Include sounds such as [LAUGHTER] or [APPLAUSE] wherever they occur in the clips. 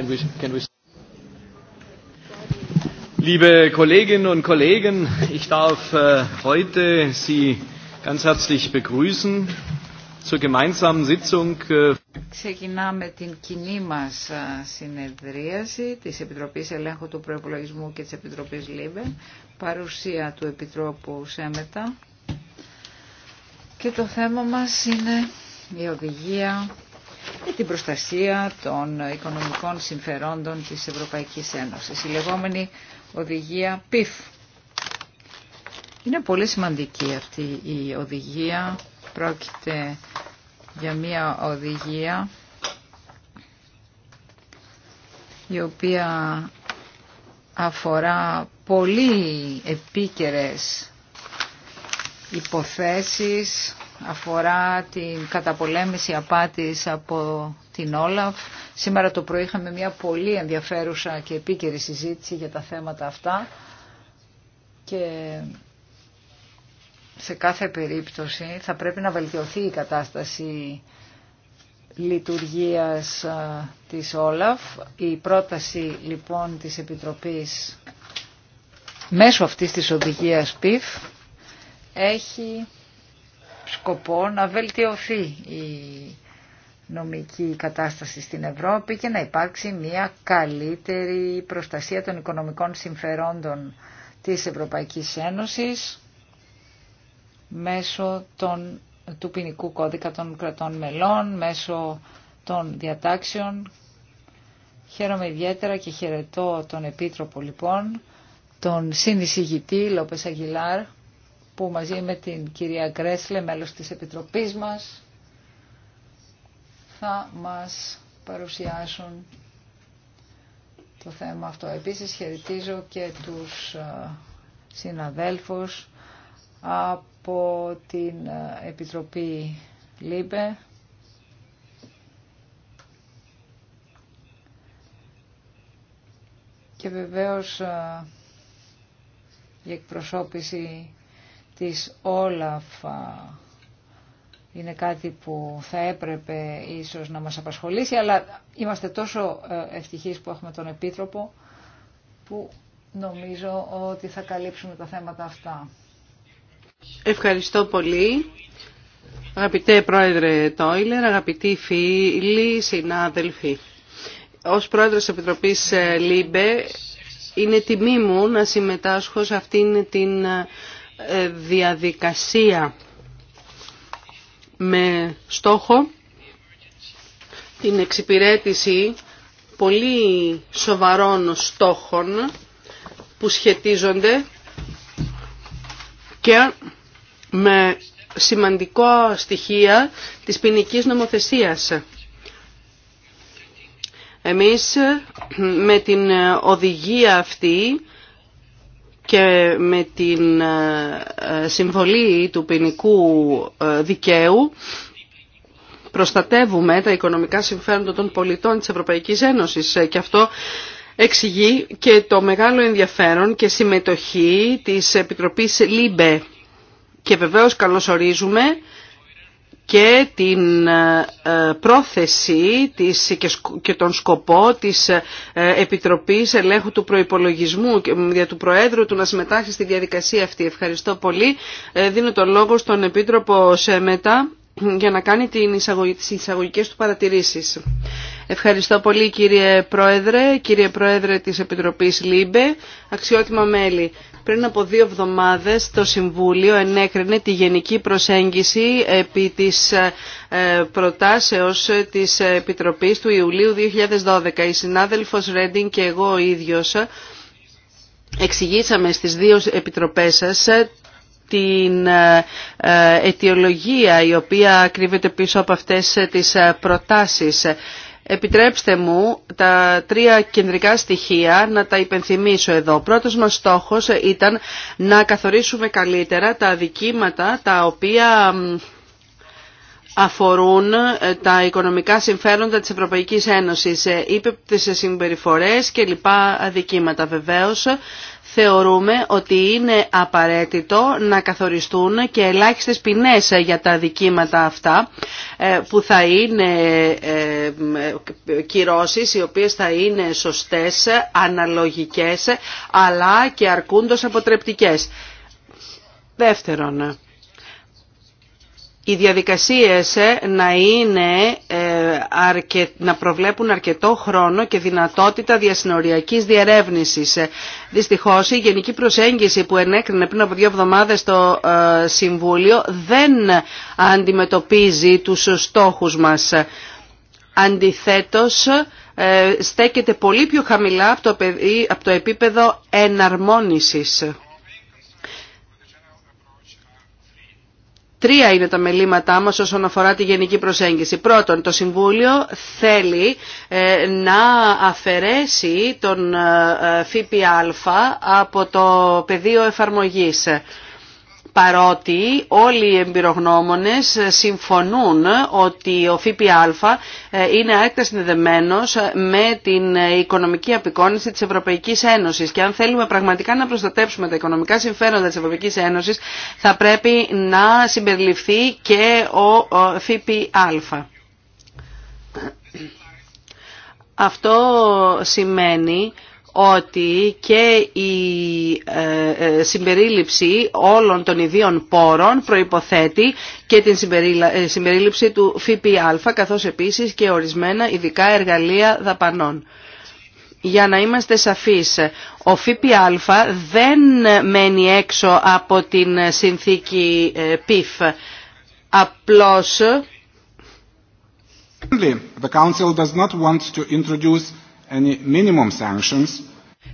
Can we, can we... Liebe Kolleginnen und Kollegen, ich darf äh, heute Sie ganz herzlich begrüßen zur gemeinsamen Sitzung. Äh, Ξεκινάμε την κοινή μας ε, συνεδρίαση της Επιτροπής Ελέγχου του Προϋπολογισμού και της Επιτροπής ΛΥΜΕ, παρουσία του Επιτρόπου ΣΕΜΕΤΑ. Και το θέμα μας είναι η οδηγία για την προστασία των οικονομικών συμφερόντων της Ευρωπαϊκής Ένωσης. Η λεγόμενη οδηγία PIF. Είναι πολύ σημαντική αυτή η οδηγία. Πρόκειται για μια οδηγία η οποία αφορά πολύ επίκαιρες υποθέσεις αφορά την καταπολέμηση απάτης από την Όλαφ. Σήμερα το πρωί είχαμε μια πολύ ενδιαφέρουσα και επίκαιρη συζήτηση για τα θέματα αυτά και σε κάθε περίπτωση θα πρέπει να βελτιωθεί η κατάσταση λειτουργίας της Όλαφ. Η πρόταση λοιπόν της Επιτροπής μέσω αυτής της οδηγίας PIF έχει σκοπό να βελτιωθεί η νομική κατάσταση στην Ευρώπη και να υπάρξει μια καλύτερη προστασία των οικονομικών συμφερόντων της Ευρωπαϊκής Ένωσης μέσω των, του ποινικού κώδικα των κρατών μελών, μέσω των διατάξεων. Χαίρομαι ιδιαίτερα και χαιρετώ τον Επίτροπο λοιπόν, τον συνεισηγητή Λόπες Αγγιλάρ, που μαζί με την κυρία Γκρέσλε, μέλος της Επιτροπής μας, θα μας παρουσιάσουν το θέμα αυτό. Επίσης χαιρετίζω και τους ε, συναδέλφους από την ε, Επιτροπή ΛΥΜΠΕ. Και βεβαίως ε, η εκπροσώπηση της Όλαφ είναι κάτι που θα έπρεπε ίσως να μας απασχολήσει, αλλά είμαστε τόσο ε, ευτυχείς που έχουμε τον Επίτροπο που νομίζω ότι θα καλύψουμε τα θέματα αυτά. Ευχαριστώ πολύ. Αγαπητέ Πρόεδρε Τόιλερ, αγαπητοί φίλοι, συνάδελφοι. Ως Πρόεδρος Επιτροπής ε, ΛΥΜΠΕ είναι τιμή μου να συμμετάσχω σε αυτήν την ε, διαδικασία με στόχο την εξυπηρέτηση πολύ σοβαρών στόχων που σχετίζονται και με σημαντικό στοιχεία της ποινική νομοθεσίας. Εμείς με την οδηγία αυτή και με την ε, συμβολή του ποινικού ε, δικαίου προστατεύουμε τα οικονομικά συμφέροντα των πολιτών της Ευρωπαϊκής Ένωσης ε, και αυτό εξηγεί και το μεγάλο ενδιαφέρον και συμμετοχή της Επιτροπής ΛΥΜΠΕ. Και βεβαίως καλωσορίζουμε και την ε, ε, πρόθεση και τον σκοπό της ε, Επιτροπής Ελέγχου του Προϋπολογισμού για του Προέδρου του να συμμετάσχει στη διαδικασία αυτή. Ευχαριστώ πολύ. Δίνω το λόγο στον Επίτροπο Σέμετα για να κάνει τις εισαγωγικές του παρατηρήσεις. Ευχαριστώ πολύ κύριε Πρόεδρε, κύριε Πρόεδρε της Επιτροπής ΛΥΜΠΕ, αξιότιμα μέλη. Πριν από δύο εβδομάδες το Συμβούλιο ενέκρινε τη γενική προσέγγιση επί της ε, προτάσεως της Επιτροπής του Ιουλίου 2012. Η συνάδελφος Ρέντιν και εγώ ο ίδιος εξηγήσαμε στις δύο επιτροπές σας την ε, ε, αιτιολογία η οποία κρύβεται πίσω από αυτές τις προτάσεις Επιτρέψτε μου τα τρία κεντρικά στοιχεία να τα υπενθυμίσω εδώ. Πρώτος μας στόχος ήταν να καθορίσουμε καλύτερα τα αδικήματα τα οποία αφορούν ε, τα οικονομικά συμφέροντα της Ευρωπαϊκής Ένωσης, ε, τις συμπεριφορές και λοιπά αδικήματα. Βεβαίως θεωρούμε ότι είναι απαραίτητο να καθοριστούν και ελάχιστες ποινές για τα δικήματα αυτά ε, που θα είναι ε, ε, κυρώσεις οι οποίες θα είναι σωστές, αναλογικές αλλά και αρκούντος αποτρεπτικές. Δεύτερον, οι διαδικασίες ε, να, είναι, ε, να προβλέπουν αρκετό χρόνο και δυνατότητα διασυνοριακής διερεύνησης. Ε, δυστυχώς η γενική προσέγγιση που ενέκρινε πριν από δύο εβδομάδες το Συμβούλιο δεν αντιμετωπίζει τους στόχους μας. Αντιθέτως, στέκεται πολύ πιο χαμηλά από το επίπεδο εναρμόνισης. Τρία είναι τα μελήματά μας όσον αφορά τη γενική προσέγγιση. Πρώτον, το Συμβούλιο θέλει ε, να αφαιρέσει τον ε, ΦΠΑ από το πεδίο εφαρμογής παρότι όλοι οι εμπειρογνώμονες συμφωνούν ότι ο ΦΠΑ είναι άρκετα συνδεδεμένος με την οικονομική απεικόνηση της Ευρωπαϊκής Ένωσης και αν θέλουμε πραγματικά να προστατέψουμε τα οικονομικά συμφέροντα της Ευρωπαϊκής Ένωσης θα πρέπει να συμπεριληφθεί και ο ΦΠΑ. Αυτό σημαίνει ότι και η ε, ε, συμπερίληψη όλων των ιδίων πόρων προϋποθέτει και την ε, συμπερίληψη του ΦΠΑ καθώς επίσης και ορισμένα ειδικά εργαλεία δαπανών. Για να είμαστε σαφείς, ο ΦΠΑ δεν μένει έξω από την συνθήκη PIF. Απλώς... The Council not want to introduce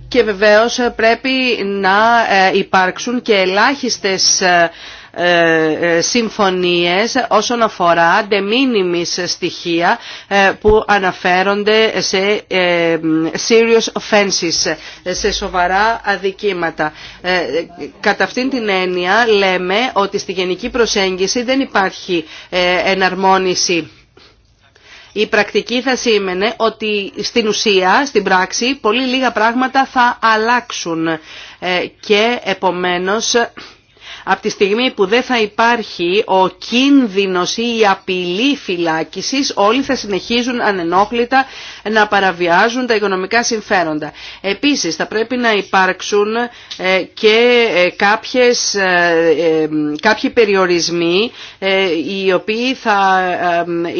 και βεβαίως πρέπει να ε, υπάρξουν και ελάχιστες ε, ε, συμφωνίες όσον αφορά de στοιχεία που αναφέρονται σε serious offenses, σε σοβαρά αδικήματα. Κατά αυτήν την έννοια λέμε ότι στη γενική προσέγγιση δεν υπάρχει εναρμόνιση η πρακτική θα σήμαινε ότι στην ουσία, στην πράξη, πολύ λίγα πράγματα θα αλλάξουν ε, και επομένως από τη στιγμή που δεν θα υπάρχει ο κίνδυνος ή η απειλή φυλάκισης, όλοι θα συνεχίζουν ανενόχλητα να παραβιάζουν τα οικονομικά συμφέροντα. Επίσης θα πρέπει να υπάρξουν ε, και ε, κάποιες, ε, κάποιοι περιορισμοί οι οποίοι θα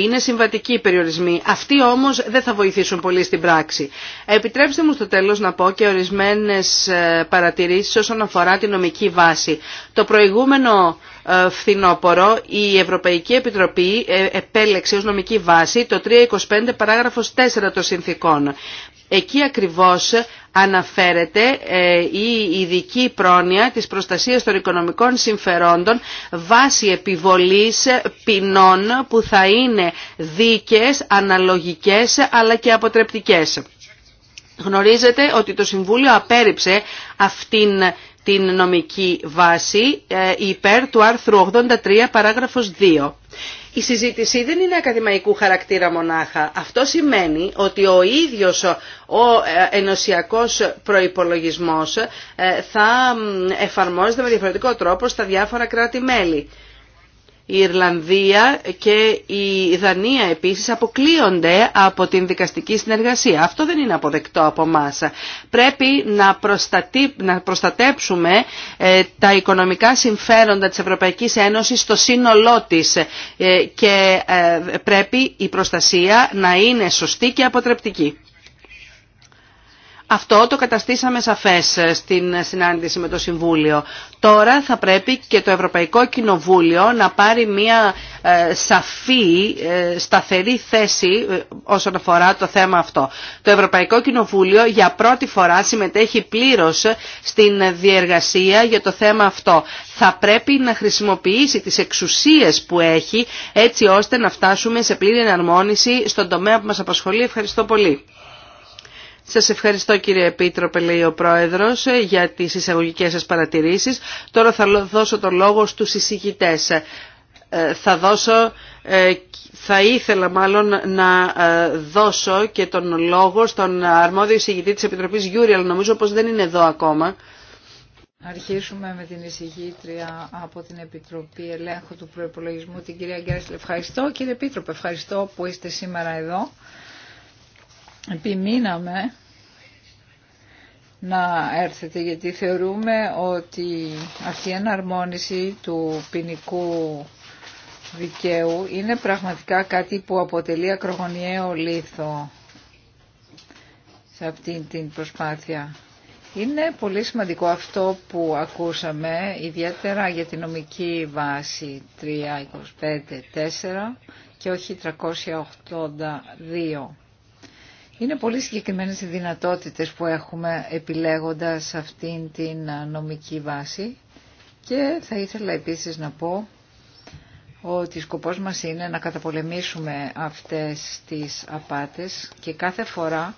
είναι συμβατικοί περιορισμοί. Αυτοί όμως δεν θα βοηθήσουν πολύ στην πράξη. Επιτρέψτε μου στο τέλος να πω και ορισμένες παρατηρήσεις όσον αφορά την νομική βάση. Το προηγούμενο ε, φθινόπωρο η Ευρωπαϊκή Επιτροπή ε, επέλεξε ως νομική βάση το 325 παράγραφος 4 των συνθήκων. Εκεί ακριβώς αναφέρεται ε, η ειδική πρόνοια της προστασίας των οικονομικών συμφερόντων βάσει επιβολής ποινών που θα είναι δίκες, αναλογικές αλλά και αποτρεπτικές. Γνωρίζετε ότι το Συμβούλιο απέρριψε αυτήν την νομική βάση ε, υπέρ του άρθρου 83 παράγραφος 2. Η συζήτηση δεν είναι ακαδημαϊκού χαρακτήρα μονάχα. Αυτό σημαίνει ότι ο ίδιος ο ε, ενωσιακός προϋπολογισμός ε, θα εφαρμόζεται με διαφορετικό τρόπο στα διάφορα κράτη-μέλη. Η Ιρλανδία και η Δανία επίσης αποκλείονται από την δικαστική συνεργασία. Αυτό δεν είναι αποδεκτό από εμά. Πρέπει να προστατέψουμε ε, τα οικονομικά συμφέροντα της Ευρωπαϊκής Ένωσης στο σύνολό της ε, και ε, πρέπει η προστασία να είναι σωστή και αποτρεπτική. Αυτό το καταστήσαμε σαφές ε, στην συνάντηση με το Συμβούλιο. Τώρα θα πρέπει και το Ευρωπαϊκό Κοινοβούλιο να πάρει μια ε, σαφή, ε, σταθερή θέση όσον αφορά το θέμα αυτό. Το Ευρωπαϊκό Κοινοβούλιο για πρώτη φορά συμμετέχει πλήρως στην διεργασία για το θέμα αυτό. Θα πρέπει να χρησιμοποιήσει τις εξουσίες που έχει έτσι ώστε να φτάσουμε σε πλήρη εναρμόνιση στον τομέα που μας απασχολεί. Ευχαριστώ πολύ. Σας ευχαριστώ κύριε Επίτροπε, λέει ο Πρόεδρος, ε, για τις εισαγωγικές σας παρατηρήσεις. Τώρα θα δώσω το λόγο στους εισηγητές. Ε, θα δώσω, ε, θα ήθελα μάλλον να δώσω και τον λόγο στον αρμόδιο εισηγητή της Επιτροπής Γιούρι, αλλά νομίζω πως δεν είναι εδώ ακόμα. Αρχίσουμε με την εισηγήτρια από την Επιτροπή Ελέγχου του Προϋπολογισμού, την κυρία Γκέρσλε. Ευχαριστώ κύριε Επίτροπε, ευχαριστώ που είστε σήμερα εδώ επιμείναμε να έρθετε γιατί θεωρούμε ότι αυτή η εναρμόνιση του ποινικού δικαίου είναι πραγματικά κάτι που αποτελεί ακρογωνιαίο λίθο σε αυτή την προσπάθεια. Είναι πολύ σημαντικό αυτό που ακούσαμε, ιδιαίτερα για τη νομική 3254 και όχι 382. Είναι πολύ συγκεκριμένε οι δυνατότητε που έχουμε επιλέγοντας αυτήν την νομική βάση και θα ήθελα επίσης να πω ότι σκοπός μας είναι να καταπολεμήσουμε αυτές τις απάτες και κάθε φορά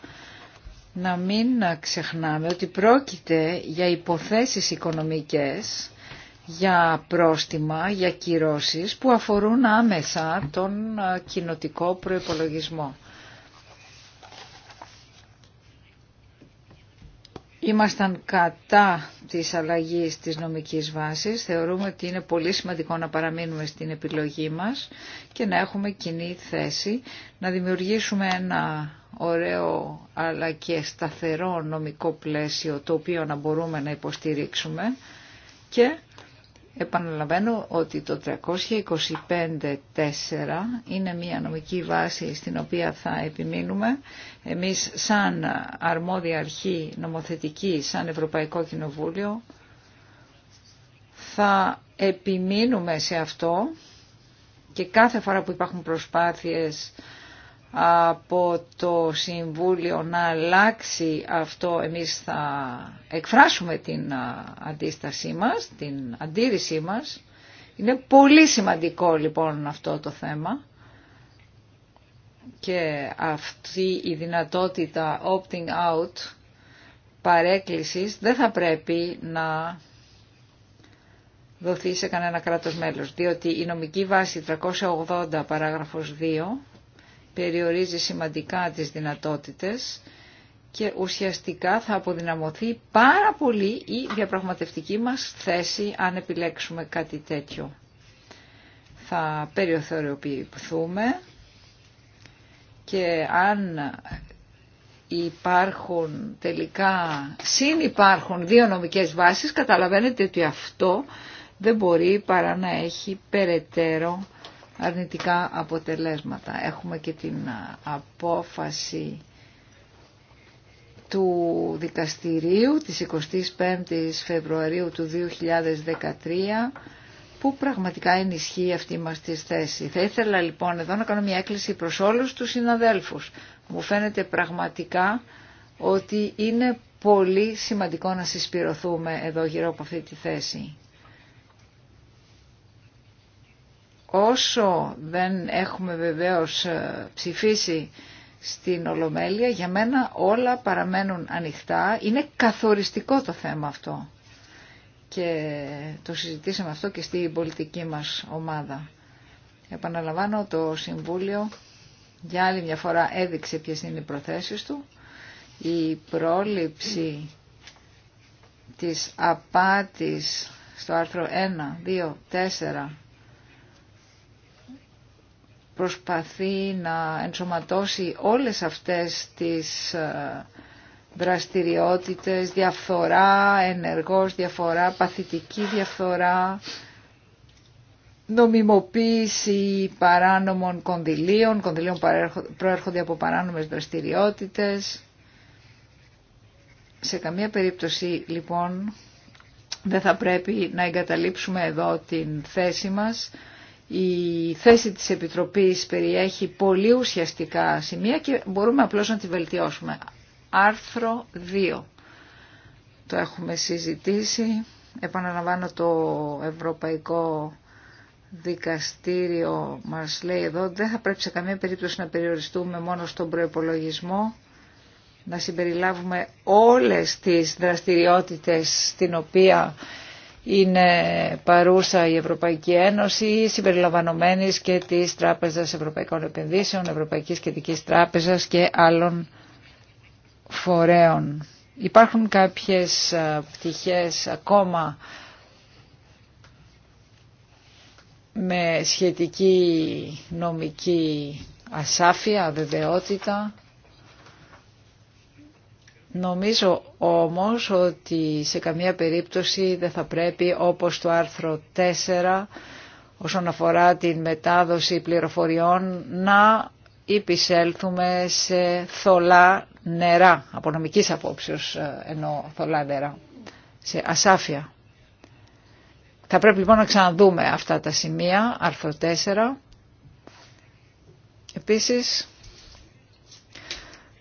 να μην ξεχνάμε ότι πρόκειται για υποθέσεις οικονομικές, για πρόστιμα, για κυρώσεις που αφορούν άμεσα τον κοινοτικό προϋπολογισμό. Ήμασταν κατά της αλλαγής της νομικής βάσης. Θεωρούμε ότι είναι πολύ σημαντικό να παραμείνουμε στην επιλογή μας και να έχουμε κοινή θέση, να δημιουργήσουμε ένα ωραίο αλλά και σταθερό νομικό πλαίσιο το οποίο να μπορούμε να υποστηρίξουμε και Επαναλαμβάνω ότι το 325/4 είναι μια νομική βάση στην οποία θα επιμείνουμε. Εμείς σαν αρμόδια αρχή νομοθετική, σαν Ευρωπαϊκό Κοινοβούλιο, θα επιμείνουμε σε αυτό και κάθε φορά που υπάρχουν προσπάθειες από το Συμβούλιο να αλλάξει αυτό, εμείς θα εκφράσουμε την αντίστασή μας, την αντίρρησή μας. Είναι πολύ σημαντικό λοιπόν αυτό το θέμα και αυτή η δυνατότητα opting out παρέκκλησης δεν θα πρέπει να δοθεί σε κανένα κράτος μέλος, διότι η νομική βάση 380 παράγραφος 2 περιορίζει σημαντικά τις δυνατότητες και ουσιαστικά θα αποδυναμωθεί πάρα πολύ η διαπραγματευτική μας θέση αν επιλέξουμε κάτι τέτοιο. Θα περιοθεωριοποιηθούμε και αν υπάρχουν τελικά, συνυπάρχουν δύο νομικές βάσεις, καταλαβαίνετε ότι αυτό δεν μπορεί παρά να έχει περαιτέρω αρνητικά αποτελέσματα. Έχουμε και την απόφαση του δικαστηρίου της 25ης Φεβρουαρίου του 2013 που πραγματικά ενισχύει αυτή μας τη θέση. Θα ήθελα λοιπόν εδώ να κάνω μια έκκληση προς όλους τους συναδέλφους. Μου φαίνεται πραγματικά ότι είναι πολύ σημαντικό να συσπηρωθούμε εδώ γύρω από αυτή τη θέση. όσο δεν έχουμε βεβαίως ε, ψηφίσει στην Ολομέλεια, για μένα όλα παραμένουν ανοιχτά. Είναι καθοριστικό το θέμα αυτό. Και το συζητήσαμε αυτό και στην πολιτική μας ομάδα. Επαναλαμβάνω, το Συμβούλιο για άλλη μια φορά έδειξε ποιες είναι οι προθέσεις του. Η πρόληψη της απάτης στο άρθρο 1, 2, 4 προσπαθεί να ενσωματώσει όλες αυτές τις ε, δραστηριότητες, διαφθορά, ενεργός διαφορά, παθητική διαφθορά, νομιμοποίηση παράνομων κονδυλίων, κονδυλίων προέρχονται από παράνομες δραστηριότητες. Σε καμία περίπτωση λοιπόν δεν θα πρέπει να εγκαταλείψουμε εδώ την θέση μας η θέση της Επιτροπής περιέχει πολύ ουσιαστικά σημεία και μπορούμε απλώς να τη βελτιώσουμε. Άρθρο 2. Το έχουμε συζητήσει. Επαναλαμβάνω το Ευρωπαϊκό Δικαστήριο μας λέει εδώ δεν θα πρέπει σε καμία περίπτωση να περιοριστούμε μόνο στον προϋπολογισμό να συμπεριλάβουμε όλες τις δραστηριότητες στην οποία είναι παρούσα η Ευρωπαϊκή Ένωση συμπεριλαμβανομένης και της Τράπεζας Ευρωπαϊκών Επενδύσεων, Ευρωπαϊκής Κεντρική Τράπεζας και άλλων φορέων. Υπάρχουν κάποιες πτυχές ακόμα με σχετική νομική ασάφεια, αβεβαιότητα. Νομίζω όμως ότι σε καμία περίπτωση δεν θα πρέπει όπως το άρθρο 4 όσον αφορά την μετάδοση πληροφοριών να υπησέλθουμε σε θολά νερά, από νομικής απόψεως ε, εννοώ θολά νερά, σε ασάφεια. Θα πρέπει λοιπόν να ξαναδούμε αυτά τα σημεία, άρθρο 4. Επίσης,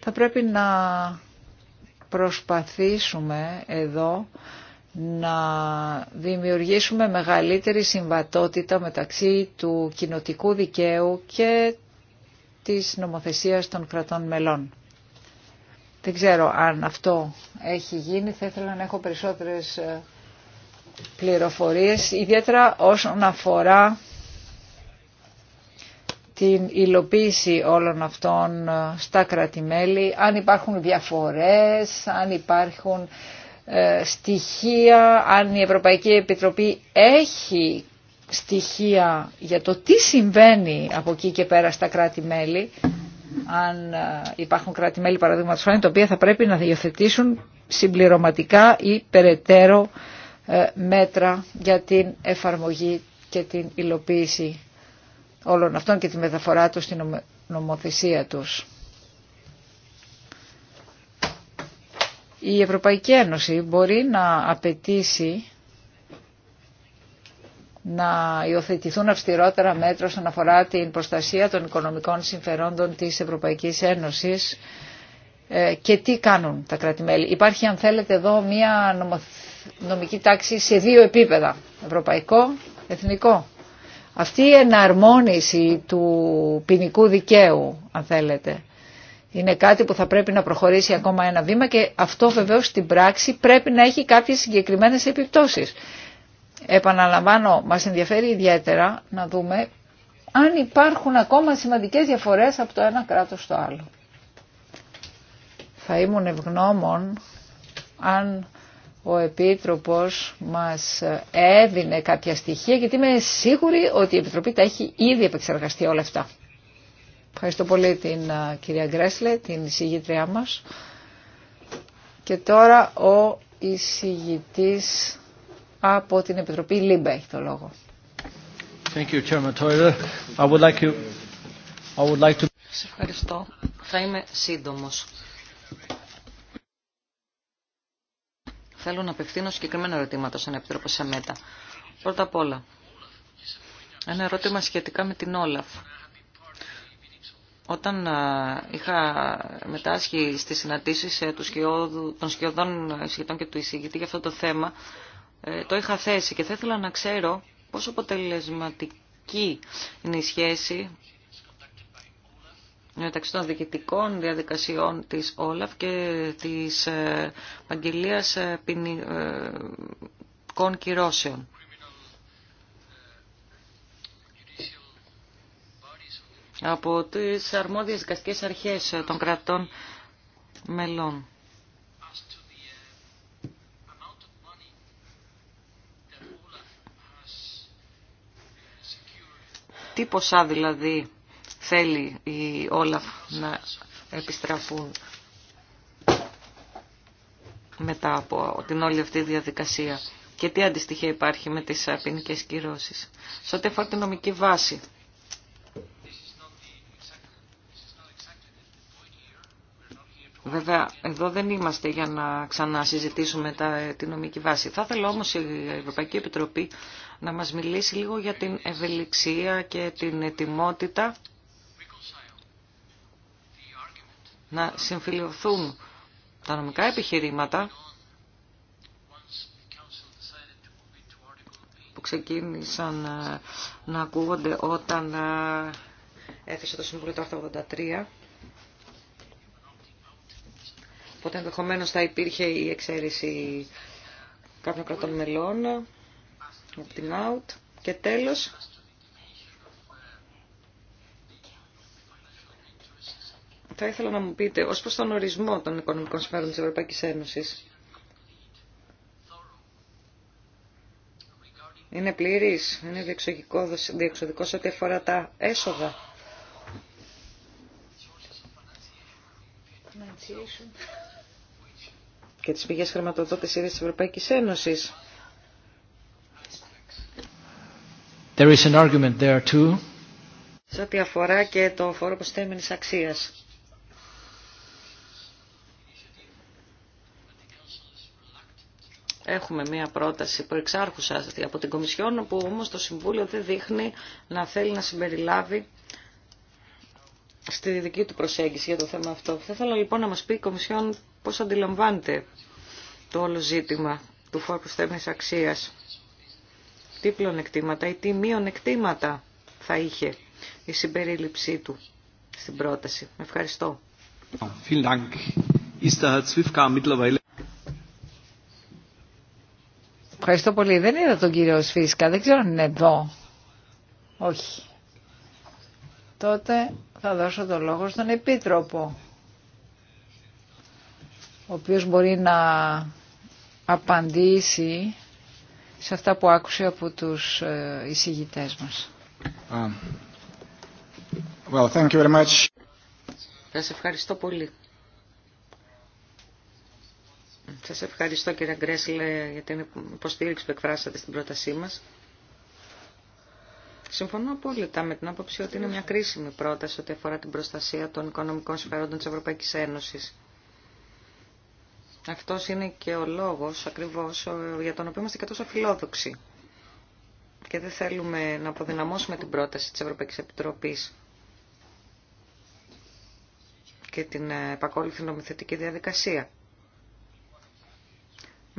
θα πρέπει να προσπαθήσουμε εδώ να δημιουργήσουμε μεγαλύτερη συμβατότητα μεταξύ του κοινοτικού δικαίου και της νομοθεσίας των κρατών μελών. Δεν ξέρω αν αυτό έχει γίνει, θα ήθελα να έχω περισσότερες ε, πληροφορίες, ιδιαίτερα όσον αφορά την υλοποίηση όλων αυτών ε, στα κράτη-μέλη, αν υπάρχουν διαφορές, αν υπάρχουν ε, στοιχεία, αν η Ευρωπαϊκή Επιτροπή έχει στοιχεία για το τι συμβαίνει από εκεί και πέρα στα κράτη-μέλη, αν ε, υπάρχουν κράτη-μέλη παραδείγματος χάρη, τα οποία θα πρέπει να διοθετήσουν συμπληρωματικά ή περαιτέρω μέτρα για την εφαρμογή και την υλοποίηση όλων αυτών και τη μεταφορά τους στην νομοθεσία τους. Η Ευρωπαϊκή Ένωση μπορεί να απαιτήσει να υιοθετηθούν αυστηρότερα μέτρα όσον αφορά την προστασία των οικονομικών συμφερόντων της Ευρωπαϊκής Ένωσης ε, και τι κάνουν τα κράτη-μέλη. Υπάρχει αν θέλετε εδώ μια νομική τάξη σε δύο επίπεδα, ευρωπαϊκό, εθνικό. Αυτή η εναρμόνιση του ποινικού δικαίου, αν θέλετε, είναι κάτι που θα πρέπει να προχωρήσει ακόμα ένα βήμα και αυτό βεβαίως στην πράξη πρέπει να έχει κάποιες συγκεκριμένες επιπτώσεις. Επαναλαμβάνω, μας ενδιαφέρει ιδιαίτερα να δούμε αν υπάρχουν ακόμα σημαντικές διαφορές από το ένα κράτος στο άλλο. Θα ήμουν ευγνώμων αν ο Επίτροπος μας έδινε κάποια στοιχεία γιατί είμαι σίγουρη ότι η Επιτροπή τα έχει ήδη επεξεργαστεί όλα αυτά. Ευχαριστώ πολύ την κυρία Γκρέσλε, την εισηγήτριά μας. Και τώρα ο εισηγητής από την Επιτροπή Λίμπε έχει το λόγο. Thank you, Chairman I would like you... I would like to... Σε ευχαριστώ. Θα είμαι σύντομος θέλω να απευθύνω συγκεκριμένα ερωτήματα στον Επιτρόπο μέτα. Πρώτα απ' όλα, ένα ερώτημα σχετικά με την Όλαφ. Όταν είχα μετάσχει στις συναντήσεις ε, των σκιωδών ε, σχετών και του εισηγητή για αυτό το θέμα, ε, το είχα θέσει και θα ήθελα να ξέρω πόσο αποτελεσματική είναι η σχέση μεταξύ των διοικητικών διαδικασιών της Όλαφ και της ε, Αγγελία ε, Ποινικών ε, Κυρώσεων. από τις αρμόδιες δικαστικές αρχές των κρατών μελών. Τι ποσά δηλαδή θέλει η Όλαφ να επιστραφούν μετά από την όλη αυτή διαδικασία και τι αντιστοιχεία υπάρχει με τις ποινικές κυρώσεις. Σε ό,τι αφορά την νομική βάση, Βέβαια, εδώ δεν είμαστε για να ξανασυζητήσουμε τα, τη νομική βάση. Θα ήθελα όμως η Ευρωπαϊκή Επιτροπή να μας μιλήσει λίγο για την ευελιξία και την ετοιμότητα να συμφιλειωθούν τα νομικά επιχειρήματα που ξεκίνησαν ε, να ακούγονται όταν ε, έθεσε το Συμβούλιο το 83. Οπότε ενδεχομένω θα υπήρχε η εξαίρεση κάποιων κρατών μελών, από την out. Και τέλος, θα ήθελα να μου πείτε ως προς τον ορισμό των οικονομικών συμφέροντων της Ευρωπαϊκής Ένωσης. Είναι πλήρης, είναι διεξοδικό σε ό,τι αφορά τα έσοδα. Και τις πηγές χρηματοδότησης της Ευρωπαϊκής Ένωσης. There is an argument there too. Σε ό,τι αφορά και το φόρο προσθέμενης αξίας. Έχουμε μία πρόταση προεξάρχουσα από την Κομισιόν που όμως το Συμβούλιο δεν δείχνει να θέλει να συμπεριλάβει στη δική του προσέγγιση για το θέμα αυτό. Θα ήθελα λοιπόν να μας πει η Κομισιόν πώς αντιλαμβάνεται το όλο ζήτημα του φόρου θέμης αξίας. Τι πλονεκτήματα ή τι μειονεκτήματα θα είχε η συμπερίληψή του στην πρόταση. Ευχαριστώ. Ευχαριστώ πολύ. Δεν είδα τον κύριο Σφίσκα. Δεν ξέρω αν είναι εδώ. Όχι. Τότε θα δώσω το λόγο στον Επίτροπο, ο οποίος μπορεί να απαντήσει σε αυτά που άκουσε από τους ε, εισηγητές μας. Um, well, thank you very much. Σας ευχαριστώ πολύ. Σας ευχαριστώ κύριε Γκρέσλε για την υποστήριξη που εκφράσατε στην πρότασή μας. Συμφωνώ απόλυτα με την άποψη ότι είναι μια κρίσιμη πρόταση ότι αφορά την προστασία των οικονομικών συμφερόντων της Ευρωπαϊκής Ένωσης. Αυτός είναι και ο λόγος ακριβώς για τον οποίο είμαστε και τόσο φιλόδοξοι. Και δεν θέλουμε να αποδυναμώσουμε την πρόταση της Ευρωπαϊκής Επιτροπής και την ε, επακόλουθη νομοθετική διαδικασία.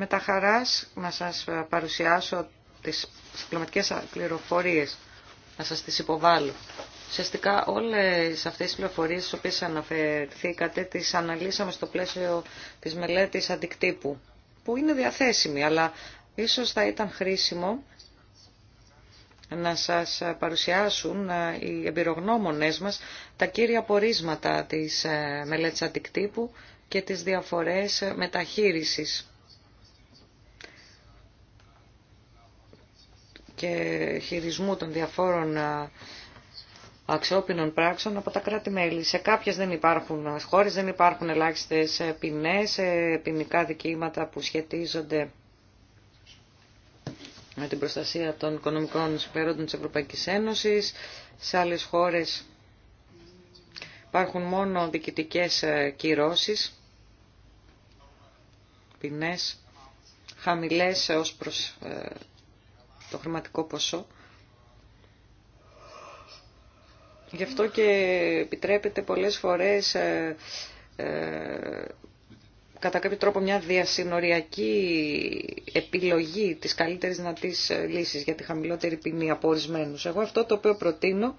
Με τα χαράς να σας ε, παρουσιάσω τις συμπληρωματικές πληροφορίες, να σας τις υποβάλω. Ουσιαστικά όλες αυτές τις πληροφορίες στις οποίες αναφερθήκατε τις αναλύσαμε στο πλαίσιο της μελέτης αντικτύπου, που είναι διαθέσιμη, αλλά ίσως θα ήταν χρήσιμο να σας παρουσιάσουν ε, οι εμπειρογνώμονές μας τα κύρια πορίσματα της ε, μελέτης αντικτύπου και τις διαφορές μεταχείρισης και χειρισμού των διαφόρων αξιόπινων πράξεων από τα κράτη-μέλη. Σε κάποιες δεν υπάρχουν χώρες, δεν υπάρχουν ελάχιστες ποινές, ποινικά δικαιώματα που σχετίζονται με την προστασία των οικονομικών συμφέροντων της Ευρωπαϊκής Ένωσης. Σε άλλες χώρες υπάρχουν μόνο διοικητικές ε, κυρώσεις, ποινές χαμηλές ως προς ε, το χρηματικό ποσό. Γι' αυτό και επιτρέπεται πολλές φορές ε, ε, κατά κάποιο τρόπο μια διασυνοριακή επιλογή της καλύτερης δυνατής ε, λύσης για τη χαμηλότερη ποινή από ορισμένους. Εγώ αυτό το οποίο προτείνω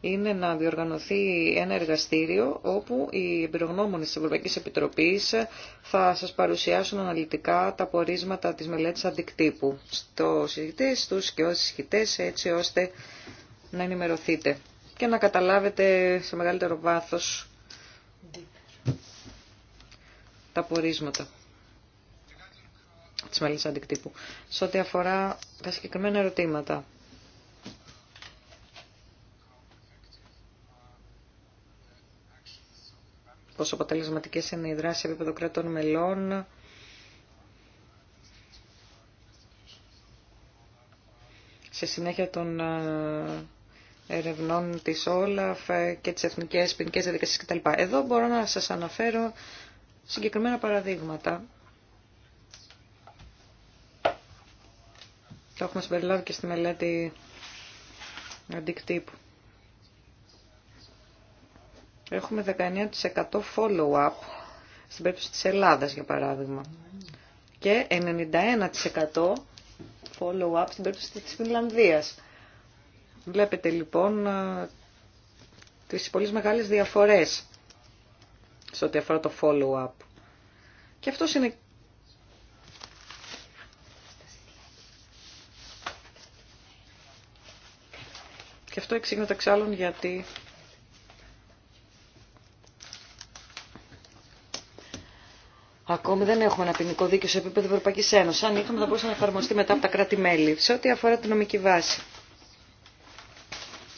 είναι να διοργανωθεί ένα εργαστήριο όπου οι εμπειρογνώμονες της Ευρωπαϊκής Επιτροπής θα σας παρουσιάσουν αναλυτικά τα πορίσματα της μελέτης αντικτύπου στους συζητητές, τους και όσους συζητητές έτσι ώστε να ενημερωθείτε και να καταλάβετε σε μεγαλύτερο βάθος τα πορίσματα της μελέτης αντικτύπου. Σε ό,τι αφορά τα συγκεκριμένα ερωτήματα πόσο αποτελεσματικές είναι οι δράσεις σε επίπεδο κρατών μελών, σε συνέχεια των ε, ερευνών της Όλαφ ε, και τις εθνικές ποινικές διαδικασίες κτλ. Εδώ μπορώ να σας αναφέρω συγκεκριμένα παραδείγματα. Το έχουμε συμπεριλάβει και στη μελέτη αντικτύπου έχουμε 19% follow-up στην περίπτωση της Ελλάδας για παράδειγμα και 91% follow-up στην περίπτωση της Φινλανδίας. Βλέπετε λοιπόν ε, τις πολύ μεγάλες διαφορές σε ό,τι αφορά το follow-up. Και αυτό είναι Και αυτό εξάλλου γιατί Ακόμη δεν έχουμε ένα ποινικό δίκαιο σε επίπεδο Ευρωπαϊκή Ένωση. Αν είχαμε, θα μπορούσε να εφαρμοστεί μετά από τα κράτη-μέλη. Σε ό,τι αφορά την νομική βάση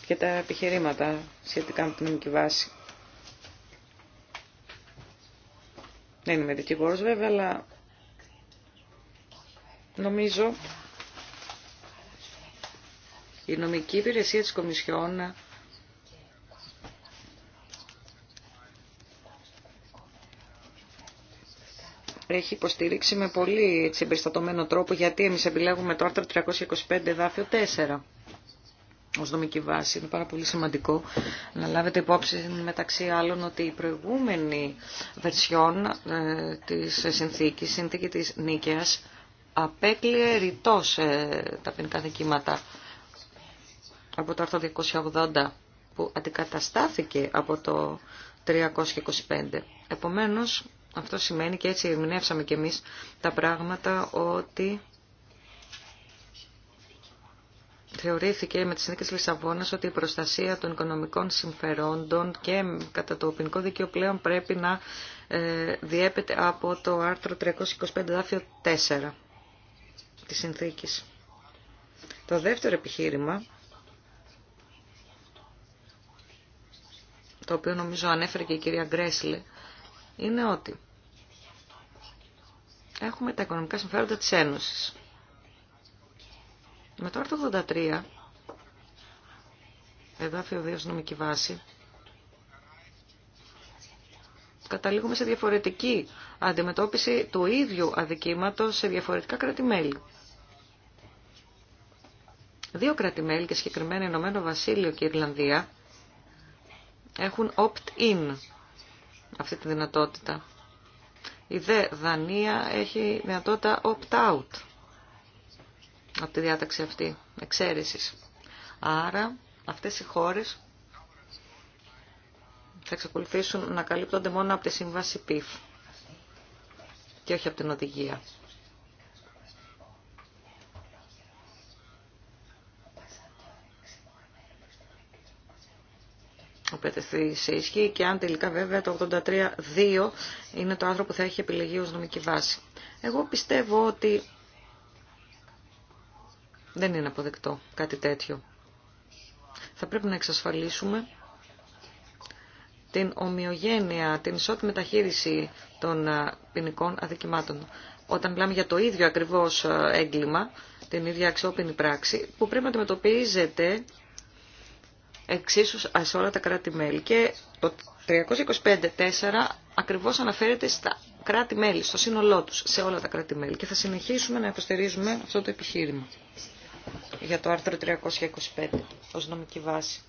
και τα επιχειρήματα σχετικά με την νομική βάση. Δεν είμαι δικηγόρο βέβαια, αλλά νομίζω η νομική υπηρεσία της Κομισιόν έχει υποστηρίξει με πολύ έτσι, εμπεριστατωμένο τρόπο γιατί εμείς επιλέγουμε το άρθρο 325 εδάφιο 4 ως δομική βάση. Είναι πάρα πολύ σημαντικό να λάβετε υπόψη μεταξύ άλλων ότι η προηγούμενη βερσιόν ε, της συνθήκης, συνθήκη της Νίκαιας, απέκλειε ρητός ε, τα ποινικά δικήματα από το άρθρο 280 που αντικαταστάθηκε από το 325. Επομένως, αυτό σημαίνει και έτσι ερμηνεύσαμε και εμείς τα πράγματα ότι θεωρήθηκε με τις συνθήκες Λισαβόνας ότι η προστασία των οικονομικών συμφερόντων και κατά το ποινικό δίκαιο πλέον πρέπει να ε, διέπεται από το άρθρο 325 δάφιο 4 της συνθήκης. Το δεύτερο επιχείρημα, το οποίο νομίζω ανέφερε και η κυρία Γκρέσλε, είναι ότι έχουμε τα οικονομικά συμφέροντα της Ένωσης. Με το άρθρο 83, εδάφιο 2 νομική βάση, καταλήγουμε σε διαφορετική αντιμετώπιση του ίδιου αδικήματος σε διαφορετικά κράτη-μέλη. Δύο κράτη-μέλη και συγκεκριμένα Ηνωμένο Βασίλειο και Ιρλανδία έχουν opt-in αυτή τη δυνατότητα. Η δε Δανία έχει δυνατότητα opt-out από τη διάταξη αυτή, εξαίρεσης. Άρα αυτές οι χώρες θα εξακολουθήσουν να καλύπτονται μόνο από τη σύμβαση PIF και όχι από την οδηγία. πετεθεί σε ισχύ και αν τελικά βέβαια το 83-2 είναι το άνθρωπο που θα έχει επιλεγεί ως νομική βάση. Εγώ πιστεύω ότι δεν είναι αποδεκτό κάτι τέτοιο. Θα πρέπει να εξασφαλίσουμε την ομοιογένεια, την ισότιμη μεταχείριση των ποινικών αδικημάτων. Όταν μιλάμε για το ίδιο ακριβώς έγκλημα, την ίδια αξιόπινη πράξη, που πρέπει να αντιμετωπίζεται εξίσου σε όλα τα κράτη-μέλη. Και το 325.4 ακριβώς αναφέρεται στα κράτη-μέλη, στο σύνολό τους, σε όλα τα κράτη-μέλη. Και θα συνεχίσουμε να υποστηρίζουμε αυτό το επιχείρημα για το άρθρο 325 ως νομική βάση.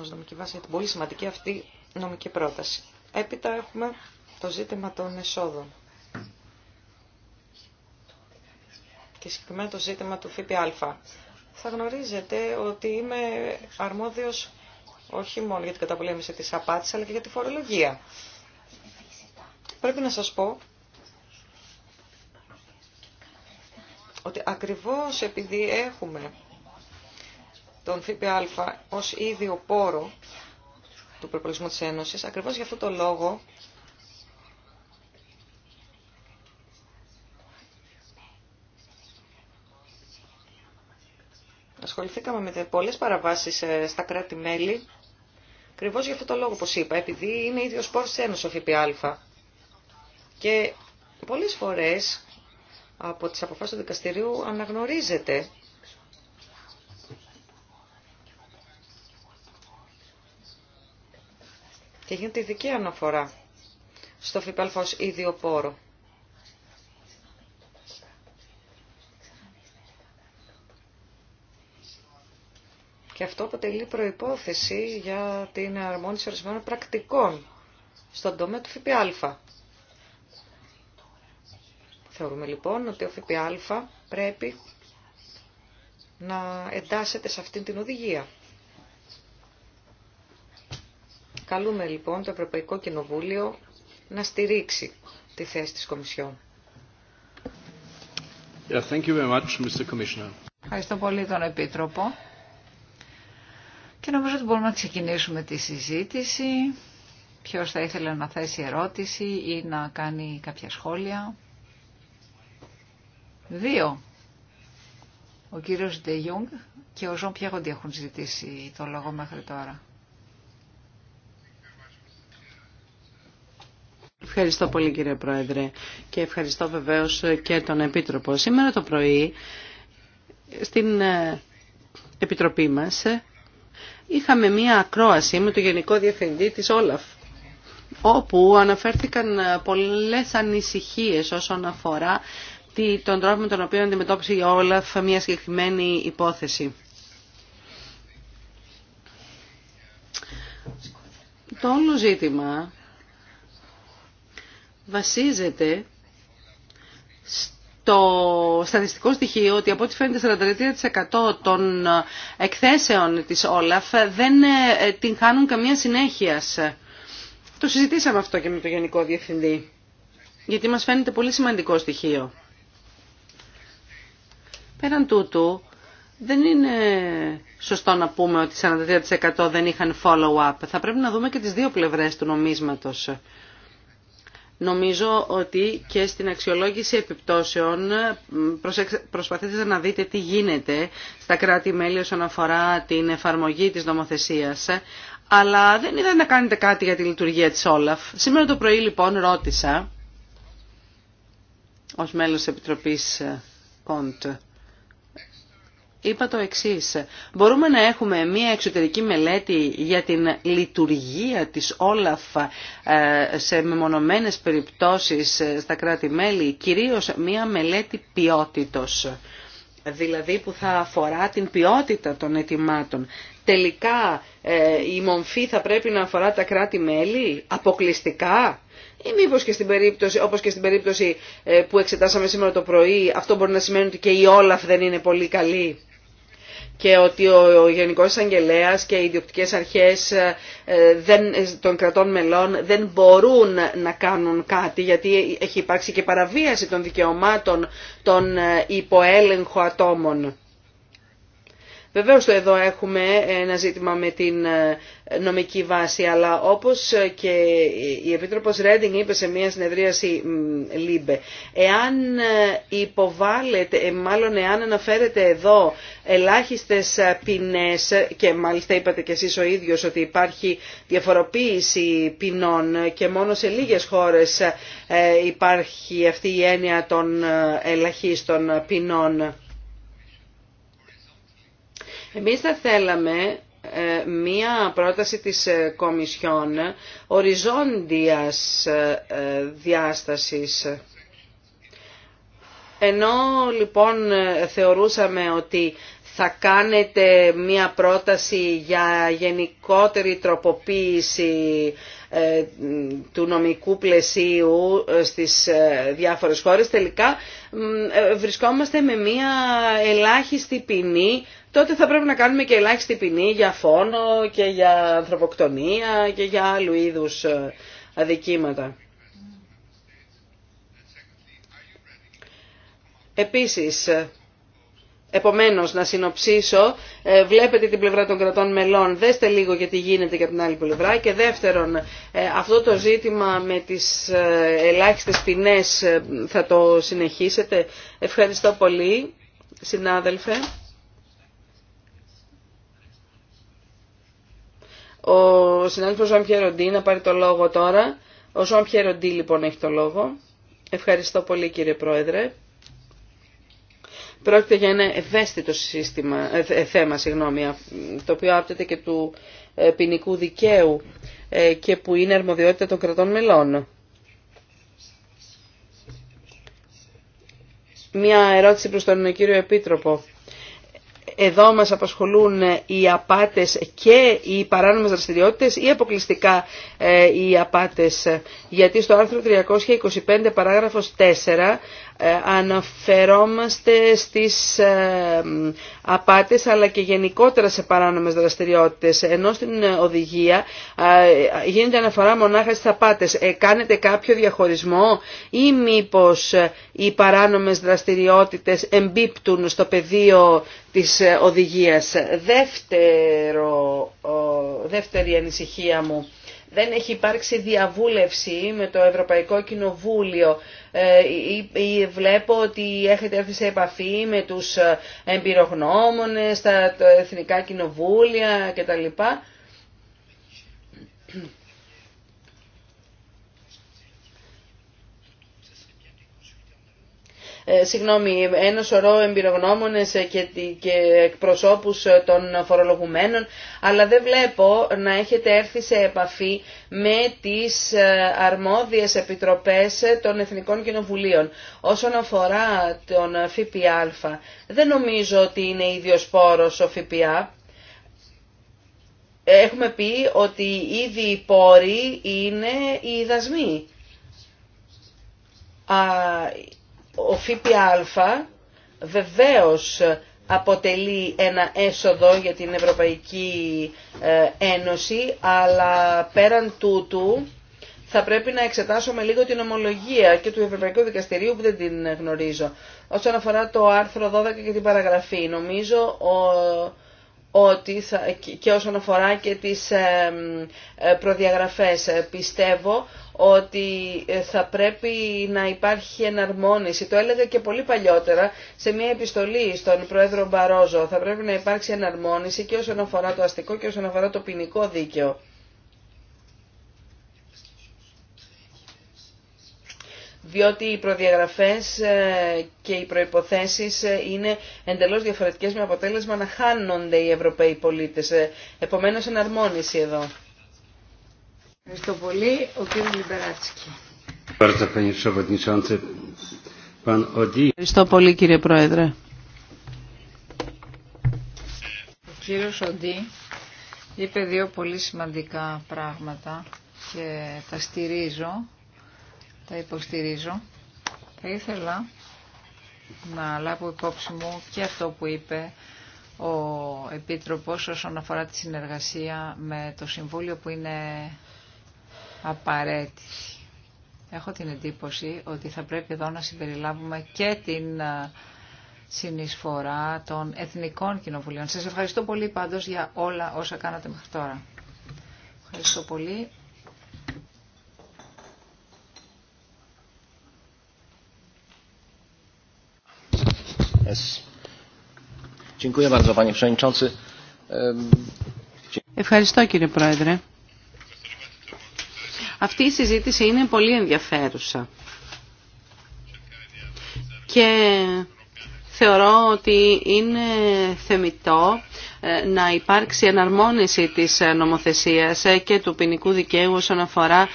Ως νομική βάση για την πολύ σημαντική αυτή νομική πρόταση. Έπειτα έχουμε το ζήτημα των εσόδων. Και συγκεκριμένα το ζήτημα του ΦΠΑ θα γνωρίζετε ότι είμαι αρμόδιος όχι μόνο για την καταπολέμηση της απάτης, αλλά και για τη φορολογία. Πρέπει να σας πω ότι ακριβώς επειδή έχουμε τον ΦΠΑ ως ίδιο πόρο του προπολογισμού της Ένωσης, ακριβώς για αυτό το λόγο ασχοληθήκαμε με πολλέ παραβάσει ε, στα κράτη-μέλη, ακριβώ για αυτό το λόγο όπω είπα, επειδή είναι ίδιο πόρος της Ένωσης ο ΦΠΑ. Και πολλές φορές από τις αποφάσεις του δικαστηρίου αναγνωρίζεται και γίνεται ειδική αναφορά στο ΦΠΑ ως ίδιο πόρο. Και αυτό αποτελεί προϋπόθεση για την αρμόνιση ορισμένων πρακτικών στον τομέα του ΦΠΑ. Θεωρούμε λοιπόν ότι ο ΦΠΑ πρέπει να εντάσσεται σε αυτήν την οδηγία. Καλούμε λοιπόν το Ευρωπαϊκό Κοινοβούλιο να στηρίξει τη θέση της Κομισιόν. Yeah, thank you very much, Mr. Ευχαριστώ πολύ τον Επίτροπο. Και νομίζω ότι μπορούμε να ξεκινήσουμε τη συζήτηση. Ποιος θα ήθελε να θέσει ερώτηση ή να κάνει κάποια σχόλια. Δύο. Ο κύριος Ντε και ο Ζων Πιέγοντι έχουν ζητήσει το λόγο μέχρι τώρα. Ευχαριστώ πολύ κύριε Πρόεδρε και ευχαριστώ βεβαίως και τον Επίτροπο. Σήμερα το πρωί στην ε, Επιτροπή μας είχαμε μία ακρόαση με το Γενικό Διευθυντή της Όλαφ όπου αναφέρθηκαν πολλές ανησυχίες όσον αφορά τον τρόπο με τον οποίο αντιμετώπισε η Όλαφ μια συγκεκριμένη υπόθεση. Το όλο ζήτημα βασίζεται το στατιστικό στοιχείο ότι από ό,τι φαίνεται 43% των εκθέσεων της Όλαφ δεν ε, την χάνουν καμία συνέχεια. Το συζητήσαμε αυτό και με το Γενικό Διευθυντή, γιατί μας φαίνεται πολύ σημαντικό στοιχείο. Πέραν τούτου, δεν είναι σωστό να πούμε ότι 43% δεν είχαν follow-up. Θα πρέπει να δούμε και τις δύο πλευρές του νομίσματος. Νομίζω ότι και στην αξιολόγηση επιπτώσεων προσπαθήσατε να δείτε τι γίνεται στα κράτη-μέλη όσον αφορά την εφαρμογή της νομοθεσίας, αλλά δεν είδα να κάνετε κάτι για τη λειτουργία της Όλαφ. Σήμερα το πρωί λοιπόν ρώτησα ως μέλος Επιτροπής ε, Κοντ είπα το εξή. Μπορούμε να έχουμε μία εξωτερική μελέτη για την λειτουργία της Όλαφ ε, σε μεμονωμένε περιπτώσεις ε, στα κράτη-μέλη, κυρίως μία μελέτη ποιότητος, δηλαδή που θα αφορά την ποιότητα των ετοιμάτων. Τελικά ε, η μομφή θα πρέπει να αφορά τα κράτη-μέλη αποκλειστικά ή μήπως και στην περίπτωση, όπως και στην περίπτωση που εξετάσαμε σήμερα το πρωί, αυτό μπορεί να σημαίνει ότι και η Όλαφ δεν είναι πολύ καλή και ότι ο Γενικό Αγγελέα και οι ιδιοκτικές αρχές ε, των κρατών μελών δεν μπορούν να κάνουν κάτι γιατί έχει υπάρξει και παραβίαση των δικαιωμάτων των ε, υποέλεγχο ατόμων. Βεβαίως εδώ έχουμε ένα ζήτημα με την ε, νομική βάση, αλλά όπως και η Επίτροπος Ρέντινγκ είπε σε μια συνεδρίαση ΛΥΜΠΕ, εάν ε, υποβάλλεται, ε, μάλλον εάν αναφέρεται εδώ ελάχιστες ποινές και μάλιστα είπατε κι εσείς ο ίδιος ότι υπάρχει διαφοροποίηση ποινών και μόνο σε λίγες χώρες υπάρχει αυτή η έννοια των ελαχίστων ποινών. Εμείς θα θέλαμε ε, μία πρόταση της ε, Κομισιόν οριζόντιας ε, διάστασης. Ενώ λοιπόν θεωρούσαμε ότι θα κάνετε μία πρόταση για γενικότερη τροποποίηση του νομικού πλαισίου στις διάφορες χώρες, τελικά βρισκόμαστε με μία ελάχιστη ποινή τότε θα πρέπει να κάνουμε και ελάχιστη ποινή για φόνο και για ανθρωποκτονία και για άλλου είδους ε, αδικήματα. Επίσης, ε, Επομένως, να συνοψίσω, ε, βλέπετε την πλευρά των κρατών μελών, δέστε λίγο γιατί γίνεται και την άλλη πλευρά. Και δεύτερον, αυτό το ζήτημα με τις ελάχιστες ποινές θα το συνεχίσετε. Ευχαριστώ πολύ, συνάδελφε. Ο συνάδελφος Ζωάν Πιεροντή να πάρει το λόγο τώρα. Ο Ζωάν Πιεροντή λοιπόν έχει το λόγο. Ευχαριστώ πολύ κύριε Πρόεδρε. Πρόκειται για ένα ευαίσθητο σύστημα, ε, θέμα, συγγνώμη, το οποίο άπτεται και του ε, ποινικού δικαίου ε, και που είναι αρμοδιότητα των κρατών μελών. Μια ερώτηση προς τον κύριο Επίτροπο εδώ μας απασχολούν οι απάτες και οι παράνομες δραστηριότητες ή αποκλειστικά ε, οι απάτες. Γιατί στο άρθρο 325 παράγραφος 4 ε, αναφερόμαστε στις ε, απάτες αλλά και γενικότερα σε παράνομες δραστηριότητες ενώ στην οδηγία ε, γίνεται αναφορά μονάχα στις απάτες. Κάνετε κάποιο διαχωρισμό ή μήπως οι παράνομες δραστηριότητες εμπίπτουν στο πεδίο της οδηγίας. Δεύτερο, δεύτερη ανησυχία μου δεν έχει υπάρξει διαβούλευση με το Ευρωπαϊκό Κοινοβούλιο. Ε, βλέπω ότι έχετε έρθει σε επαφή με τους ε, εμπειρογνώμονες, τα εθνικά κοινοβούλια κτλ. Ε, συγγνώμη, ένα σωρό εμπειρογνώμονε ε, και, και εκπροσώπους ε, των φορολογουμένων, αλλά δεν βλέπω να έχετε έρθει σε επαφή με τις αρμόδιες επιτροπές των Εθνικών Κοινοβουλίων. Όσον αφορά τον ΦΠΑ, δεν νομίζω ότι είναι ίδιος πόρος ο ΦΠΑ. Έχουμε πει ότι ήδη οι πόροι είναι οι δασμοί ο ΦΠΑ βεβαίως αποτελεί ένα έσοδο για την Ευρωπαϊκή ε, Ένωση, αλλά πέραν τούτου θα πρέπει να εξετάσουμε λίγο την ομολογία και του Ευρωπαϊκού Δικαστηρίου που δεν την γνωρίζω. Όσον αφορά το άρθρο 12 και την παραγραφή, νομίζω ο, ότι και όσον αφορά και τις ε, προδιαγραφές. Ε, πιστεύω ότι ε, θα πρέπει να υπάρχει εναρμόνιση. Το έλεγα και πολύ παλιότερα σε μια επιστολή στον Πρόεδρο Μπαρόζο. Θα πρέπει να υπάρξει εναρμόνιση και όσον αφορά το αστικό και όσον αφορά το ποινικό δίκαιο. διότι οι προδιαγραφές ε, και οι προϋποθέσεις ε, είναι εντελώς διαφορετικές με αποτέλεσμα να χάνονται οι Ευρωπαίοι πολίτες. Ε, επομένως, εναρμόνιση εδώ. Ευχαριστώ πολύ. Ο Ευχαριστώ πολύ κύριε Πρόεδρε. Ο κύριος Οντή είπε δύο πολύ σημαντικά πράγματα και τα στηρίζω τα υποστηρίζω. Θα ήθελα να λάβω υπόψη μου και αυτό που είπε ο Επίτροπος όσον αφορά τη συνεργασία με το Συμβούλιο που είναι απαραίτητη. Έχω την εντύπωση ότι θα πρέπει εδώ να συμπεριλάβουμε και την ε, συνεισφορά των Εθνικών Κοινοβουλίων. Σας ευχαριστώ πολύ πάντως για όλα όσα κάνατε μέχρι τώρα. Ευχαριστώ πολύ. Ευχαριστώ κύριε Πρόεδρε. Αυτή η συζήτηση είναι πολύ ενδιαφέρουσα. Και θεωρώ ότι είναι θεμητό ε, να υπάρξει εναρμόνιση της ε, νομοθεσίας ε, και του ποινικού δικαίου όσον αφορά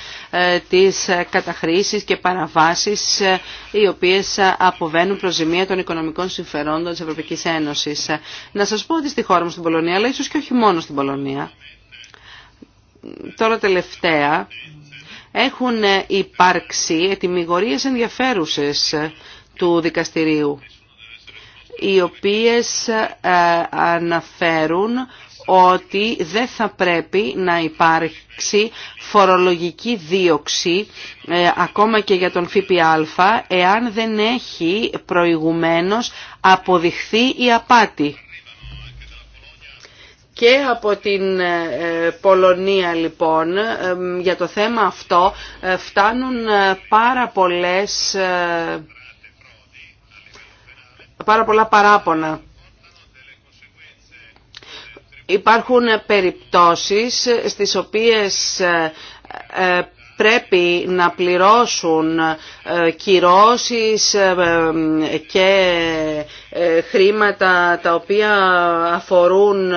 τις καταχρήσεις και παραβάσεις οι οποίες αποβαίνουν προς ζημία των οικονομικών συμφερόντων της Ευρωπαϊκής Ένωσης. Να σας πω ότι στη χώρα μου στην Πολωνία, αλλά ίσως και όχι μόνο στην Πολωνία, τώρα τελευταία έχουν υπάρξει ετοιμιγορίες ενδιαφέρουσες του δικαστηρίου οι οποίες ε, αναφέρουν ότι δεν θα πρέπει να υπάρξει φορολογική δίωξη ε, ακόμα και για τον ΦΠΑ εάν δεν έχει προηγουμένως αποδειχθεί η απάτη. Και από την ε, Πολωνία λοιπόν για το θέμα αυτό φτάνουν πάρα πολλές πάρα πολλά παράπονα. Υπάρχουν περιπτώσεις στις οποίες ε, ε, πρέπει να πληρώσουν ε, κυρώσεις και χρήματα τα οποία αφορούν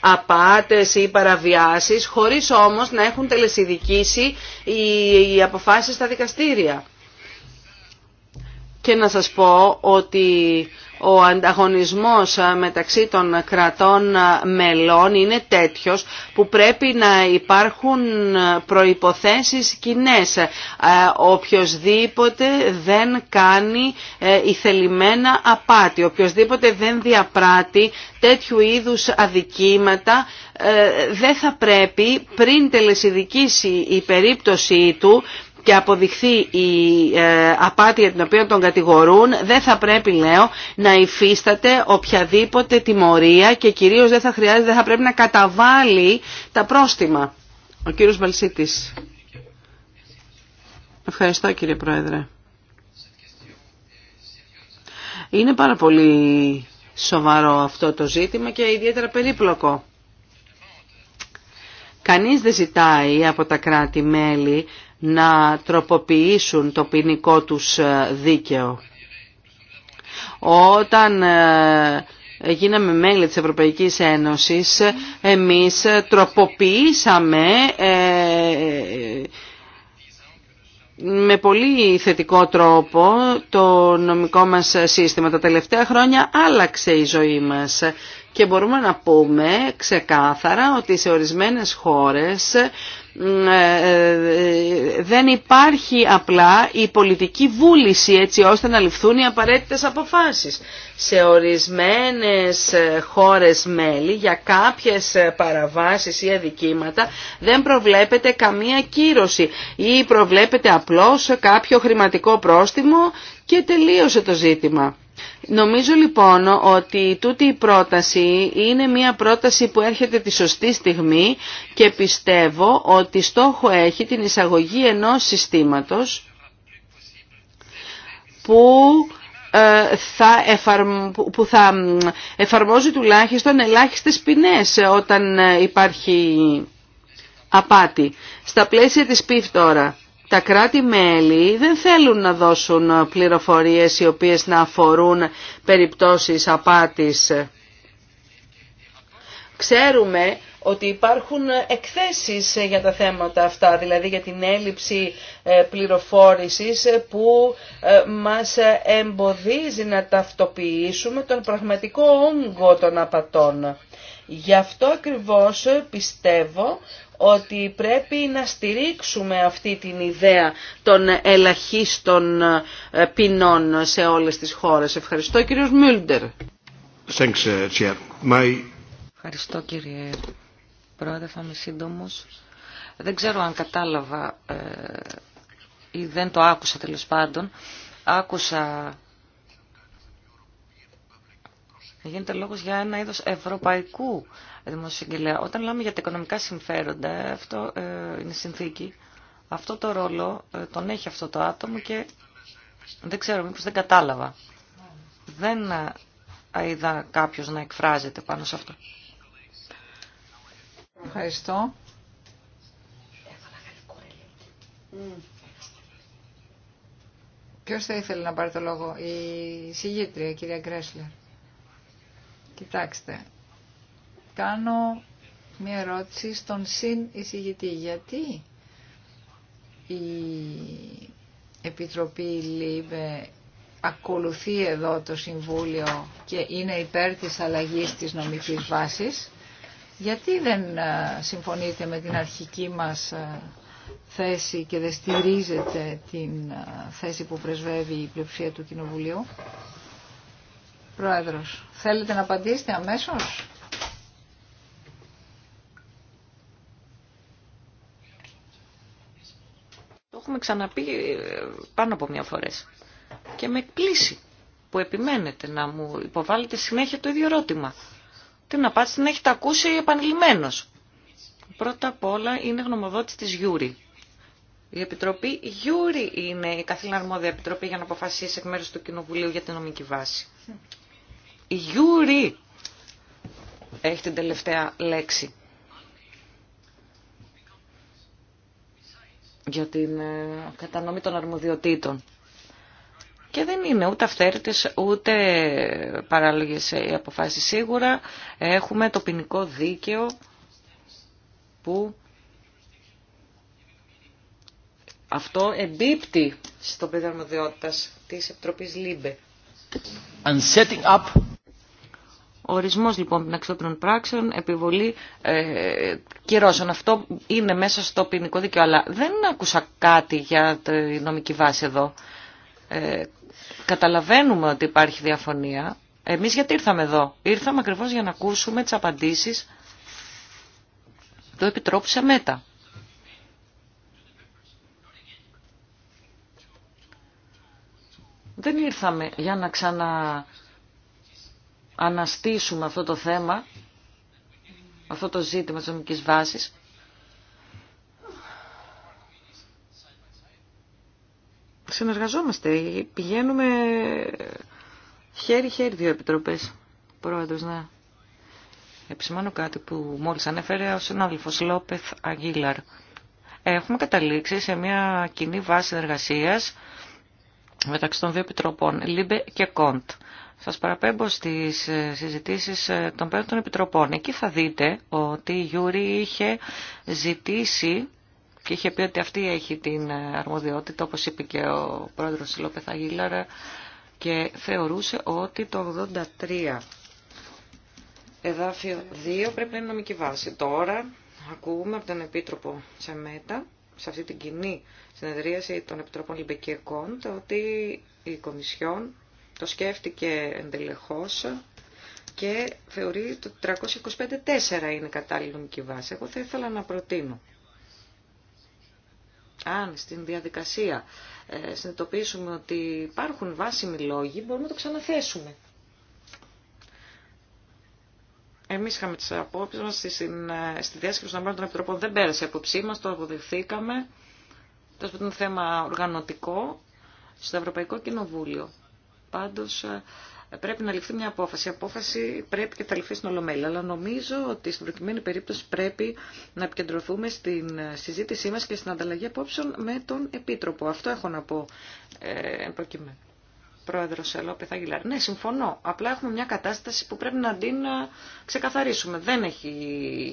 απάτες ή παραβιάσεις, χωρίς όμως να έχουν τελεσιδικήσει οι αποφάσεις στα δικαστήρια και να σας πω ότι ο ανταγωνισμός μεταξύ των κρατών μελών είναι τέτοιος που πρέπει να υπάρχουν προϋποθέσεις κοινέ. Οποιοςδήποτε δεν κάνει ε, ηθελημένα απάτη, οποιοςδήποτε δεν διαπράττει τέτοιου είδους αδικήματα ε, δεν θα πρέπει πριν τελεσιδικήσει η περίπτωσή του και αποδειχθεί η ε, απάτη την οποία τον κατηγορούν, δεν θα πρέπει, λέω, να υφίσταται οποιαδήποτε τιμωρία και κυρίως δεν θα χρειάζεται, δεν θα πρέπει να καταβάλει τα πρόστιμα. Ο κύριος Βαλσίτης. Ευχαριστώ κύριε Πρόεδρε. Είναι πάρα πολύ σοβαρό αυτό το ζήτημα και ιδιαίτερα περίπλοκο. Κανείς δεν ζητάει από τα κράτη-μέλη να τροποποιήσουν το ποινικό τους ε, δίκαιο. Όταν ε, γίναμε μέλη της Ευρωπαϊκής Ένωσης, εμείς τροποποιήσαμε ε, με πολύ θετικό τρόπο το νομικό μας σύστημα. Τα τελευταία χρόνια άλλαξε η ζωή μας και μπορούμε να πούμε ξεκάθαρα ότι σε ορισμένες χώρες δεν υπάρχει απλά η πολιτική βούληση έτσι ώστε να ληφθούν οι απαραίτητες αποφάσεις. Σε ορισμένες χώρες μέλη για κάποιες παραβάσεις ή αδικήματα δεν προβλέπεται καμία κύρωση ή προβλέπεται απλώς κάποιο χρηματικό πρόστιμο και τελείωσε το ζήτημα. Νομίζω λοιπόν ότι τούτη η πρόταση είναι μια πρόταση που έρχεται τη σωστή στιγμή και πιστεύω ότι στόχο έχει την εισαγωγή ενός συστήματος που ε, θα, εφαρμόζει τουλάχιστον ελάχιστες ποινές όταν ε, υπάρχει απάτη. Στα πλαίσια της ΠΥΦ τώρα τα κράτη-μέλη δεν θέλουν να δώσουν πληροφορίες οι οποίες να αφορούν περιπτώσεις απάτης. Ξέρουμε ότι υπάρχουν εκθέσεις για τα θέματα αυτά, δηλαδή για την έλλειψη ε, πληροφόρησης ε, που ε, μας εμποδίζει να ταυτοποιήσουμε τον πραγματικό όγκο των απατών. Γι' αυτό ακριβώς πιστεύω ότι πρέπει να στηρίξουμε αυτή την ιδέα των ελαχίστων ε, ποινών σε όλες τις χώρες. Ευχαριστώ κύριος Μιούλντερ. Ε, Ευχαριστώ κύριε Πρόεδρε, θα είμαι σύντομος. Δεν ξέρω αν κατάλαβα ε, ή δεν το άκουσα τέλο πάντων. Άκουσα... Γίνεται λόγος για ένα είδος ευρωπαϊκού όταν λέμε για τα οικονομικά συμφέροντα, αυτό ε, είναι συνθήκη. Αυτό το ρόλο ε, τον έχει αυτό το άτομο και δεν ξέρω μήπως δεν κατάλαβα. Δεν ε, είδα κάποιος να εκφράζεται πάνω σε αυτό. Ευχαριστώ. Ποιος θα ήθελε να πάρει το λόγο, η συγγήτρια, η κυρία Γκρέσλερ. Κοιτάξτε, κάνω μια ερώτηση στον συν εισηγητή. Γιατί η Επιτροπή ΛΥΜΕ ακολουθεί εδώ το Συμβούλιο και είναι υπέρ της αλλαγής της νομικής βάσης. Γιατί δεν ε, συμφωνείτε με την αρχική μας ε, θέση και δεν στηρίζετε την ε, θέση που πρεσβεύει η πλειοψηφία του Κοινοβουλίου. Πρόεδρος, θέλετε να απαντήσετε αμέσως. έχουμε ξαναπεί ε, πάνω από μια φορές. Και με εκπλήσει που επιμένετε να μου υποβάλλετε συνέχεια το ίδιο ερώτημα. Την πάτε την έχετε ακούσει επανειλημμένος. Πρώτα απ' όλα είναι γνωμοδότης της Γιούρη. Η Επιτροπή Γιούρη είναι η καθήλυνα αρμόδια επιτροπή για να αποφασίσει εκ μέρους του Κοινοβουλίου για την νομική βάση. Η Γιούρη έχει την τελευταία λέξη. για την ε, κατανομή των αρμοδιοτήτων. Και δεν είναι ούτε αυθαίρετες ούτε παράλογες ε, οι αποφάσεις. Σίγουρα έχουμε το ποινικό δίκαιο που αυτό εμπίπτει στο πεδίο αρμοδιότητας της Επιτροπής ΛΥΜΠΕ. up Ορισμός λοιπόν των αξιόπινων πράξεων, επιβολή ε, κυρώσεων. Αυτό είναι μέσα στο ποινικό δίκαιο, αλλά δεν άκουσα κάτι για τη νομική βάση εδώ. Ε, καταλαβαίνουμε ότι υπάρχει διαφωνία. Εμείς γιατί ήρθαμε εδώ. Ήρθαμε ακριβώς για να ακούσουμε τις απαντήσεις του Επιτρόπου σε μέτα. Δεν ήρθαμε για να ξανα αναστήσουμε αυτό το θέμα, αυτό το ζήτημα της νομικής βάσης. Συνεργαζόμαστε, πηγαίνουμε χέρι-χέρι δύο επιτροπές. Πρόεδρος, να Επισημάνω κάτι που μόλις ανέφερε ο συνάδελφος Λόπεθ Αγγίλαρ. Έχουμε καταλήξει σε μια κοινή βάση εργασίας μεταξύ των δύο επιτροπών, Λίμπε και Κοντ. Σας παραπέμπω στις ε, συζητήσεις ε, των πέντε των επιτροπών. Εκεί θα δείτε ότι η Γιούρη είχε ζητήσει και είχε πει ότι αυτή έχει την ε, αρμοδιότητα, όπως είπε και ο πρόεδρος Λόπεθα Γίλαρα, και θεωρούσε ότι το 83 εδάφιο 2 πρέπει να είναι νομική βάση. Τώρα ακούμε από τον Επίτροπο Σεμέτα, σε αυτή την κοινή συνεδρίαση των Επιτροπών Λιμπεκιακών, ότι η Κομισιόν το σκέφτηκε εντελεχώς και θεωρεί το 325-4 είναι κατάλληλη νομική βάση. Εγώ θα ήθελα να προτείνω. Αν στην διαδικασία ε, συνειδητοποιήσουμε ότι υπάρχουν βάσιμοι λόγοι, μπορούμε να το ξαναθέσουμε. Εμεί είχαμε τι απόψει μα στη, ε, στη διάσκεψη των Αμπρών των Επιτροπών. Δεν πέρασε η απόψή μα, το αποδεχθήκαμε. Τώρα το θέμα οργανωτικό στο Ευρωπαϊκό Κοινοβούλιο. Πάντως ε, πρέπει να ληφθεί μια απόφαση. Η απόφαση πρέπει και θα ληφθεί στην Ολομέλη. Αλλά νομίζω ότι στην προκειμένη περίπτωση πρέπει να επικεντρωθούμε στην ε, συζήτησή μας και στην ανταλλαγή απόψεων με τον Επίτροπο. Αυτό έχω να πω ε, προκειμένου. Πρόεδρο Ελόπε Αγγιλάρ. Ναι, συμφωνώ. Απλά έχουμε μια κατάσταση που πρέπει να την ε, ξεκαθαρίσουμε. Δεν έχει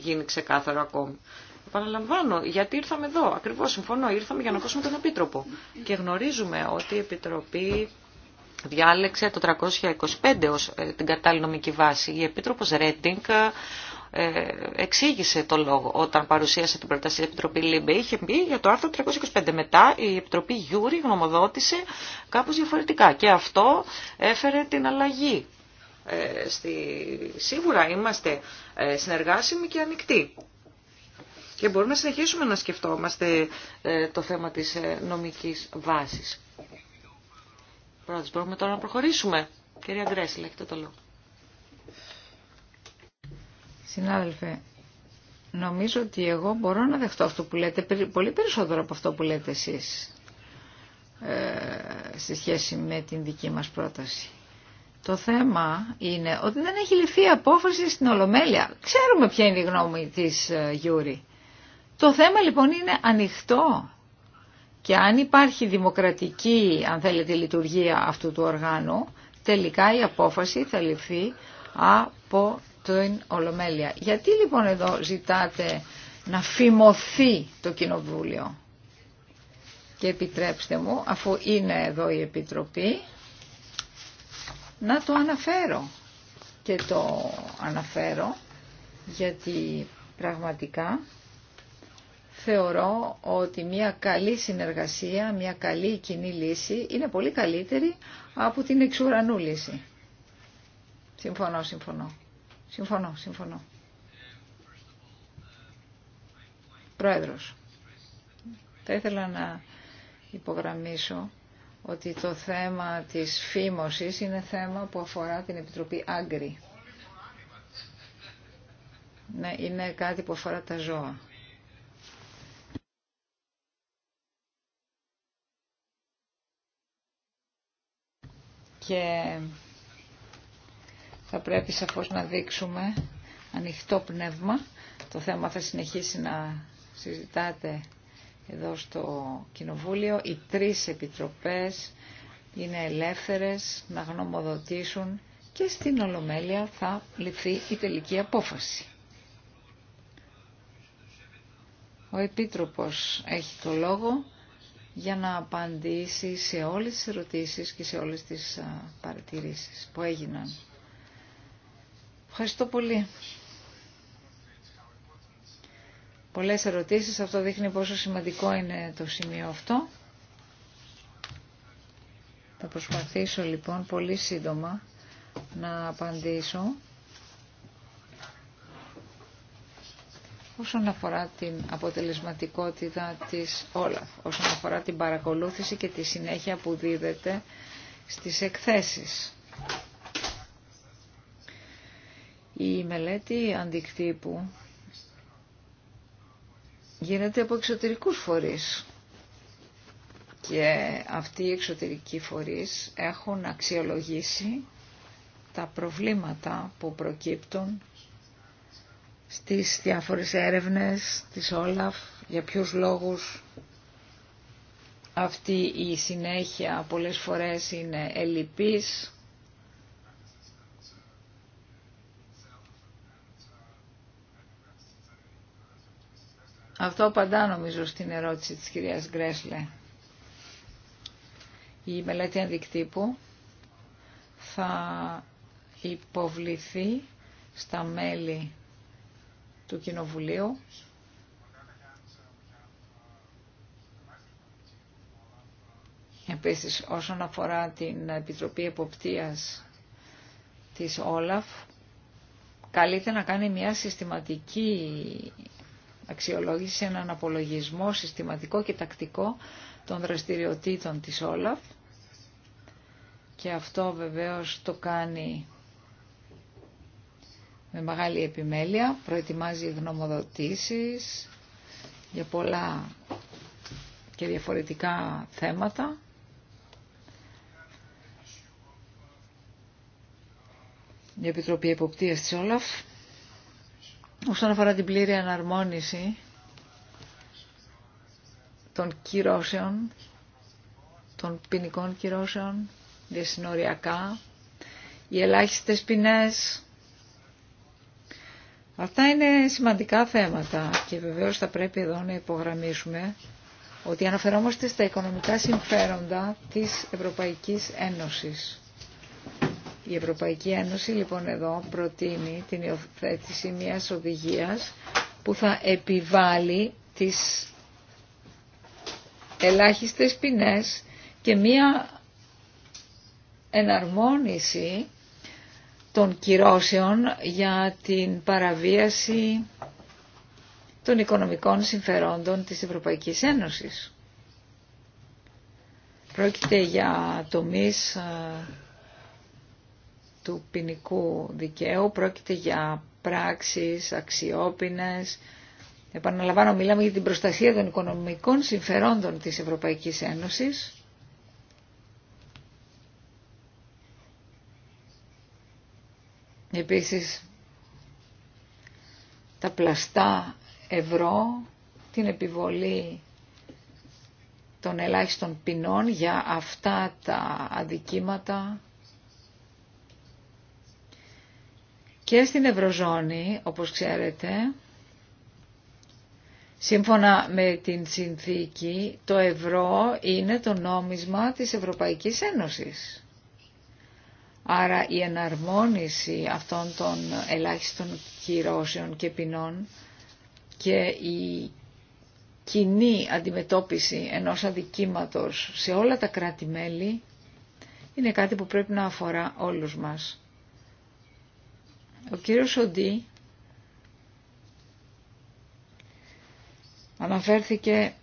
γίνει ξεκάθαρο ακόμη. Επαναλαμβάνω, γιατί ήρθαμε εδώ. Ακριβώ συμφωνώ. Ήρθαμε για να ακούσουμε τον Επίτροπο. Και γνωρίζουμε ότι η Επιτροπή διάλεξε το 325 ως ε, την κατάλληλη νομική βάση. Η Επίτροπος Ρέντινγκ ε, εξήγησε το λόγο όταν παρουσίασε την πρόταση Η Επιτροπή Λίμπε. Είχε μπει για το άρθρο 325. Μετά η Επιτροπή Γιούρι γνωμοδότησε κάπως διαφορετικά και αυτό έφερε την αλλαγή. Ε, στη... Σίγουρα είμαστε ε, συνεργάσιμοι και ανοιχτοί. Και μπορούμε να συνεχίσουμε να σκεφτόμαστε το θέμα της νομικής βάσης πρώτη. μπορούμε τώρα να προχωρήσουμε. Κυρία Γκρέσι, έχετε το λόγο. Συνάδελφε, νομίζω ότι εγώ μπορώ να δεχτώ αυτό που λέτε, πολύ περισσότερο από αυτό που λέτε εσείς, ε, σχέση με την δική μας πρόταση. Το θέμα είναι ότι δεν έχει ληφθεί απόφαση στην Ολομέλεια. Ξέρουμε ποια είναι η γνώμη της ε, Γιούρη. Το θέμα λοιπόν είναι ανοιχτό και αν υπάρχει δημοκρατική, αν θέλετε, λειτουργία αυτού του οργάνου, τελικά η απόφαση θα ληφθεί από την Ολομέλεια. Γιατί λοιπόν εδώ ζητάτε να φημωθεί το Κοινοβούλιο. Και επιτρέψτε μου, αφού είναι εδώ η Επιτροπή, να το αναφέρω. Και το αναφέρω γιατί πραγματικά θεωρώ ότι μια καλή συνεργασία, μια καλή κοινή λύση είναι πολύ καλύτερη από την εξουρανού λύση. Συμφωνώ, συμφωνώ. Συμφωνώ, συμφωνώ. Πρόεδρος, θα ήθελα να υπογραμμίσω ότι το θέμα της φήμωσης είναι θέμα που αφορά την Επιτροπή Άγκρη. Ναι, είναι κάτι που αφορά τα ζώα. και θα πρέπει σαφώς να δείξουμε ανοιχτό πνεύμα. Το θέμα θα συνεχίσει να συζητάτε εδώ στο Κοινοβούλιο. Οι τρεις επιτροπές είναι ελεύθερες να γνωμοδοτήσουν και στην Ολομέλεια θα ληφθεί η τελική απόφαση. Ο Επίτροπος έχει το λόγο για να απαντήσει σε όλες τις ερωτήσεις και σε όλες τις παρατηρήσεις που έγιναν. Ευχαριστώ πολύ. Πολλές ερωτήσεις, αυτό δείχνει πόσο σημαντικό είναι το σημείο αυτό. Θα προσπαθήσω λοιπόν πολύ σύντομα να απαντήσω όσον αφορά την αποτελεσματικότητα της όλα, όσον αφορά την παρακολούθηση και τη συνέχεια που δίδεται στις εκθέσεις. Η μελέτη αντικτύπου γίνεται από εξωτερικούς φορείς και αυτοί οι εξωτερικοί φορείς έχουν αξιολογήσει τα προβλήματα που προκύπτουν στις διάφορες έρευνες της Όλαφ, για ποιους λόγους αυτή η συνέχεια πολλές φορές είναι ελλειπής. Αυτό παντά νομίζω στην ερώτηση της κυρίας Γκρέσλε. Η μελέτη αντικτύπου θα υποβληθεί στα μέλη του Κοινοβουλίου Επίσης όσον αφορά την Επιτροπή Εποπτείας της Όλαφ καλείται να κάνει μια συστηματική αξιολόγηση, έναν απολογισμό συστηματικό και τακτικό των δραστηριοτήτων της Όλαφ και αυτό βεβαίως το κάνει με μεγάλη επιμέλεια, προετοιμάζει γνωμοδοτήσεις για πολλά και διαφορετικά θέματα. Η Επιτροπή Εποπτείας της Όλαφ. Όσον αφορά την πλήρη αναρμόνιση των κυρώσεων, των ποινικών κυρώσεων, διασυνοριακά, οι ελάχιστες ποινές, Αυτά είναι σημαντικά θέματα και βεβαίως θα πρέπει εδώ να υπογραμμίσουμε ότι αναφερόμαστε στα οικονομικά συμφέροντα της Ευρωπαϊκής Ένωσης. Η Ευρωπαϊκή Ένωση λοιπόν εδώ προτείνει την υιοθέτηση μιας οδηγίας που θα επιβάλλει τις ελάχιστες ποινές και μία εναρμόνιση των κυρώσεων για την παραβίαση των οικονομικών συμφερόντων της Ευρωπαϊκής Ένωσης. Πρόκειται για τομείς του ποινικού δικαίου, πρόκειται για πράξεις αξιόπινες. Επαναλαμβάνω, μιλάμε για την προστασία των οικονομικών συμφερόντων της Ευρωπαϊκής Ένωσης Επίσης, τα πλαστά ευρώ, την επιβολή των ελάχιστων ποινών για αυτά τα αδικήματα και στην Ευρωζώνη, όπως ξέρετε, Σύμφωνα με την συνθήκη, το ευρώ είναι το νόμισμα της Ευρωπαϊκής Ένωσης. Άρα η εναρμόνιση αυτών των ελάχιστων κυρώσεων και ποινών και η κοινή αντιμετώπιση ενός αδικήματος σε όλα τα κράτη-μέλη είναι κάτι που πρέπει να αφορά όλους μας. Ο κύριος Σοντή αναφέρθηκε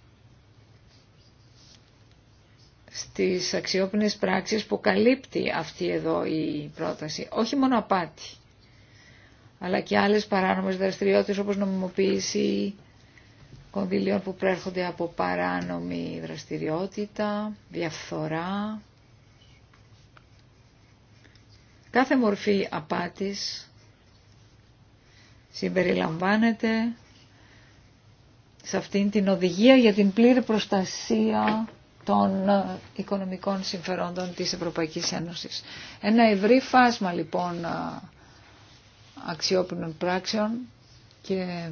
στις αξιόπινες πράξεις που καλύπτει αυτή εδώ η πρόταση. Όχι μόνο απάτη, αλλά και άλλες παράνομες δραστηριότητες όπως νομιμοποίηση κονδυλίων που προέρχονται από παράνομη δραστηριότητα, διαφθορά. Κάθε μορφή απάτης συμπεριλαμβάνεται σε αυτήν την οδηγία για την πλήρη προστασία των ε, οικονομικών συμφερόντων της Ευρωπαϊκής Ένωσης. Ένα ευρύ φάσμα λοιπόν ε, αξιόπινων πράξεων και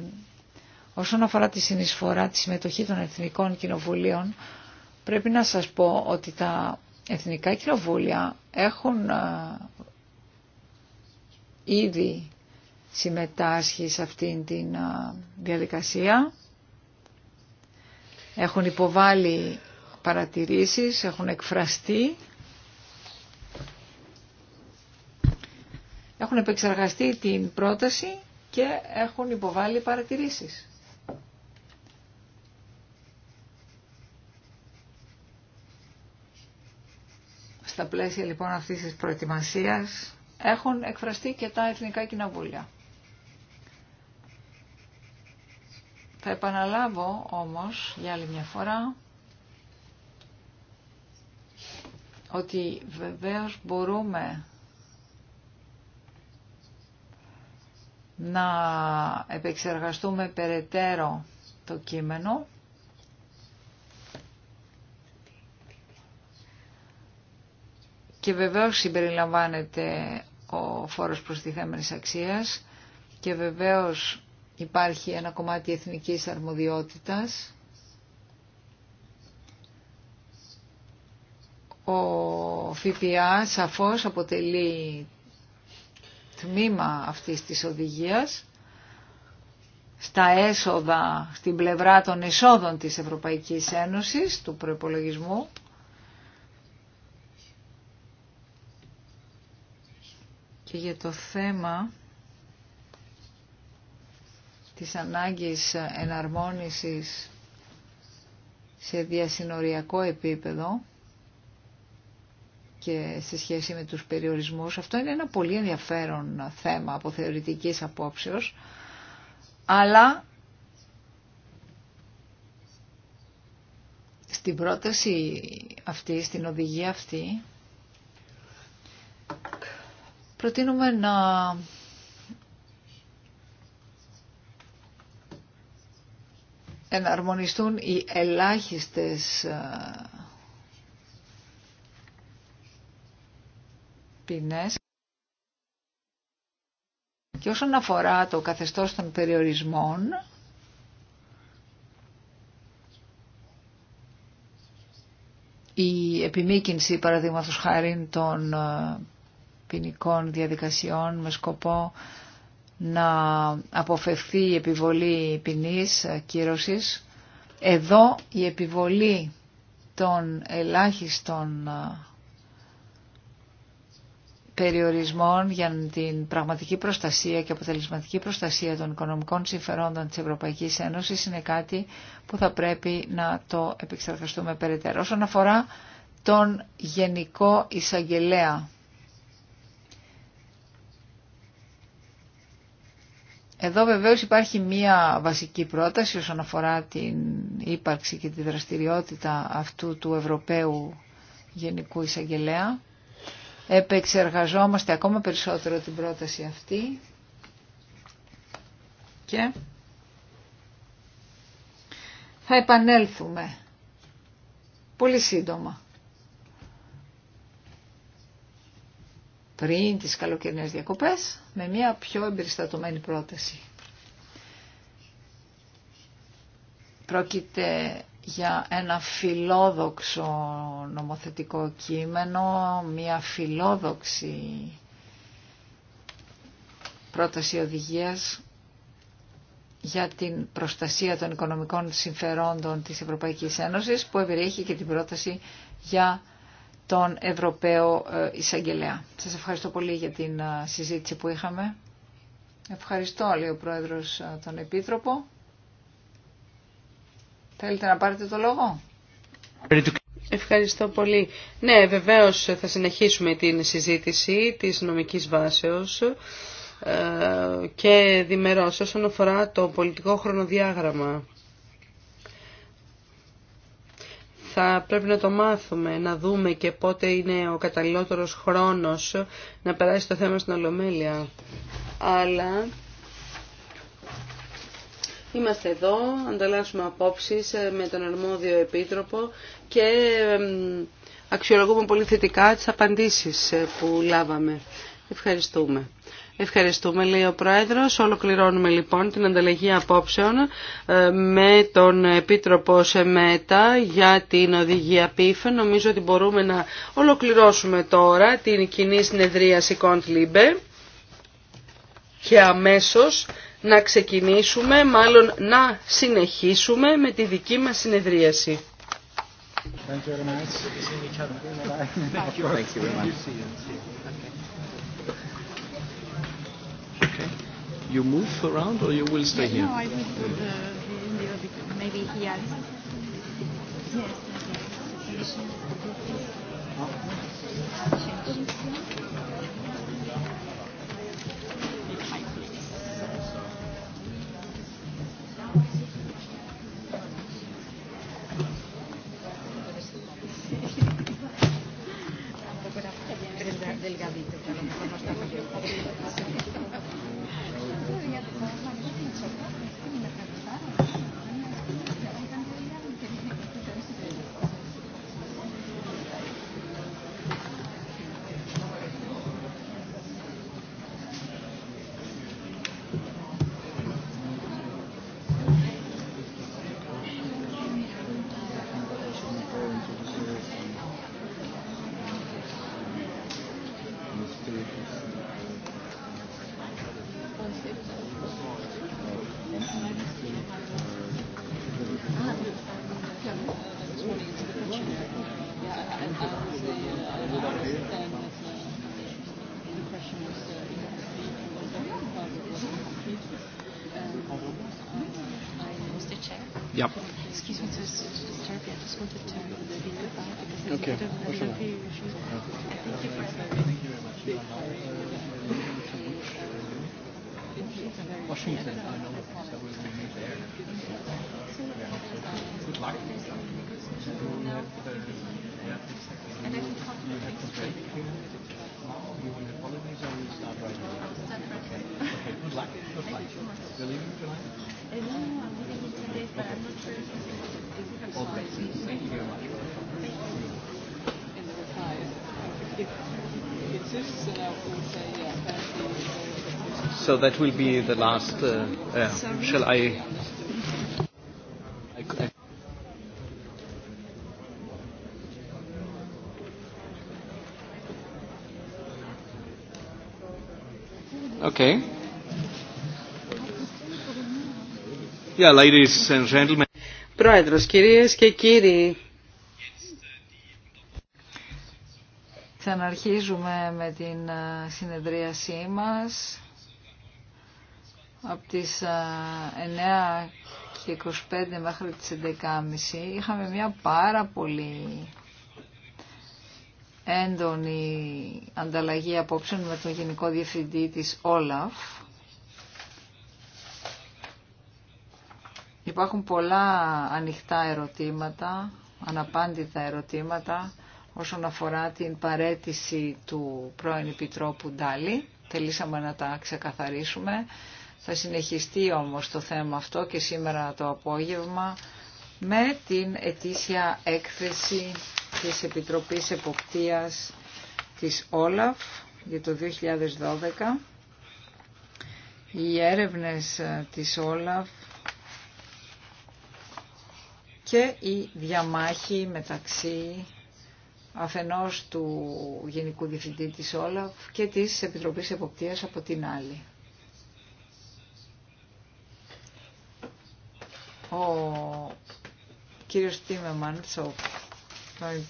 όσον αφορά τη συνεισφορά, τη συμμετοχή των εθνικών κοινοβουλίων, πρέπει να σας πω ότι τα εθνικά κοινοβούλια έχουν ε, ήδη συμμετάσχει σε αυτήν την διαδικασία. Έχουν υποβάλει παρατηρήσεις έχουν εκφραστεί. Έχουν επεξεργαστεί την πρόταση και έχουν υποβάλει παρατηρήσεις. Στα πλαίσια λοιπόν αυτής της προετοιμασίας έχουν εκφραστεί και τα Εθνικά Κοινοβούλια. Θα επαναλάβω όμως για άλλη μια φορά ότι βεβαίως μπορούμε να επεξεργαστούμε περαιτέρω το κείμενο και βεβαίως συμπεριλαμβάνεται ο φόρος προστιθέμενης αξίας και βεβαίως υπάρχει ένα κομμάτι εθνικής αρμοδιότητας Ο ΦΠΑ σαφώς αποτελεί τμήμα αυτής της οδηγίας στα έσοδα, στην πλευρά των εσόδων της Ευρωπαϊκής Ένωσης, του προϋπολογισμού. Και για το θέμα της ανάγκης εναρμόνισης σε διασυνοριακό επίπεδο, σε σχέση με τους περιορισμούς. Αυτό είναι ένα πολύ ενδιαφέρον θέμα από θεωρητικής απόψεως, αλλά στην πρόταση αυτή, στην οδηγία αυτή, προτείνουμε να εναρμονιστούν οι ελάχιστες Και όσον αφορά το καθεστώς των περιορισμών, η επιμήκυνση παραδείγματος χάρη των ε, ποινικών διαδικασιών με σκοπό να αποφευθεί η επιβολή ποινής ε, κύρωσης. Εδώ η επιβολή των ελάχιστων ε, περιορισμών για την πραγματική προστασία και αποτελεσματική προστασία των οικονομικών συμφερόντων της Ευρωπαϊκής Ένωσης είναι κάτι που θα πρέπει να το επεξεργαστούμε περαιτέρω. Όσον αφορά τον Γενικό Εισαγγελέα. Εδώ βεβαίως υπάρχει μία βασική πρόταση όσον αφορά την ύπαρξη και τη δραστηριότητα αυτού του Ευρωπαίου Γενικού Εισαγγελέα επεξεργαζόμαστε ακόμα περισσότερο την πρόταση αυτή και θα επανέλθουμε πολύ σύντομα πριν τις καλοκαιρινές διακοπές με μια πιο εμπεριστατωμένη πρόταση. Πρόκειται για ένα φιλόδοξο νομοθετικό κείμενο, μια φιλόδοξη πρόταση οδηγίας για την προστασία των οικονομικών συμφερόντων της Ευρωπαϊκής Ένωσης που εμπεριέχει και την πρόταση για τον Ευρωπαίο ε, Εισαγγελέα. Σας ευχαριστώ πολύ για την ε, συζήτηση που είχαμε. Ευχαριστώ, λέει ο Πρόεδρος, ε, τον Επίτροπο. Θέλετε να πάρετε το λόγο. Ευχαριστώ πολύ. Ναι, βεβαίως θα συνεχίσουμε την συζήτηση της νομικής βάσεως ε, και διμερώς όσον αφορά το πολιτικό χρονοδιάγραμμα. θα πρέπει να το μάθουμε, να δούμε και πότε είναι ο καταλληλότερος χρόνος να περάσει το θέμα στην Ολομέλεια. Αλλά Είμαστε εδώ, ανταλλάσσουμε απόψεις ε, με τον αρμόδιο επίτροπο και ε, αξιολογούμε πολύ θετικά τις απαντήσεις ε, που λάβαμε. Ευχαριστούμε. Ευχαριστούμε, λέει ο Πρόεδρος. Ολοκληρώνουμε λοιπόν την ανταλλαγή απόψεων με τον Επίτροπο Σεμέτα για την οδηγία ΠΥΦΕ. Νομίζω ότι μπορούμε να ολοκληρώσουμε τώρα την κοινή συνεδρίαση Κοντ Λίμπε και αμέσως να ξεκινήσουμε μάλλον να συνεχίσουμε με τη δική μας συνεδρίαση. so that will be the last. Shall I? Okay. Yeah, ladies and gentlemen. Πρόεδρος, κυρίες και κύριοι, αρχίζουμε με την συνεδρίασή μας από τις 9 ε, και 25 μέχρι τις 11.30 είχαμε μια πάρα πολύ έντονη ανταλλαγή απόψεων με τον Γενικό Διευθυντή της Όλαφ. Υπάρχουν πολλά ανοιχτά ερωτήματα, αναπάντητα ερωτήματα όσον αφορά την παρέτηση του πρώην Επιτρόπου Ντάλι. Θελήσαμε να τα ξεκαθαρίσουμε. Θα συνεχιστεί όμως το θέμα αυτό και σήμερα το απόγευμα με την ετήσια έκθεση της Επιτροπής Εποπτείας της Όλαφ για το 2012. Οι έρευνες ε, της Όλαφ και η διαμάχη μεταξύ αφενός του Γενικού Διευθυντή της Όλαφ και της Επιτροπής Εποπτείας από την άλλη. Ο κύριος Τίμεμαντς, ο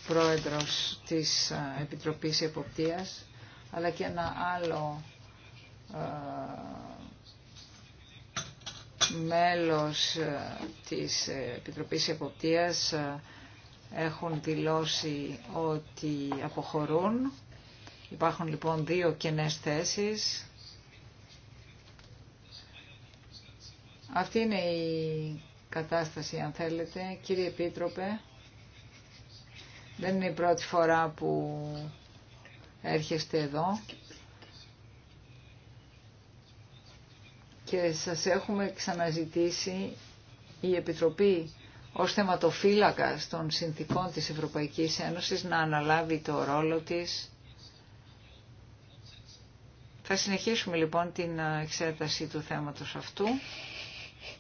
πρόεδρος της ε, Επιτροπής Εποπτείας, αλλά και ένα άλλο ε, μέλος ε, της Επιτροπής Εποπτείας έχουν δηλώσει ότι αποχωρούν. Υπάρχουν λοιπόν δύο κενές θέσεις. Αυτή είναι η κατάσταση αν θέλετε. Κύριε Επίτροπε, δεν είναι η πρώτη φορά που έρχεστε εδώ και σας έχουμε ξαναζητήσει η Επιτροπή ως θεματοφύλακα των συνθήκων της Ευρωπαϊκής Ένωσης να αναλάβει το ρόλο της. Θα συνεχίσουμε λοιπόν την εξέταση του θέματος αυτού.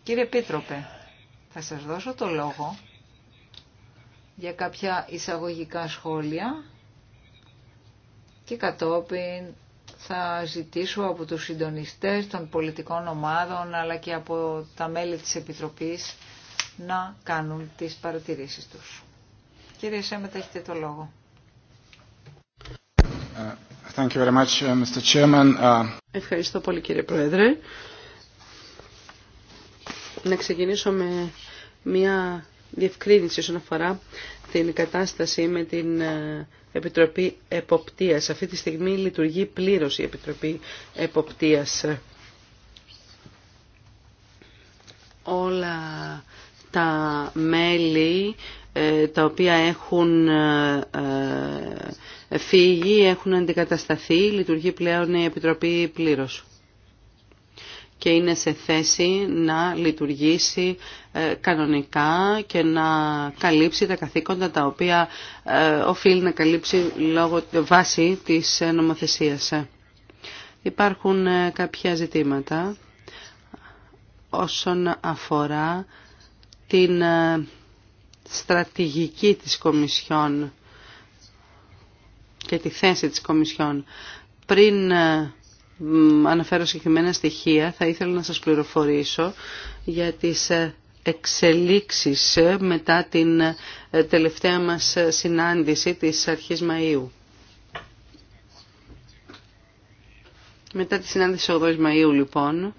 Κύριε επίτροπε θα σας δώσω το λόγο για κάποια εισαγωγικά σχόλια και κατόπιν θα ζητήσω από τους συντονιστές των πολιτικών ομάδων αλλά και από τα μέλη της Επιτροπής να κάνουν τις παρατηρήσεις τους. Κύριε Σέμετα, έχετε το λόγο. Thank you very much, uh, Mr. Uh, Ευχαριστώ πολύ κύριε Πρόεδρε να ξεκινήσω με μια διευκρίνηση όσον αφορά την κατάσταση με την ε, Επιτροπή Εποπτείας. Αυτή τη στιγμή λειτουργεί πλήρως η Επιτροπή Εποπτείας. Όλα τα μέλη ε, τα οποία έχουν ε, φύγει, έχουν αντικατασταθεί, λειτουργεί πλέον η Επιτροπή πλήρως και είναι σε θέση να λειτουργήσει ε, κανονικά και να καλύψει τα καθήκοντα τα οποία ε, οφείλει να καλύψει λόγω βάση της ε, νομοθεσίας. Υπάρχουν κάποια ζητήματα όσον αφορά την στρατηγική της Κομισιόν και τη θέση της Κομισιόν. Πριν αναφέρω συγκεκριμένα στοιχεία, θα ήθελα να σας πληροφορήσω για τις ε, εξελίξεις ε, μετά την ε, τελευταία μας συνάντηση της αρχής Μαΐου. Μετά τη συνάντηση 8 Μαΐου λοιπόν,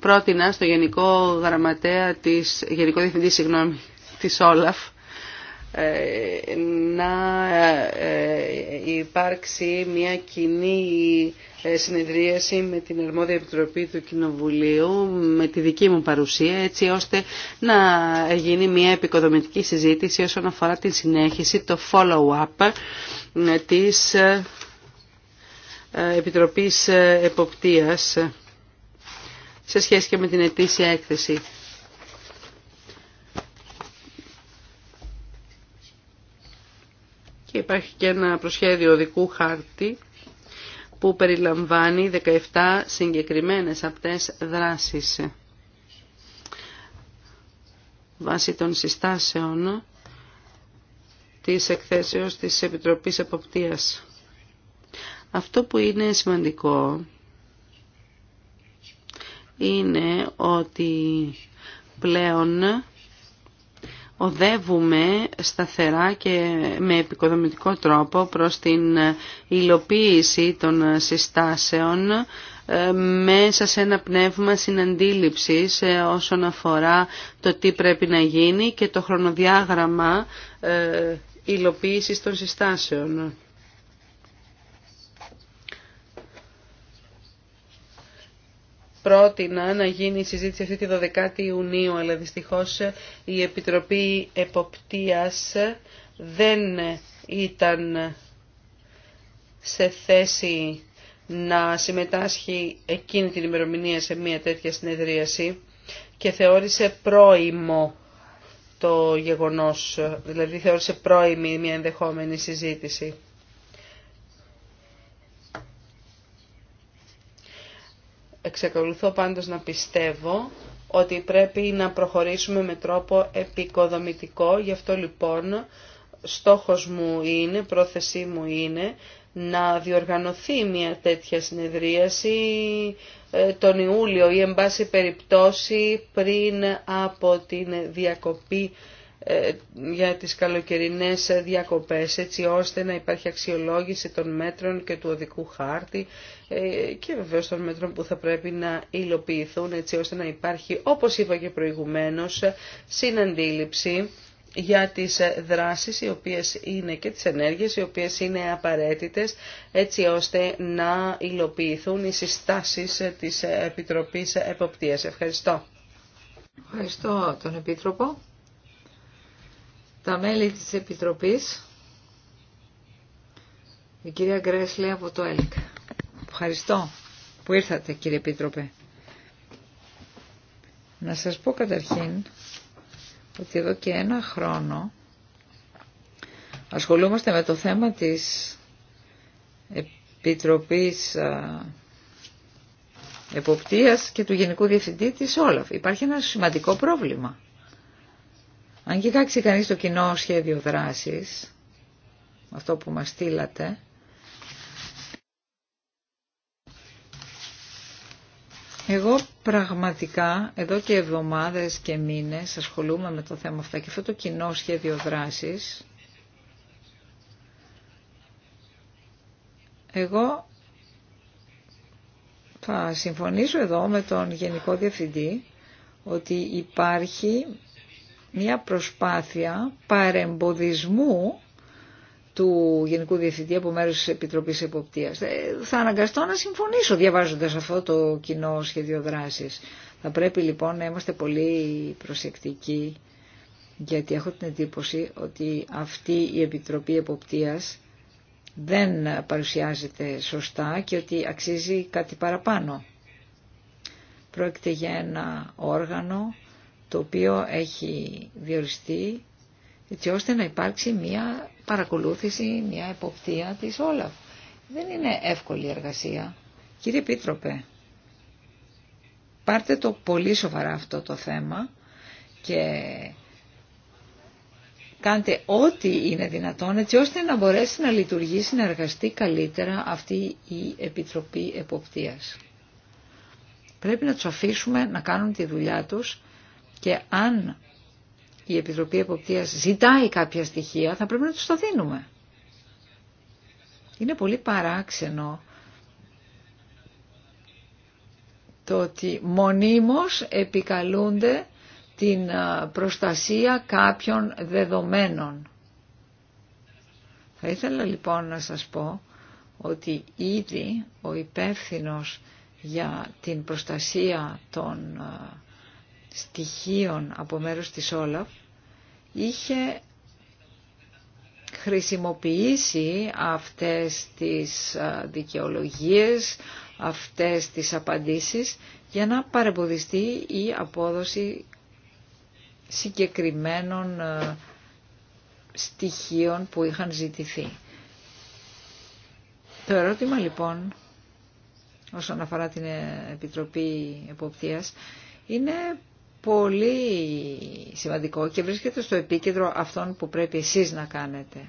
πρότεινα στο Γενικό Γραμματέα της, Γενικό Διευθυντή συγγνώμη, της Όλαφ, ε, να ε, ε, υπάρξει μια κοινή συνεδρίαση με την Ερμόδια Επιτροπή του Κοινοβουλίου με τη δική μου παρουσία έτσι ώστε να γίνει μια επικοδομητική συζήτηση όσον αφορά την συνέχιση, το follow-up της Επιτροπής Εποπτείας σε σχέση και με την ετήσια έκθεση. και υπάρχει και ένα προσχέδιο οδικού χάρτη που περιλαμβάνει 17 συγκεκριμένες απτές δράσεις. Βάσει των συστάσεων της εκθέσεως της Επιτροπής Εποπτείας. Αυτό που είναι σημαντικό είναι ότι πλέον οδεύουμε σταθερά και με επικοδομητικό τρόπο προς την υλοποίηση των συστάσεων ε, μέσα σε ένα πνεύμα συναντήληψης ε, όσον αφορά το τι πρέπει να γίνει και το χρονοδιάγραμμα ε, υλοποίησης των συστάσεων. πρότεινα να γίνει η συζήτηση αυτή τη 12η Ιουνίου, αλλά δυστυχώς η Επιτροπή Εποπτείας δεν ήταν σε θέση να συμμετάσχει εκείνη την ημερομηνία σε μια τέτοια συνεδρίαση και θεώρησε πρόημο το γεγονός, δηλαδή θεώρησε πρόημη μια ενδεχόμενη συζήτηση. Εξακολουθώ πάντως να πιστεύω ότι πρέπει να προχωρήσουμε με τρόπο επικοδομητικό, γι' αυτό λοιπόν στόχος μου είναι, πρόθεσή μου είναι να διοργανωθεί μια τέτοια συνεδρίαση ε, τον Ιούλιο ή εν πάση περιπτώσει πριν από την διακοπή ε, για τις καλοκαιρινές διακοπές έτσι ώστε να υπάρχει αξιολόγηση των μέτρων και του οδικού χάρτη ε, και βεβαίως των μέτρων που θα πρέπει να υλοποιηθούν έτσι ώστε να υπάρχει όπως είπα και προηγουμένως συναντήληψη για τις δράσεις οι οποίες είναι και τις ενέργειες οι οποίες είναι απαραίτητες έτσι ώστε να υλοποιηθούν οι συστάσεις της Επιτροπής Εποπτείας. Ευχαριστώ. Ευχαριστώ τον Επίτροπο τα μέλη της Επιτροπής, η κυρία Γκρέσλε από το ΕΛΚ. Ευχαριστώ που ήρθατε κύριε Επίτροπε. Να σας πω καταρχήν ότι εδώ και ένα χρόνο ασχολούμαστε με το θέμα της Επιτροπής Εποπτείας και του Γενικού Διευθυντή της Όλαφ. Υπάρχει ένα σημαντικό πρόβλημα. Αν κοιτάξει κανείς το κοινό σχέδιο δράσης, αυτό που μας στείλατε, Εγώ πραγματικά εδώ και εβδομάδες και μήνες ασχολούμαι με το θέμα αυτά και αυτό το κοινό σχέδιο δράσης εγώ θα συμφωνήσω εδώ με τον Γενικό Διευθυντή ότι υπάρχει μια προσπάθεια παρεμποδισμού του Γενικού Διευθυντή από μέρους της Επιτροπής Εποπτείας. Ε, θα αναγκαστώ να συμφωνήσω διαβάζοντας αυτό το κοινό σχέδιο δράσης. Θα πρέπει λοιπόν να είμαστε πολύ προσεκτικοί γιατί έχω την εντύπωση ότι αυτή η Επιτροπή Εποπτείας δεν παρουσιάζεται σωστά και ότι αξίζει κάτι παραπάνω. Πρόκειται για ένα όργανο το οποίο έχει διοριστεί έτσι ώστε να υπάρξει μια παρακολούθηση, μια εποπτεία της Όλαφ. Δεν είναι εύκολη εργασία. Κύριε Επίτροπε, πάρτε το πολύ σοβαρά αυτό το θέμα και κάντε ό,τι είναι δυνατόν έτσι ώστε να μπορέσει να λειτουργήσει, να εργαστεί καλύτερα αυτή η Επιτροπή Εποπτείας. Πρέπει να τους αφήσουμε να κάνουν τη δουλειά τους και αν η Επιτροπή Εποπτείας ζητάει κάποια στοιχεία θα πρέπει να τους το δίνουμε. Είναι πολύ παράξενο το ότι μονίμως επικαλούνται την προστασία κάποιων δεδομένων. Θα ήθελα λοιπόν να σας πω ότι ήδη ο υπεύθυνος για την προστασία των στοιχείων από μέρους της Όλαφ είχε χρησιμοποιήσει αυτές τις δικαιολογίες, αυτές τις απαντήσεις για να παρεμποδιστεί η απόδοση συγκεκριμένων στοιχείων που είχαν ζητηθεί. Το ερώτημα λοιπόν όσον αφορά την ε, Επιτροπή Εποπτείας είναι πολύ σημαντικό και βρίσκεται στο επίκεντρο αυτών που πρέπει εσείς να κάνετε.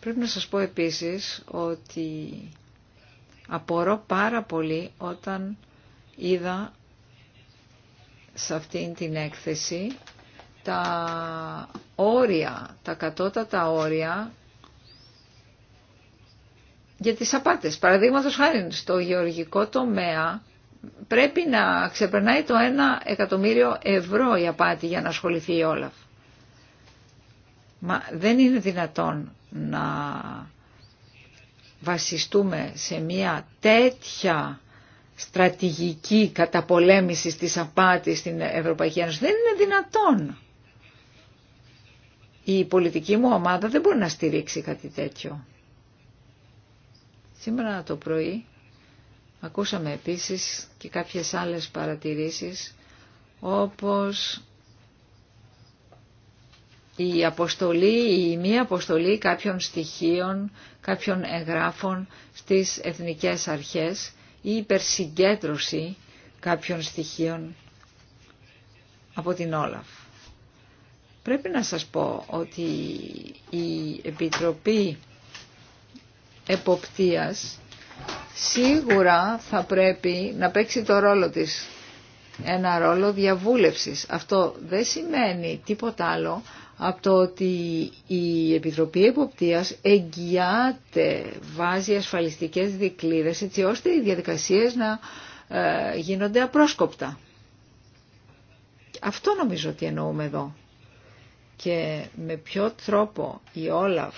Πρέπει να σας πω επίσης ότι απορώ πάρα πολύ όταν είδα σε αυτήν την έκθεση τα όρια, τα κατώτατα όρια για τις απάτες. Παραδείγματος χάρη στο γεωργικό τομέα πρέπει να ξεπερνάει το ένα εκατομμύριο ευρώ η απάτη για να ασχοληθεί η Όλαφ. Μα δεν είναι δυνατόν να βασιστούμε σε μια τέτοια στρατηγική καταπολέμηση της απάτης στην Ευρωπαϊκή Ένωση. Δεν είναι δυνατόν. Η πολιτική μου ομάδα δεν μπορεί να στηρίξει κάτι τέτοιο. Σήμερα το πρωί Ακούσαμε επίσης και κάποιες άλλες παρατηρήσεις όπως η αποστολή ή μη αποστολή κάποιων στοιχείων, κάποιων εγγράφων στις εθνικές αρχές ή υπερσυγκέντρωση κάποιων στοιχείων από την Όλαφ. Πρέπει να σας πω ότι η Επιτροπή Εποπτείας σίγουρα θα πρέπει να παίξει το ρόλο της. Ένα ρόλο διαβούλευσης. Αυτό δεν σημαίνει τίποτα άλλο από το ότι η Επιτροπή Εποπτείας εγγυάται, βάζει ασφαλιστικές δικλείδες έτσι ώστε οι διαδικασίες να ε, γίνονται απρόσκοπτα. Αυτό νομίζω ότι εννοούμε εδώ. Και με ποιο τρόπο η Όλαφ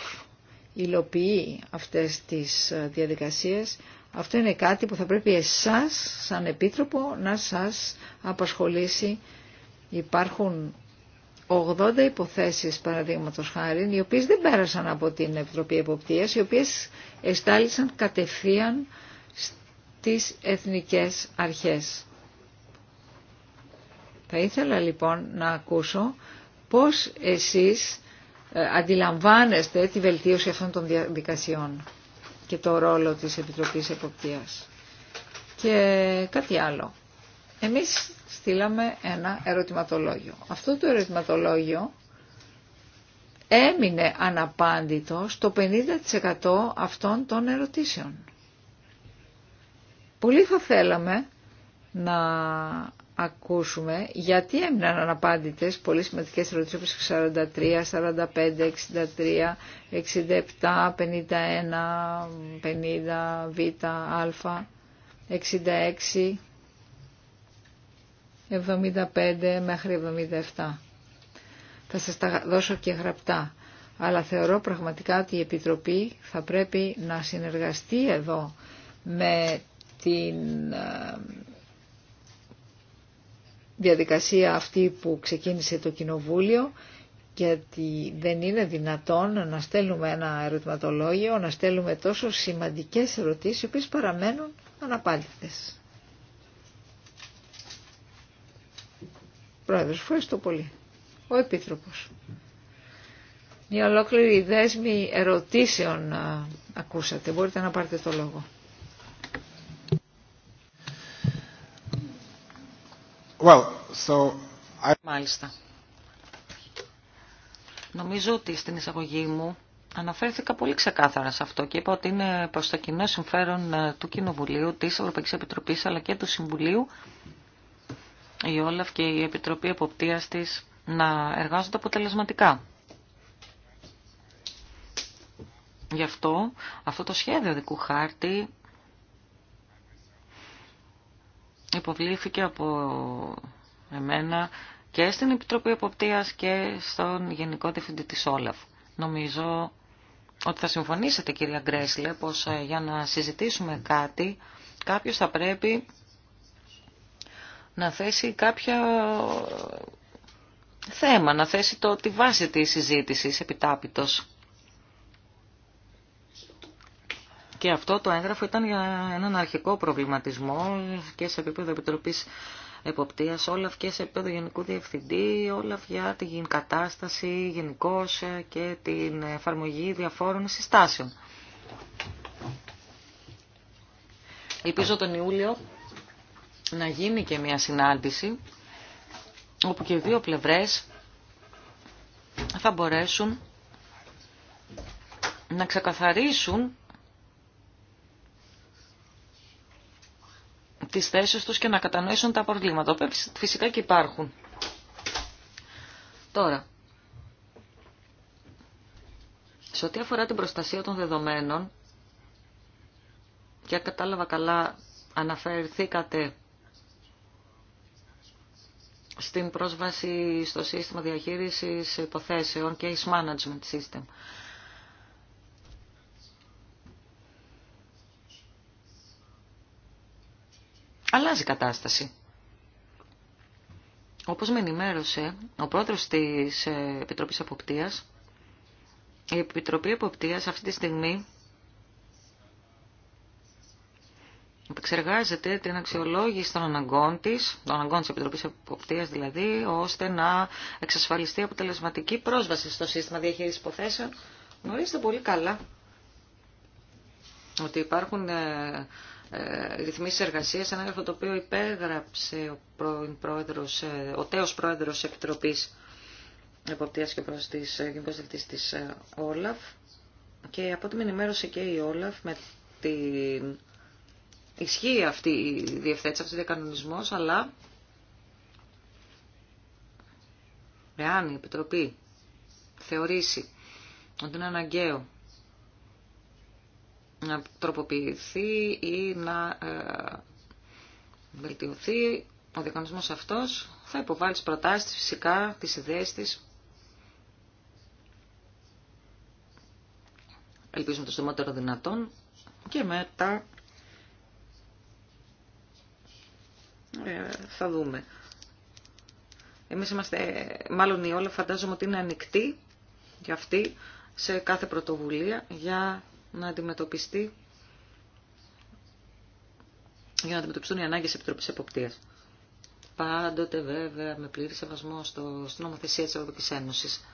υλοποιεί αυτές τις ε, διαδικασίες, αυτό είναι κάτι που θα πρέπει εσάς σαν επίτροπο να σας απασχολήσει. Υπάρχουν 80 υποθέσεις παραδείγματος χάρη, οι οποίες δεν πέρασαν από την Επιτροπή Εποπτείας, οι οποίες εστάλησαν κατευθείαν στις εθνικές αρχές. Θα ήθελα λοιπόν να ακούσω πώς εσείς ε, αντιλαμβάνεστε τη βελτίωση αυτών των διαδικασιών και το ρόλο της Επιτροπής Εποπτείας. Και κάτι άλλο. Εμείς στείλαμε ένα ερωτηματολόγιο. Αυτό το ερωτηματολόγιο έμεινε αναπάντητο στο 50% αυτών των ερωτήσεων. Πολύ θα θέλαμε να ακούσουμε γιατί έμειναν αναπάντητες πολύ σημαντικές ερωτήσεις όπως 43, 45, 63, 67, 51, 50, β, α, 66, 75 μέχρι 77. Θα σας τα δώσω και γραπτά. Αλλά θεωρώ πραγματικά ότι η Επιτροπή θα πρέπει να συνεργαστεί εδώ με την ε, διαδικασία αυτή που ξεκίνησε το Κοινοβούλιο γιατί δεν είναι δυνατόν να στέλνουμε ένα ερωτηματολόγιο, να στέλνουμε τόσο σημαντικές ερωτήσεις, οι οποίες παραμένουν αναπάντητες. Πρόεδρος, ευχαριστώ πολύ. Ο Επίτροπος. Μια ολόκληρη δέσμη ερωτήσεων ακούσατε. Μπορείτε να πάρετε το λόγο. Well, so I... Μάλιστα. Νομίζω ότι στην εισαγωγή μου αναφέρθηκα πολύ ξεκάθαρα σε αυτό και είπα ότι είναι προς το κοινό συμφέρον ε, του Κοινοβουλίου, της Ευρωπαϊκής Επιτροπής αλλά και του Συμβουλίου η Όλαφ και η Επιτροπή Εποπτείας της να εργάζονται αποτελεσματικά. Γι' αυτό αυτό το σχέδιο δικού χάρτη υποβλήθηκε από εμένα και στην Επιτροπή Εποπτείας και στον Γενικό Διευθυντή της Όλαφ. Νομίζω ότι θα συμφωνήσετε κυρία Γκρέσλε πως ε, για να συζητήσουμε κάτι κάποιος θα πρέπει να θέσει κάποια ε, θέμα, να θέσει το, τη βάση της συζήτησης επιτάπητος. Και αυτό το έγγραφο ήταν για έναν αρχικό προβληματισμό και σε επίπεδο Επιτροπής Εποπτείας, όλα και σε επίπεδο Γενικού Διευθυντή, όλα για την κατάσταση γενικώ και την εφαρμογή διαφόρων συστάσεων. Ελπίζω τον Ιούλιο να γίνει και μια συνάντηση όπου και οι δύο πλευρές θα μπορέσουν να ξεκαθαρίσουν τις θέσεις τους και να κατανοήσουν τα προβλήματα, που φυσικά και υπάρχουν. Τώρα, σε ό,τι αφορά την προστασία των δεδομένων, και κατάλαβα καλά αναφερθήκατε στην πρόσβαση στο σύστημα διαχείρισης υποθέσεων και management system. αλλάζει η κατάσταση. Όπως με ενημέρωσε ο πρόεδρος της ε, Επιτροπής Αποπτίας, η Επιτροπή Αποπτίας αυτή τη στιγμή επεξεργάζεται την αξιολόγηση των αναγκών της, των αναγκών της Επιτροπής Αποπτίας δηλαδή, ώστε να εξασφαλιστεί αποτελεσματική πρόσβαση στο σύστημα διαχείρισης υποθέσεων. Γνωρίζετε πολύ καλά ότι υπάρχουν ε, ε, ρυθμίσει εργασία ένα έργο το οποίο υπέγραψε ο, πρώην πρόεδρος, ε, ο τέος πρόεδρος Επιτροπής Εποπτείας και προς της ε, Γενικός Όλαφ και από ό,τι με ενημέρωσε και η Όλαφ με την ισχύει αυτή η διευθέτηση, αυτή ο διακανονισμό, αλλά εάν η Επιτροπή θεωρήσει ότι είναι αναγκαίο να τροποποιηθεί ή να ε, βελτιωθεί ο διαγωνισμός αυτός, θα υποβάλει τις προτάσεις φυσικά, τις ιδέες της. Ελπίζουμε το στομότερο δυνατόν και μετά ε, θα δούμε. Εμείς είμαστε, μάλλον η όλα φαντάζομαι ότι είναι ανοιχτή για αυτή σε κάθε πρωτοβουλία για να αντιμετωπιστεί για να αντιμετωπιστούν οι ανάγκες της Επιτροπής Εποπτείας. Πάντοτε βέβαια με πλήρη σεβασμό στο, στην νομοθεσία της Ευρωπαϊκής Ένωσης.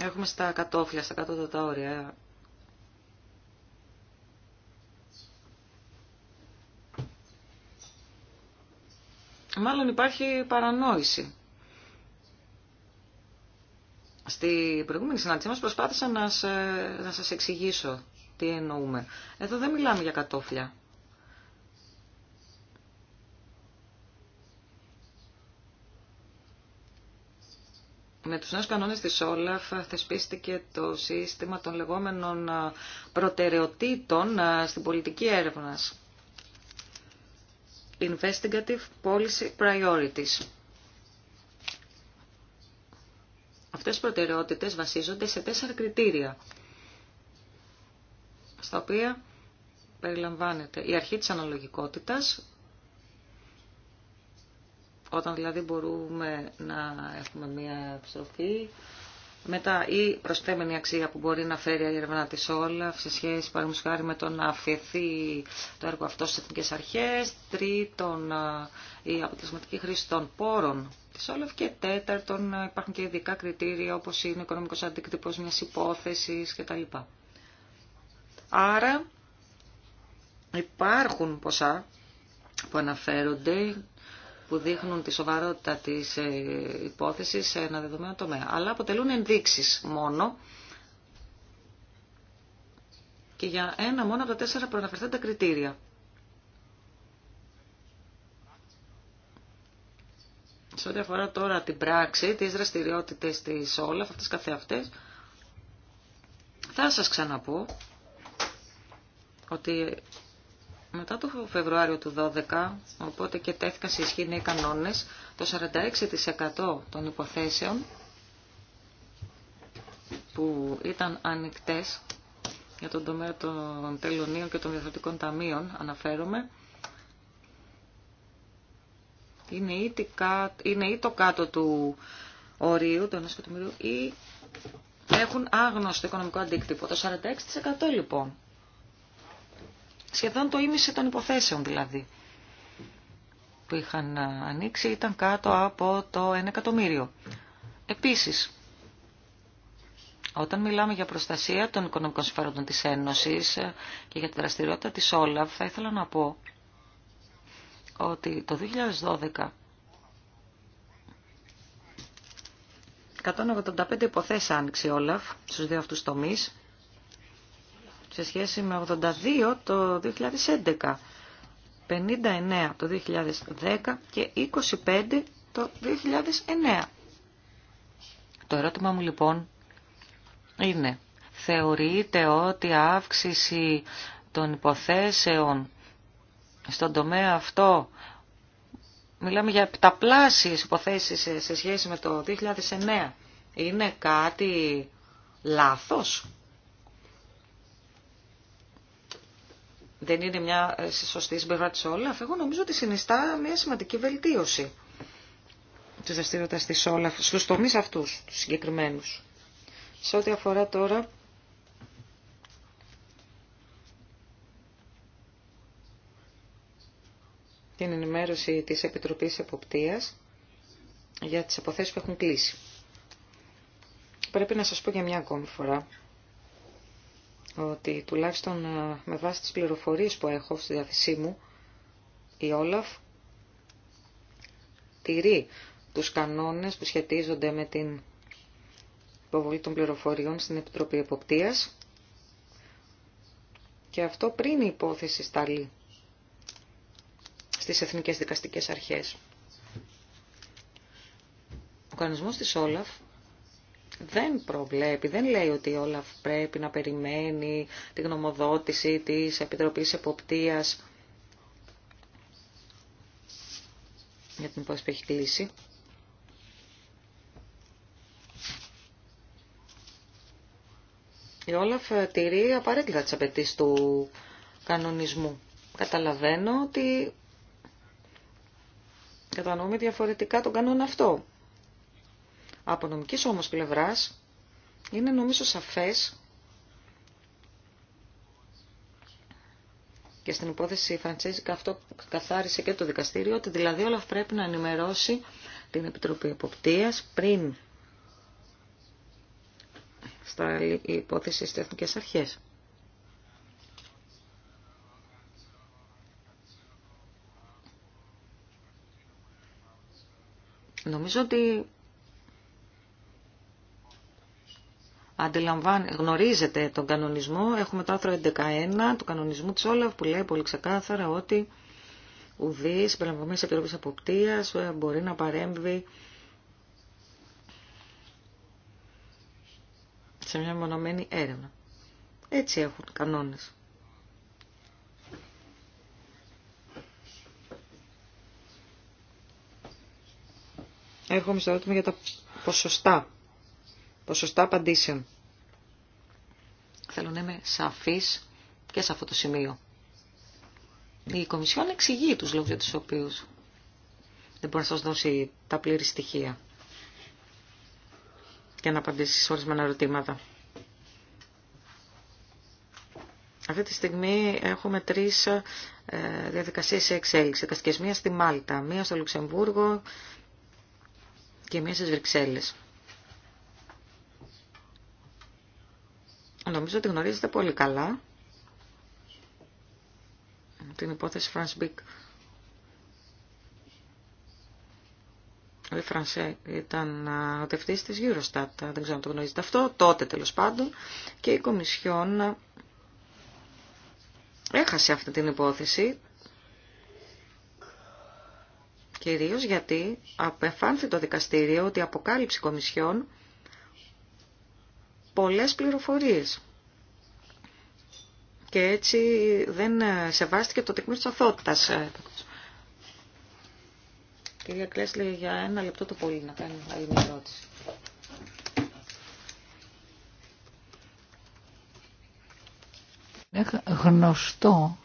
Έχουμε στα κατόφλια, στα κατώτατα όρια. Μάλλον υπάρχει παρανόηση στην προηγούμενη συνάντησή μας προσπάθησα να, σε, να σας εξηγήσω τι εννοούμε. Εδώ δεν μιλάμε για κατόφλια. Με τους νέους κανόνες της Όλαφ θεσπίστηκε το σύστημα των λεγόμενων προτεραιοτήτων ε, στην πολιτική έρευνας. Investigative Policy Priorities. Αυτές οι προτεραιότητες βασίζονται σε τέσσερα κριτήρια, στα οποία περιλαμβάνεται η αρχή της αναλογικότητας, όταν δηλαδή μπορούμε να έχουμε μια επιστροφή μετά η προστέμενη αξία που μπορεί να φέρει η έρευνα της Όλαφ σε σχέση παραδείγματος με το να αφαιθεί το έργο αυτό στις εθνικές αρχές, τρίτον η αποτελεσματική χρήση των πόρων της Όλαφ και τέταρτον υπάρχουν και ειδικά κριτήρια όπως είναι ο οικονομικός αντίκτυπος μιας υπόθεσης κτλ. Άρα υπάρχουν ποσά που αναφέρονται που δείχνουν τη σοβαρότητα της ε, υπόθεσης σε ένα δεδομένο τομέα. Αλλά αποτελούν ενδείξεις μόνο και για ένα μόνο από τα τέσσερα προαναφερθέντα κριτήρια. Σε ό,τι αφορά τώρα την πράξη, τις δραστηριότητες της όλα αυτές καθεαυτές, θα σας ξαναπώ ότι μετά το Φεβρουάριο του 12, οπότε και τέθηκαν σε ισχύ νέοι κανόνες, το 46% των υποθέσεων που ήταν ανοιχτές για τον τομέα των τελωνίων και των διαδοτικών ταμείων, αναφέρομαι, είναι ή, το κάτω του ορίου, του να ή έχουν άγνωστο οικονομικό αντίκτυπο. Το 46% λοιπόν Σχεδόν το ίμιση των υποθέσεων δηλαδή που είχαν ανοίξει ήταν κάτω από το 1 εκατομμύριο. Επίσης, όταν μιλάμε για προστασία των οικονομικών συμφέροντων της Ένωσης και για τη δραστηριότητα της Όλαφ, θα ήθελα να πω ότι το 2012 185 υποθέσεις άνοιξε Όλαφ στους δύο αυτούς τομείς σε σχέση με 82 το 2011, 59 το 2010 και 25 το 2009. Το ερώτημα μου λοιπόν είναι, θεωρείτε ότι η αύξηση των υποθέσεων στον τομέα αυτό, μιλάμε για επταπλάσιες υποθέσεις σε σχέση με το 2009, είναι κάτι λάθος. δεν είναι μια ε, σωστή συμπεριφορά τη όλα. εγώ νομίζω ότι συνιστά μια σημαντική βελτίωση τη δραστηριότητα τη όλα, στου τομεί αυτού, του συγκεκριμένου. Σε ό,τι αφορά τώρα την ενημέρωση της Επιτροπής Εποπτείας για τις αποθέσεις που έχουν κλείσει. Πρέπει να σας πω για μια ακόμη φορά ότι τουλάχιστον ε, με βάση τις πληροφορίες που έχω στη διάθεσή μου, η Όλαφ τηρεί τους κανόνες που σχετίζονται με την υποβολή των πληροφοριών στην Επιτροπή Εποπτείας και αυτό πριν η υπόθεση σταλεί στις Εθνικές Δικαστικές Αρχές. Ο κανονισμός της Όλαφ δεν προβλέπει, δεν λέει ότι όλα πρέπει να περιμένει τη γνωμοδότηση της Επιτροπής Εποπτείας για την υπόθεση που έχει κλείσει. Η Όλαφ τηρεί απαραίτητα τις απαιτήσεις του κανονισμού. Καταλαβαίνω ότι κατανοούμε διαφορετικά τον κανόνα αυτό. Από νομικής όμως πλευράς είναι νομίζω σαφές και στην υπόθεση η Φραντσέζικα αυτό καθάρισε και το δικαστήριο ότι δηλαδή όλα πρέπει να ενημερώσει την Επιτροπή Εποπτείας πριν στα υπόθεση στις Εθνικές Αρχές. Νομίζω ότι αντιλαμβάνει, γνωρίζετε τον κανονισμό. Έχουμε το άρθρο 11.1 του κανονισμού της Όλαφ που λέει πολύ ξεκάθαρα ότι ουδή συμπεριλαμβανομένη επιτροπή αποκτία ε, μπορεί να παρέμβει σε μια μονομένη έρευνα. Έτσι έχουν κανόνες. Έρχομαι στο ερώτημα για τα ποσοστά ποσοστά απαντήσεων. Θέλω να είμαι σαφής και σε αυτό το σημείο. Η Κομισιόν εξηγεί τους λόγους για τους οποίους δεν μπορεί να σας δώσει τα πλήρη στοιχεία για να απαντήσει σε ορισμένα ερωτήματα. Αυτή τη στιγμή έχουμε τρεις ε, διαδικασίες σε εξέλιξη. Δικαστικές μία στη Μάλτα, μία στο Λουξεμβούργο και μία στις Βρυξέλλες. Νομίζω ότι γνωρίζετε πολύ καλά την υπόθεση Φρανσμπικ. οι Ο Φρανσέ ήταν ο τευτής της Eurostat, δεν ξέρω αν το γνωρίζετε αυτό, τότε τέλος πάντων, και η Κομισιόν έχασε αυτή την υπόθεση, κυρίως γιατί απεφάνθη το δικαστήριο ότι η αποκάλυψη Κομισιόν πολλές πληροφορίες. Και έτσι δεν σεβάστηκε το τεκμήριο της αθότητας. Κυρία για ένα λεπτό το πολύ να κάνει άλλη μια ερώτηση. Είναι γνωστό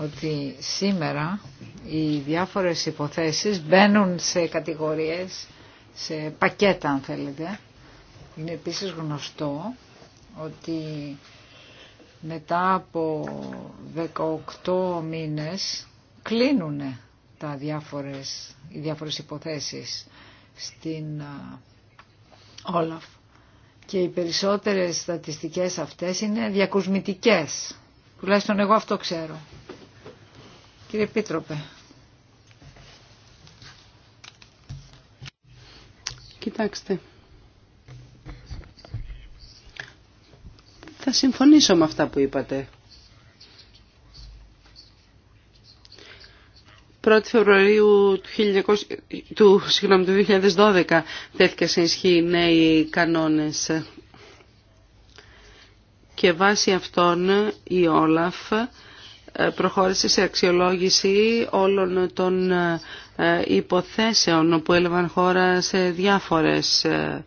ότι σήμερα οι διάφορες υποθέσεις μπαίνουν σε κατηγορίες, σε πακέτα αν θέλετε είναι επίσης γνωστό ότι μετά από 18 μήνες κλείνουν τα διάφορες, οι διάφορες υποθέσεις στην Όλαφ. Και οι περισσότερες στατιστικές αυτές είναι διακοσμητικές. Τουλάχιστον εγώ αυτό ξέρω. Κύριε Επίτροπε. Κοιτάξτε, θα συμφωνήσω με αυτά που είπατε. Φεβρουαρίου του, συγγνώμη, 2012 τέθηκε σε ισχύ νέοι κανόνες και βάσει αυτών η Όλαφ ε, προχώρησε σε αξιολόγηση όλων των ε, υποθέσεων που έλαβαν χώρα σε διάφορες ε,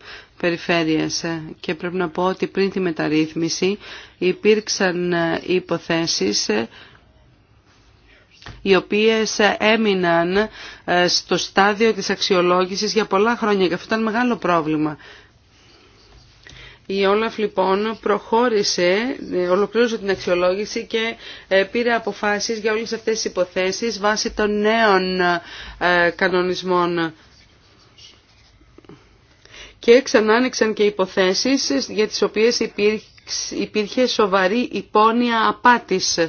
και πρέπει να πω ότι πριν τη μεταρρύθμιση υπήρξαν υποθέσεις οι οποίες έμειναν ε, στο στάδιο της αξιολόγησης για πολλά χρόνια και αυτό ήταν μεγάλο πρόβλημα. Η Όλαφ λοιπόν προχώρησε, ε, ολοκλήρωσε την αξιολόγηση και ε, πήρε αποφάσεις για όλες αυτές τις υποθέσεις βάσει των νέων κανονισμών και ξανά και υποθέσεις για τις οποίες υπήρχε σοβαρή υπόνοια απάτης.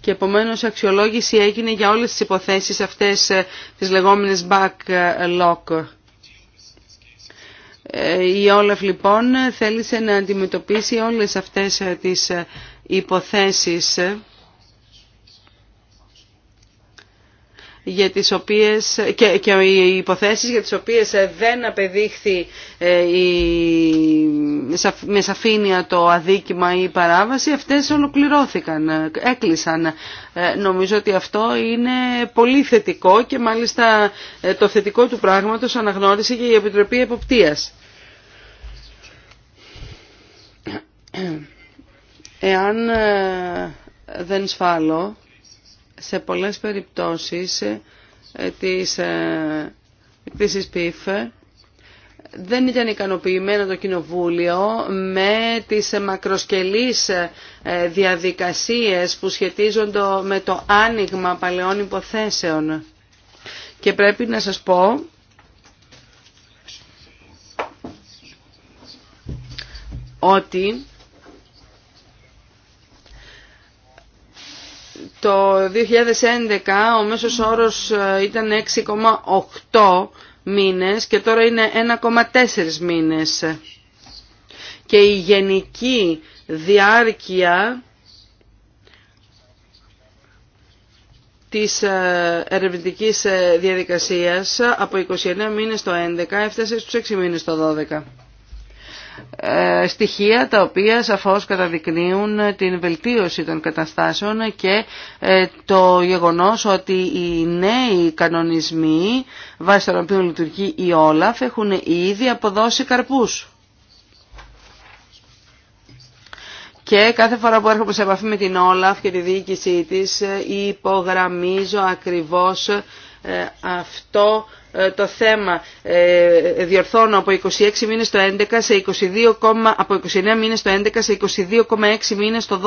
Και επομένως αξιολόγηση έγινε για όλες τις υποθέσεις αυτές ε, τις λεγόμενες backlog. Ε, η Όλαφ λοιπόν θέλησε να αντιμετωπίσει όλες αυτές ε, τις υποθέσεις για τις οποίες, και, και οι υποθέσεις για τις οποίες ε, δεν απεδείχθη ε, με σαφήνεια το αδίκημα ή η παράβαση, αυτές ολοκληρώθηκαν, έκλεισαν. Ε, νομίζω ότι αυτό είναι πολύ θετικό και μάλιστα το θετικό του πράγματος αναγνώρισε και η Επιτροπή Εποπτείας. Εάν δεν σφάλω, σε πολλές περιπτώσεις ε, της ε, εκτίσης ΠΥΦ δεν ήταν ικανοποιημένο το Κοινοβούλιο με τις μακροσκελείς ε, διαδικασίες που σχετίζονται με το άνοιγμα παλαιών υποθέσεων. Και πρέπει να σας πω ότι Το 2011 ο μέσος όρος ε, ήταν 6,8 μήνες και τώρα είναι 1,4 μήνες. Και η γενική διάρκεια της ε, ερευνητικής ε, διαδικασίας από 29 μήνες το 11 έφτασε στους 6 μήνες το 12. Ε, στοιχεία τα οποία σαφώς καταδεικνύουν την βελτίωση των καταστάσεων και ε, το γεγονός ότι οι νέοι κανονισμοί βάσει των οποίων λειτουργεί η Όλαφ έχουν ήδη αποδώσει καρπούς. Και κάθε φορά που έρχομαι σε επαφή με την Όλαφ και τη διοίκησή της ε, υπογραμμίζω ακριβώς ε, αυτό ε, το θέμα ε, διορθώνω από 26 μήνες το 11 σε 22, από 29 μήνες 11 σε 22,6 μήνες το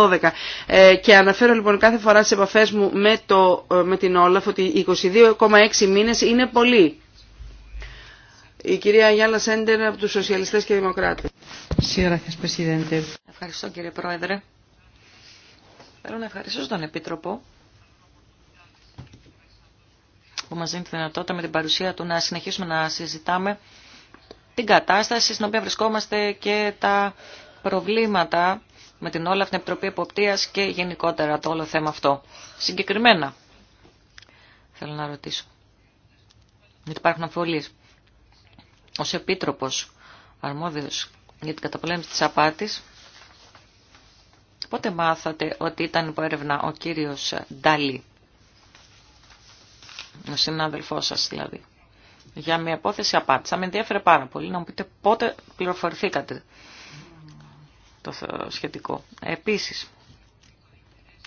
12 και αναφέρω λοιπόν κάθε φορά σε επαφές μου με, το, με την Όλαφ ότι 22,6 μήνες είναι πολύ. Η κυρία Γιάλα Σέντερ από τους Σοσιαλιστές και Δημοκράτες. Ευχαριστώ κύριε Πρόεδρε. Θέλω να ευχαριστήσω τον Επίτροπο που μας δίνει τη δυνατότητα με την παρουσία του να συνεχίσουμε να συζητάμε την κατάσταση στην οποία βρισκόμαστε και τα προβλήματα με την όλα αυτή την Επιτροπή Εποπτείας και γενικότερα το όλο θέμα αυτό. Συγκεκριμένα θέλω να ρωτήσω, γιατί υπάρχουν αμφιβολίες. Ως Επίτροπος Αρμόδιος για την καταπολέμηση της απάτης, πότε μάθατε ότι ήταν υπό έρευνα ο κύριος Ντάλι ο συνάδελφός σας δηλαδή, για μια υπόθεση απάτη. Θα με ενδιαφέρε πάρα πολύ να μου πείτε πότε πληροφορηθήκατε το σχετικό. Επίσης,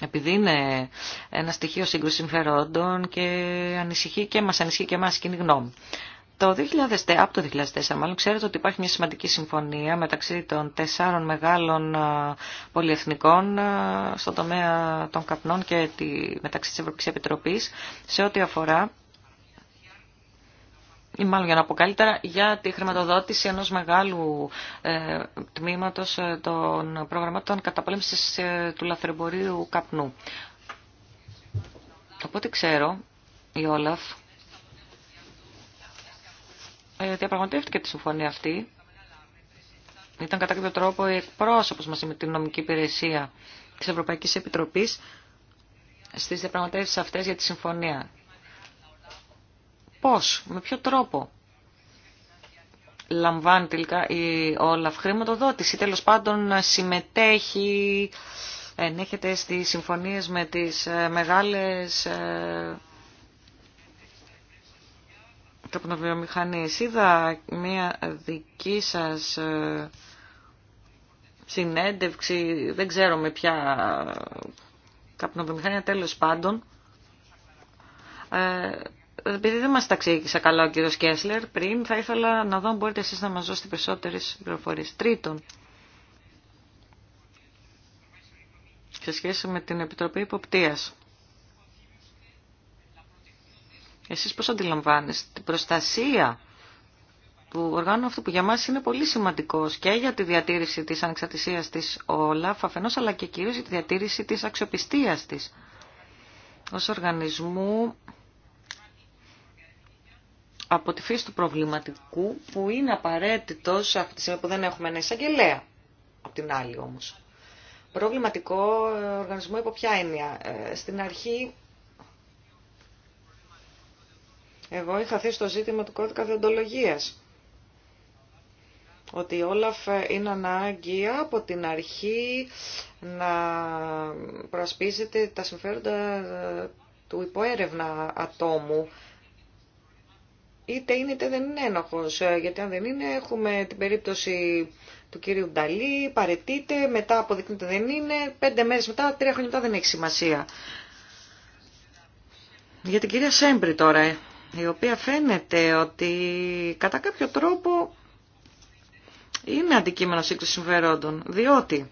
επειδή είναι ένα στοιχείο σύγκρουση συμφερόντων και ανησυχεί και μας ανησυχεί και εμάς κοινή γνώμη. Το 2004, από το 2004 μάλλον, ξέρετε ότι υπάρχει μια σημαντική συμφωνία μεταξύ των τεσσάρων μεγάλων πολυεθνικών στον τομέα των καπνών και τη, μεταξύ της Ευρωπαϊκής Επιτροπής σε ό,τι αφορά ή μάλλον για να πω καλύτερα, για τη χρηματοδότηση ενός μεγάλου ε, τμήματος ε, των προγραμμάτων καταπολέμησης ε, του λαθρεμπορίου καπνού. Οπότε ξέρω, η Όλαφ ε, διαπραγματεύτηκε τη συμφωνία αυτή. Ήταν κατά κάποιο τρόπο εκπρόσωπος μας με την νομική υπηρεσία της Ευρωπαϊκής Επιτροπής στις διαπραγματεύσεις αυτές για τη συμφωνία. Πώς, με ποιο τρόπο λαμβάνει τελικά η Όλαφ χρηματοδότηση, τέλος πάντων συμμετέχει, ενέχεται στις συμφωνίες με τις ε, μεγάλες ε, τροπνοβιομηχανίες. Είδα μία δική σας ε, συνέντευξη, δεν ξέρω με ποια καπνοβιομηχανία τέλος πάντων. Ε, επειδή δεν μας τα καλά ο κύριος Κέσλερ πριν, θα ήθελα να δω αν μπορείτε εσείς να μας δώσετε περισσότερες πληροφορίες. Τρίτον, σε σχέση με την Επιτροπή Υποπτίας. Εσείς πώς αντιλαμβάνεστε την προστασία του οργάνου αυτού που για μας είναι πολύ σημαντικός και για τη διατήρηση της ανεξαρτησίας της όλα αφενός αλλά και κυρίως για τη διατήρηση της αξιοπιστίας της ως οργανισμού από τη φύση του προβληματικού που είναι απαραίτητος αυτή τη στιγμή που δεν έχουμε ένα εισαγγελέα από την άλλη όμως. Προβληματικό ε, οργανισμό υπό ποια έννοια. Ε, στην αρχή εγώ είχα θέσει το ζήτημα του κώδικα διοντολογίας. Ότι η Όλαφ είναι ανάγκη από την αρχή να προασπίζεται τα συμφέροντα ε, του υποέρευνα ατόμου. Είτε είναι είτε δεν είναι ένοχος, ε, γιατί αν δεν είναι έχουμε την περίπτωση του κυρίου Νταλή, παρετείται, μετά αποδεικνύεται δεν είναι, πέντε μέρες μετά, τρία χρόνια μετά δεν έχει σημασία. Για την κυρία Σέμπρη τώρα, ε η οποία φαίνεται ότι κατά κάποιο τρόπο είναι αντικείμενο σύγκρουση συμφερόντων, διότι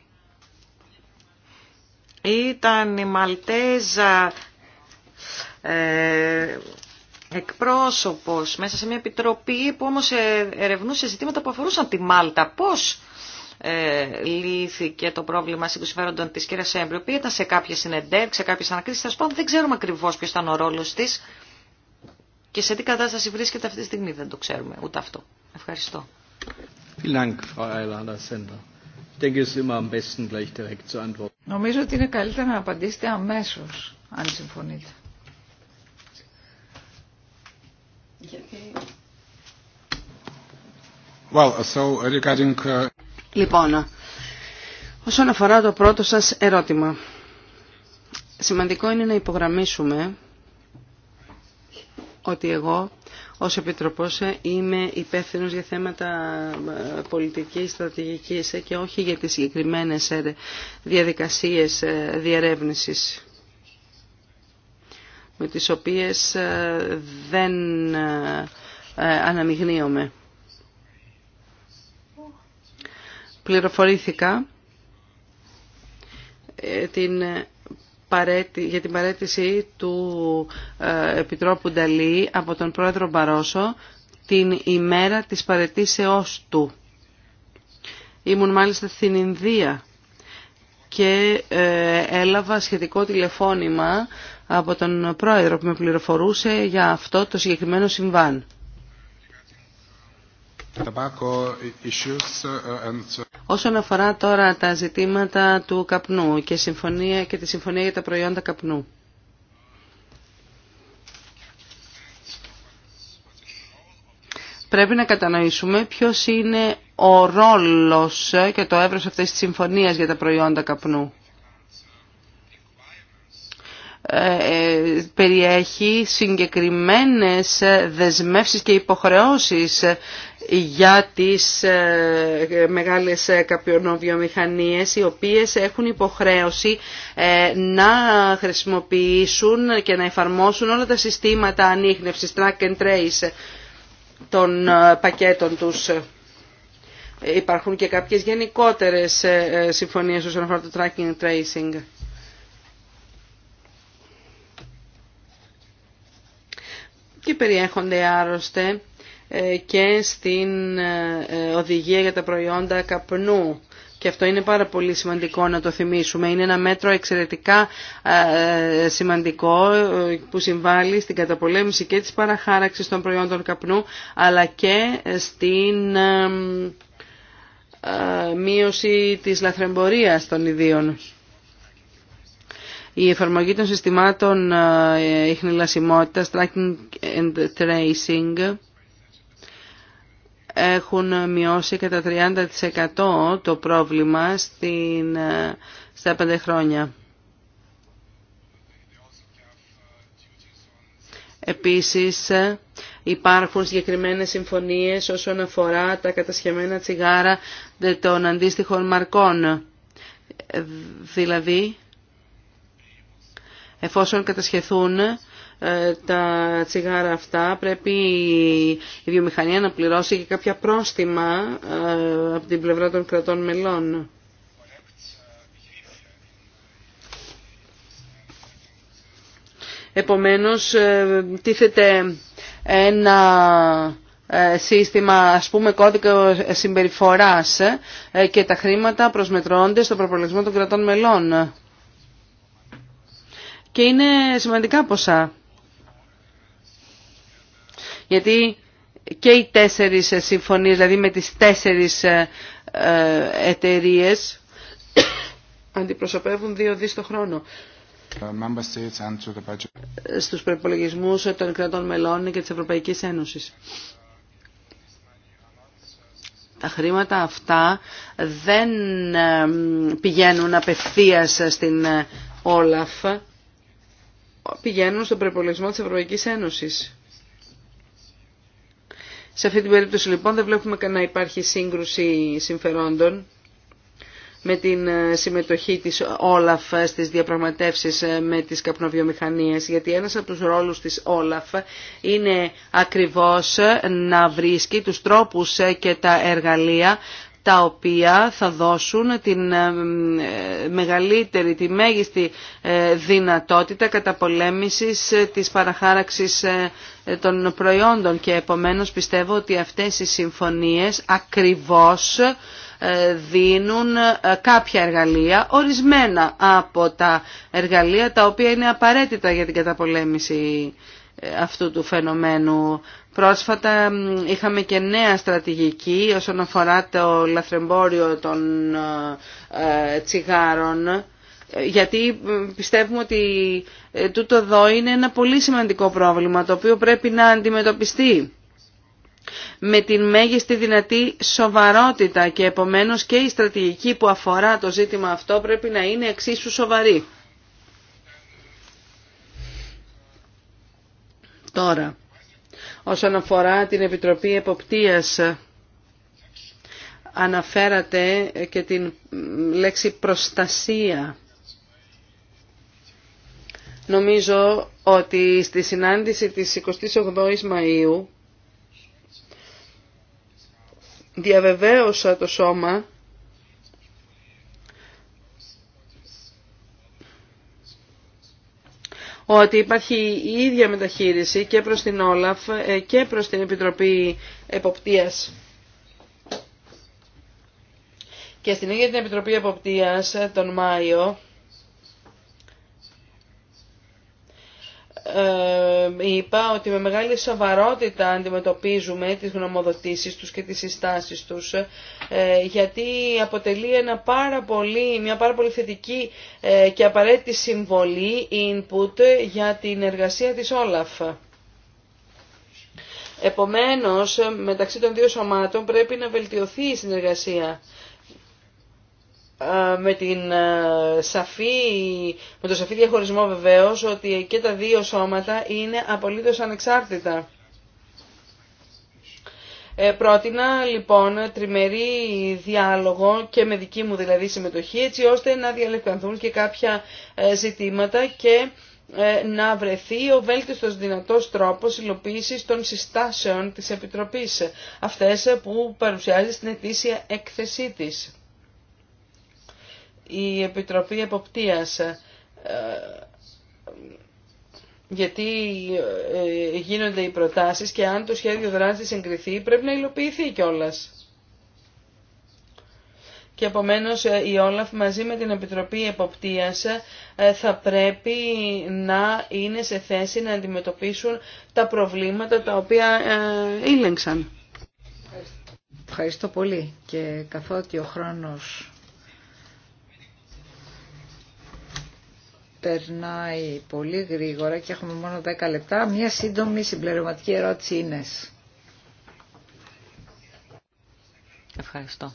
ήταν η Μαλτέζα ε, εκπρόσωπος μέσα σε μια επιτροπή που όμως ε, ερευνούσε ζητήματα που αφορούσαν τη Μάλτα. Πώς ε, λύθηκε το πρόβλημα σύγκρουση συμφερόντων της κυρίας που ήταν σε κάποιες συνεντεύξεις, σε κάποιες ανακρίσεις, δεν ξέρουμε ακριβώς ποιος ήταν ο ρόλος της. Και σε τι κατάσταση βρίσκεται αυτή τη στιγμή δεν το ξέρουμε ούτε αυτό. Ευχαριστώ. Νομίζω ότι είναι καλύτερα να απαντήσετε αμέσως, αν συμφωνείτε. Uh, λοιπόν, όσον αφορά το πρώτο σας ερώτημα, σημαντικό είναι να υπογραμμίσουμε ότι εγώ ως Επιτροπός είμαι υπεύθυνος για θέματα ε, πολιτικής, στρατηγικής και όχι για τις συγκεκριμένες ε, διαδικασίες ε, διαρεύνησης με τις οποίες δεν αναμειγνύομαι. Πληροφορήθηκα την για την παρέτηση του ε, Επιτρόπου Νταλή από τον πρόεδρο Μπαρόσο την ημέρα της παρετήσεώς του. Ήμουν μάλιστα στην Ινδία και ε, έλαβα σχετικό τηλεφώνημα από τον πρόεδρο που με πληροφορούσε για αυτό το συγκεκριμένο συμβάν. Tobacco issues uh, Όσον αφορά τώρα τα ζητήματα του καπνού και, συμφωνία, και τη συμφωνία για τα προϊόντα καπνού. Πρέπει να κατανοήσουμε ποιος είναι ο ρόλος και το έβρος αυτής της συμφωνίας για τα προϊόντα καπνού. Ε, περιέχει συγκεκριμένες δεσμεύσεις και υποχρεώσεις για τις ε, μεγάλες καπιονοβιομηχανίες οι οποίες έχουν υποχρέωση ε, να χρησιμοποιήσουν και να εφαρμόσουν όλα τα συστήματα ανείχνευσης track and trace των πακέτων τους. Υπάρχουν και κάποιες γενικότερες συμφωνίες όσον αφορά το tracking and tracing. και περιέχονται άρρωστε ε, και στην ε, οδηγία για τα προϊόντα καπνού. Και αυτό είναι πάρα πολύ σημαντικό να το θυμίσουμε. Είναι ένα μέτρο εξαιρετικά ε, σημαντικό που συμβάλλει στην καταπολέμηση και της παραχάραξης των προϊόντων καπνού αλλά και στην μείωση της λαθρεμπορίας των ιδίων η εφαρμογή των συστημάτων ε, ιχνηλασιμότητας, tracking and tracing, έχουν μειώσει κατά 30% το πρόβλημα στην, ε, στα πέντε χρόνια. Επίσης ε, υπάρχουν συγκεκριμένες συμφωνίες όσον αφορά τα κατασχεμένα τσιγάρα των αντίστοιχων μαρκών. Δηλαδή, Εφόσον κατασχεθούν ε, τα τσιγάρα αυτά πρέπει η βιομηχανία να πληρώσει και κάποια πρόστιμα ε, από την πλευρά των κρατών μελών. Επομένως, ε, τίθεται ένα σύστημα, ας πούμε, κώδικα συμπεριφοράς και τα χρήματα προσμετρώνται στο προπολογισμό των κρατών μελών και είναι σημαντικά ποσά. Γιατί και οι τέσσερις συμφωνίες, δηλαδή με τις τέσσερις ε, ε, εταιρείε [COUGHS] αντιπροσωπεύουν δύο δις το χρόνο στους προπολογισμού των κρατών μελών και της Ευρωπαϊκής Ένωσης. Τα χρήματα αυτά δεν ε, πηγαίνουν απευθείας στην Όλαφ, πηγαίνουν στον προπολογισμό της Ευρωπαϊκής Ένωσης. Σε αυτή την περίπτωση λοιπόν δεν βλέπουμε να υπάρχει σύγκρουση συμφερόντων με την ε, συμμετοχή της Όλαφ στις διαπραγματεύσεις ε, με τις καπνοβιομηχανίες, γιατί ένας από τους ρόλους της Όλαφ είναι ακριβώς να βρίσκει τους τρόπους ε, και τα εργαλεία τα οποία θα δώσουν την ε, ε, μεγαλύτερη, τη μέγιστη ε, δυνατότητα καταπολέμησης της παραχάραξης των προϊόντων και επομένως πιστεύω ότι αυτές οι συμφωνίες ακριβώς δίνουν κάποια εργαλεία, ορισμένα από τα εργαλεία τα οποία είναι απαραίτητα για την καταπολέμηση αυτού του φαινομένου. Πρόσφατα είχαμε και νέα στρατηγική όσον αφορά το λαθρεμπόριο των ε, ε, τσιγάρων γιατί πιστεύουμε ότι ε, τούτο εδώ είναι ένα πολύ σημαντικό πρόβλημα το οποίο πρέπει να αντιμετωπιστεί με την μέγιστη δυνατή σοβαρότητα και επομένως και η στρατηγική που αφορά το ζήτημα αυτό πρέπει να είναι εξίσου σοβαρή. Τώρα, όσον αφορά την Επιτροπή Εποπτείας, αναφέρατε και την λέξη προστασία. Νομίζω ότι στη συνάντηση της 28ης Μαΐου διαβεβαίωσα το σώμα ότι υπάρχει η ίδια μεταχείριση και προς την Όλαφ ε, και προς την Επιτροπή Εποπτείας. Και στην ίδια την Επιτροπή Εποπτείας τον Μάιο Ε, είπα ότι με μεγάλη σοβαρότητα αντιμετωπίζουμε τις γνωμοδοτήσεις τους και τις συστάσεις τους ε, γιατί αποτελεί ένα πάρα πολύ, μια πάρα πολύ θετική ε, και απαραίτητη συμβολή input για την εργασία της Όλαφ. Επομένως, μεταξύ των δύο σωμάτων πρέπει να βελτιωθεί η συνεργασία. Ε, με, την, ε, σαφή, με το σαφή διαχωρισμό βεβαίως ότι και τα δύο σώματα είναι απολύτως ανεξάρτητα. Ε, πρότεινα λοιπόν τριμερή διάλογο και με δική μου δηλαδή συμμετοχή έτσι ώστε να διαλευκανθούν και κάποια ε, ζητήματα και να βρεθεί ο βέλτιστος δυνατός τρόπος υλοποίησης των συστάσεων της Επιτροπής, αυτές που παρουσιάζει στην ετήσια έκθεσή της η Επιτροπή Εποπτείας ε, γιατί ε, γίνονται οι προτάσεις και αν το σχέδιο δράσης συγκριθεί, πρέπει να υλοποιηθεί κιόλας. Και επομένως ε, η Όλαφ μαζί με την Επιτροπή Εποπτείας θα πρέπει να είναι σε θέση να αντιμετωπίσουν τα προβλήματα τα οποία ήλεγξαν. Ευχαριστώ πολύ και καθότι ο χρόνος περνάει πολύ γρήγορα και έχουμε μόνο 10 λεπτά. Μια σύντομη συμπληρωματική ερώτηση είναι. Ευχαριστώ.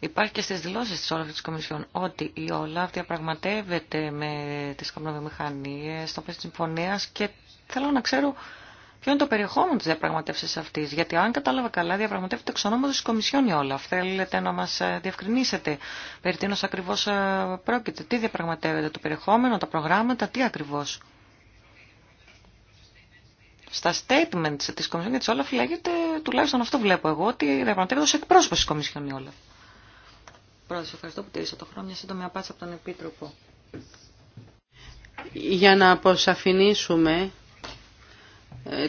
Υπάρχει και στις δηλώσεις της Όλαφη Κομισιόν ότι η Όλαφ διαπραγματεύεται με τις καπνοβιομηχανίες στο πλαίσιο της συμφωνίας και θέλω να ξέρω Ποιο είναι το περιεχόμενο τη διαπραγματεύση αυτή, γιατί αν κατάλαβα καλά, διαπραγματεύεται εξ ονόματο τη Κομισιόν η Θέλετε να μα ε, διευκρινίσετε περί τίνο ακριβώ ε, πρόκειται, τι διαπραγματεύεται, το περιεχόμενο, τα προγράμματα, τι ακριβώ. Στα statements τη Κομισιόν και τη Όλαφ λέγεται, τουλάχιστον αυτό βλέπω εγώ, ότι διαπραγματεύεται ω εκπρόσωπο τη Κομισιόν η Όλαφ. Πρώτα, ευχαριστώ που τήρησα το χρόνο. Μια σύντομη απάντηση από τον Επίτροπο. Για να αποσαφηνίσουμε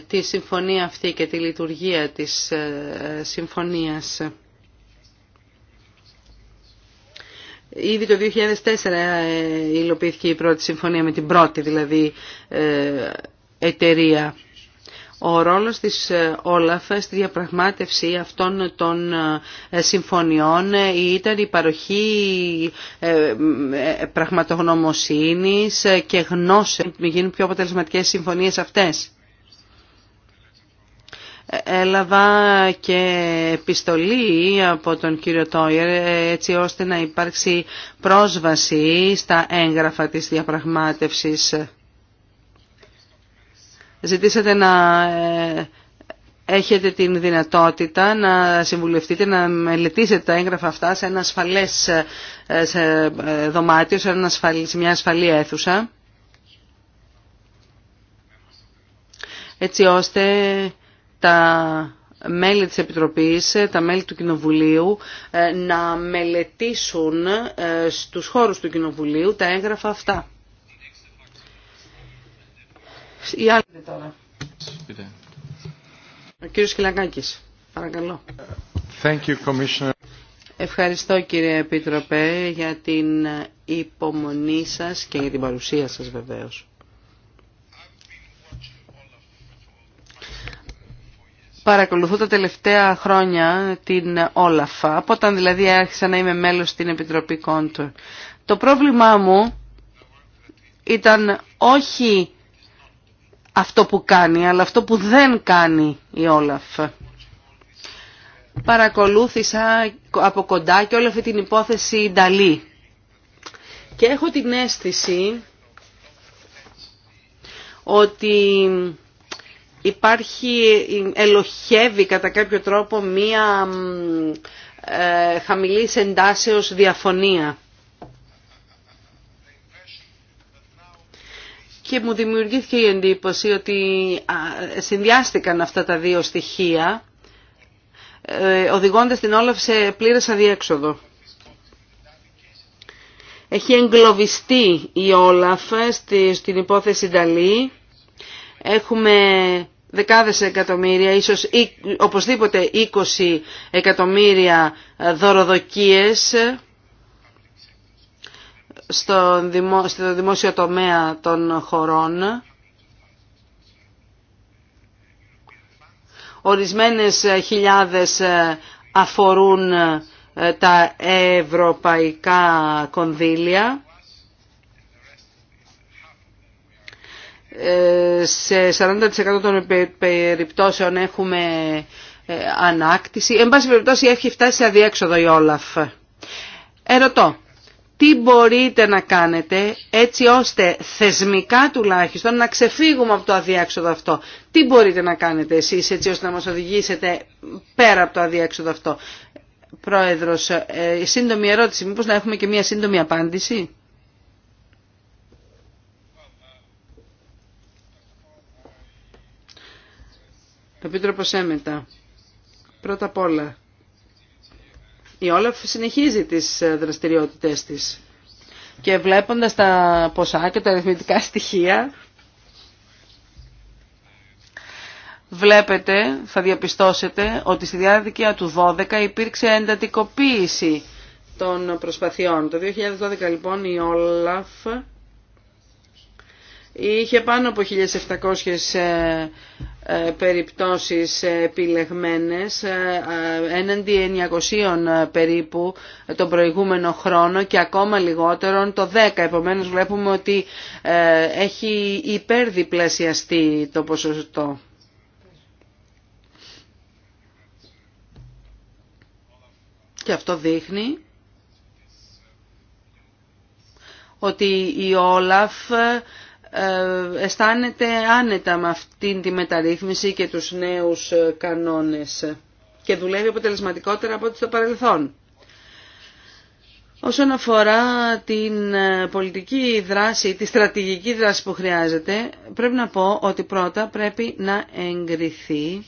τη συμφωνία αυτή και τη λειτουργία της ε, συμφωνίας. Ήδη το 2004 ε, υλοποιήθηκε η πρώτη συμφωνία με την πρώτη δηλαδή ε, εταιρεία. Ο ρόλος της Όλαφ στη διαπραγμάτευση αυτών των συμφωνιών ήταν η παροχή πραγματογνωμοσύνης και γνώσεων. Γίνουν πιο αποτελεσματικές συμφωνίες αυτές. Έλαβα και επιστολή από τον κύριο Τόιερ έτσι ώστε να υπάρξει πρόσβαση στα έγγραφα της διαπραγμάτευσης. Ζητήσατε να ε, έχετε την δυνατότητα να συμβουλευτείτε, να μελετήσετε τα έγγραφα αυτά σε ένα ασφαλές ε, ε, δωμάτιο, σε, σε μια ασφαλή αίθουσα, έτσι ώστε τα μέλη της Επιτροπής, τα μέλη του Κοινοβουλίου ε, να μελετήσουν ε, στους χώρους του Κοινοβουλίου τα έγγραφα αυτά. Η άλλη τώρα. κύριος παρακαλώ. Ευχαριστώ κύριε Επίτροπε για την υπομονή σας και για την παρουσία σας βεβαίως. παρακολουθώ τα τελευταία χρόνια την Όλαφα, από όταν δηλαδή άρχισα να είμαι μέλος στην Επιτροπή Κόντουρ. Το πρόβλημά μου ήταν όχι αυτό που κάνει, αλλά αυτό που δεν κάνει η Όλαφ. Παρακολούθησα από κοντά και όλη αυτή την υπόθεση Νταλή. Και έχω την αίσθηση ότι υπάρχει, ε, ελοχεύει κατά κάποιο τρόπο μία ε, χαμηλής εντάσεως διαφωνία. Και μου δημιουργήθηκε η εντύπωση ότι συνδυάστηκαν αυτά τα δύο στοιχεία, ε, οδηγώντας την Όλαφ σε πλήρες αδιέξοδο. Έχει εγκλωβιστεί η Όλαφ στην υπόθεση Νταλή. Έχουμε δεκάδες εκατομμύρια, ίσως οπωσδήποτε 20 εκατομμύρια δωροδοκίες στο, στο δημόσιο τομέα των χωρών. Ορισμένες χιλιάδες αφορούν τα ευρωπαϊκά κονδύλια Ε, σε 40% των περιπτώσεων έχουμε ε, ανάκτηση. Εν πάση περιπτώσει έχει φτάσει σε αδιέξοδο η Όλαφ. Ερωτώ, τι μπορείτε να κάνετε έτσι ώστε θεσμικά τουλάχιστον να ξεφύγουμε από το αδιέξοδο αυτό. Τι μπορείτε να κάνετε εσείς έτσι ώστε να μας οδηγήσετε πέρα από το αδιέξοδο αυτό. Πρόεδρος, ε, σύντομη ερώτηση, μήπως να έχουμε και μία σύντομη απάντηση. Το Επίτροπο Σέμετα. Πρώτα απ' όλα, η Όλαφ συνεχίζει τις ε, δραστηριότητές της. Και βλέποντας τα ποσά και τα αριθμητικά στοιχεία, βλέπετε, θα διαπιστώσετε, ότι στη διάρκεια του 12 υπήρξε εντατικοποίηση των προσπαθειών. Το 2012 λοιπόν η Όλαφ είχε πάνω από 1.700 ε, ε, περιπτώσεις επιλεγμένες ε, έναντι 900 περίπου τον προηγούμενο χρόνο και ακόμα λιγότερον το 10. Επομένως βλέπουμε ότι έχει υπερδιπλασιαστεί το ποσοστό. Και αυτό δείχνει ότι η Όλαφ ε, αισθάνεται άνετα με αυτήν τη μεταρρύθμιση και τους νέους ε, κανόνες και δουλεύει αποτελεσματικότερα από ό,τι στο παρελθόν. Όσον αφορά την ε, πολιτική δράση, τη στρατηγική δράση που χρειάζεται, πρέπει να πω ότι πρώτα πρέπει να εγκριθεί,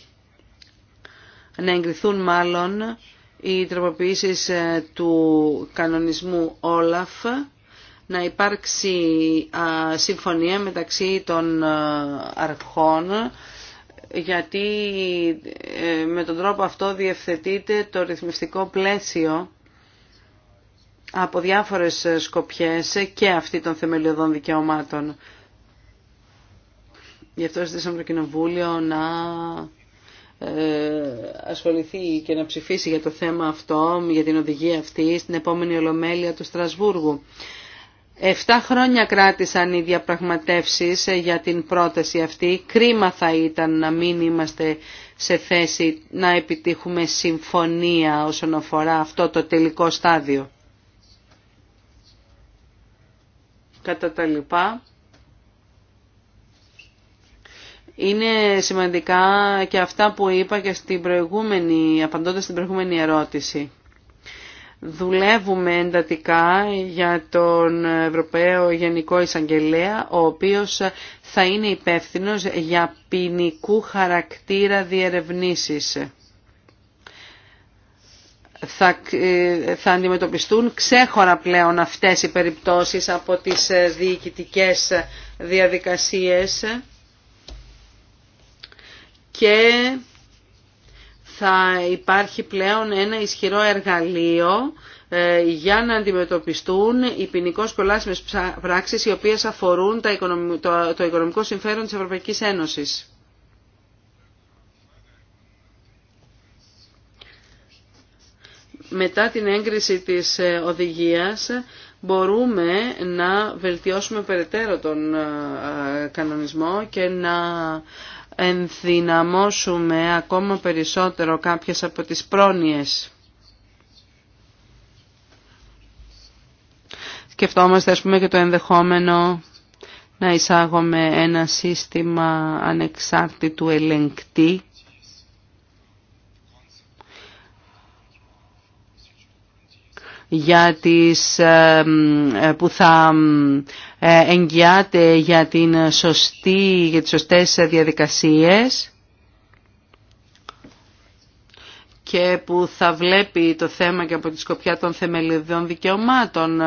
να εγκριθούν μάλλον οι τροποποιήσεις του κανονισμού Όλαφ, να υπάρξει συμφωνία μεταξύ των αρχών γιατί ε, με τον τρόπο αυτό διευθετείται το ρυθμιστικό πλαίσιο από διάφορες σκοπιές και αυτή των θεμελιωδών δικαιωμάτων. Γι' αυτό ζητήσαμε το Κοινοβούλιο να ε, ασχοληθεί και να ψηφίσει για το θέμα αυτό, για την οδηγία αυτή, στην επόμενη Ολομέλεια του Στρασβούργου. Εφτά χρόνια κράτησαν οι διαπραγματεύσεις ε, για την πρόταση αυτή. Κρίμα θα ήταν να μην είμαστε σε θέση να επιτύχουμε συμφωνία όσον αφορά αυτό το τελικό στάδιο. Κατά τα λοιπά, είναι σημαντικά και αυτά που είπα και στην προηγούμενη, απαντώντας στην προηγούμενη ερώτηση δουλεύουμε εντατικά για τον Ευρωπαίο Γενικό Εισαγγελέα, ο οποίος θα είναι υπεύθυνος για ποινικού χαρακτήρα διερευνήσεις. Θα, ε, αντιμετωπιστούν ξέχωρα πλέον αυτές οι περιπτώσεις από τις ε, διοικητικές διαδικασίες και θα υπάρχει πλέον ένα ισχυρό εργαλείο ε, για να αντιμετωπιστούν οι ποινικώς προλάσιμες πράξεις οι οποίες αφορούν το οικονομικό συμφέρον της Ευρωπαϊκής Ένωσης. Μετά την έγκριση της ε, οδηγίας μπορούμε να βελτιώσουμε περαιτέρω τον ε, κανονισμό και να ενδυναμώσουμε ακόμα περισσότερο κάποιες από τις πρόνοιες. Σκεφτόμαστε ας πούμε και το ενδεχόμενο να εισάγουμε ένα σύστημα ανεξάρτητου ελεγκτή για τις, ε, ε, που θα ε, εγγυάται για, την σωστή, για τις σωστές διαδικασίες και που θα βλέπει το θέμα και από τη σκοπιά των θεμελιωδών δικαιωμάτων.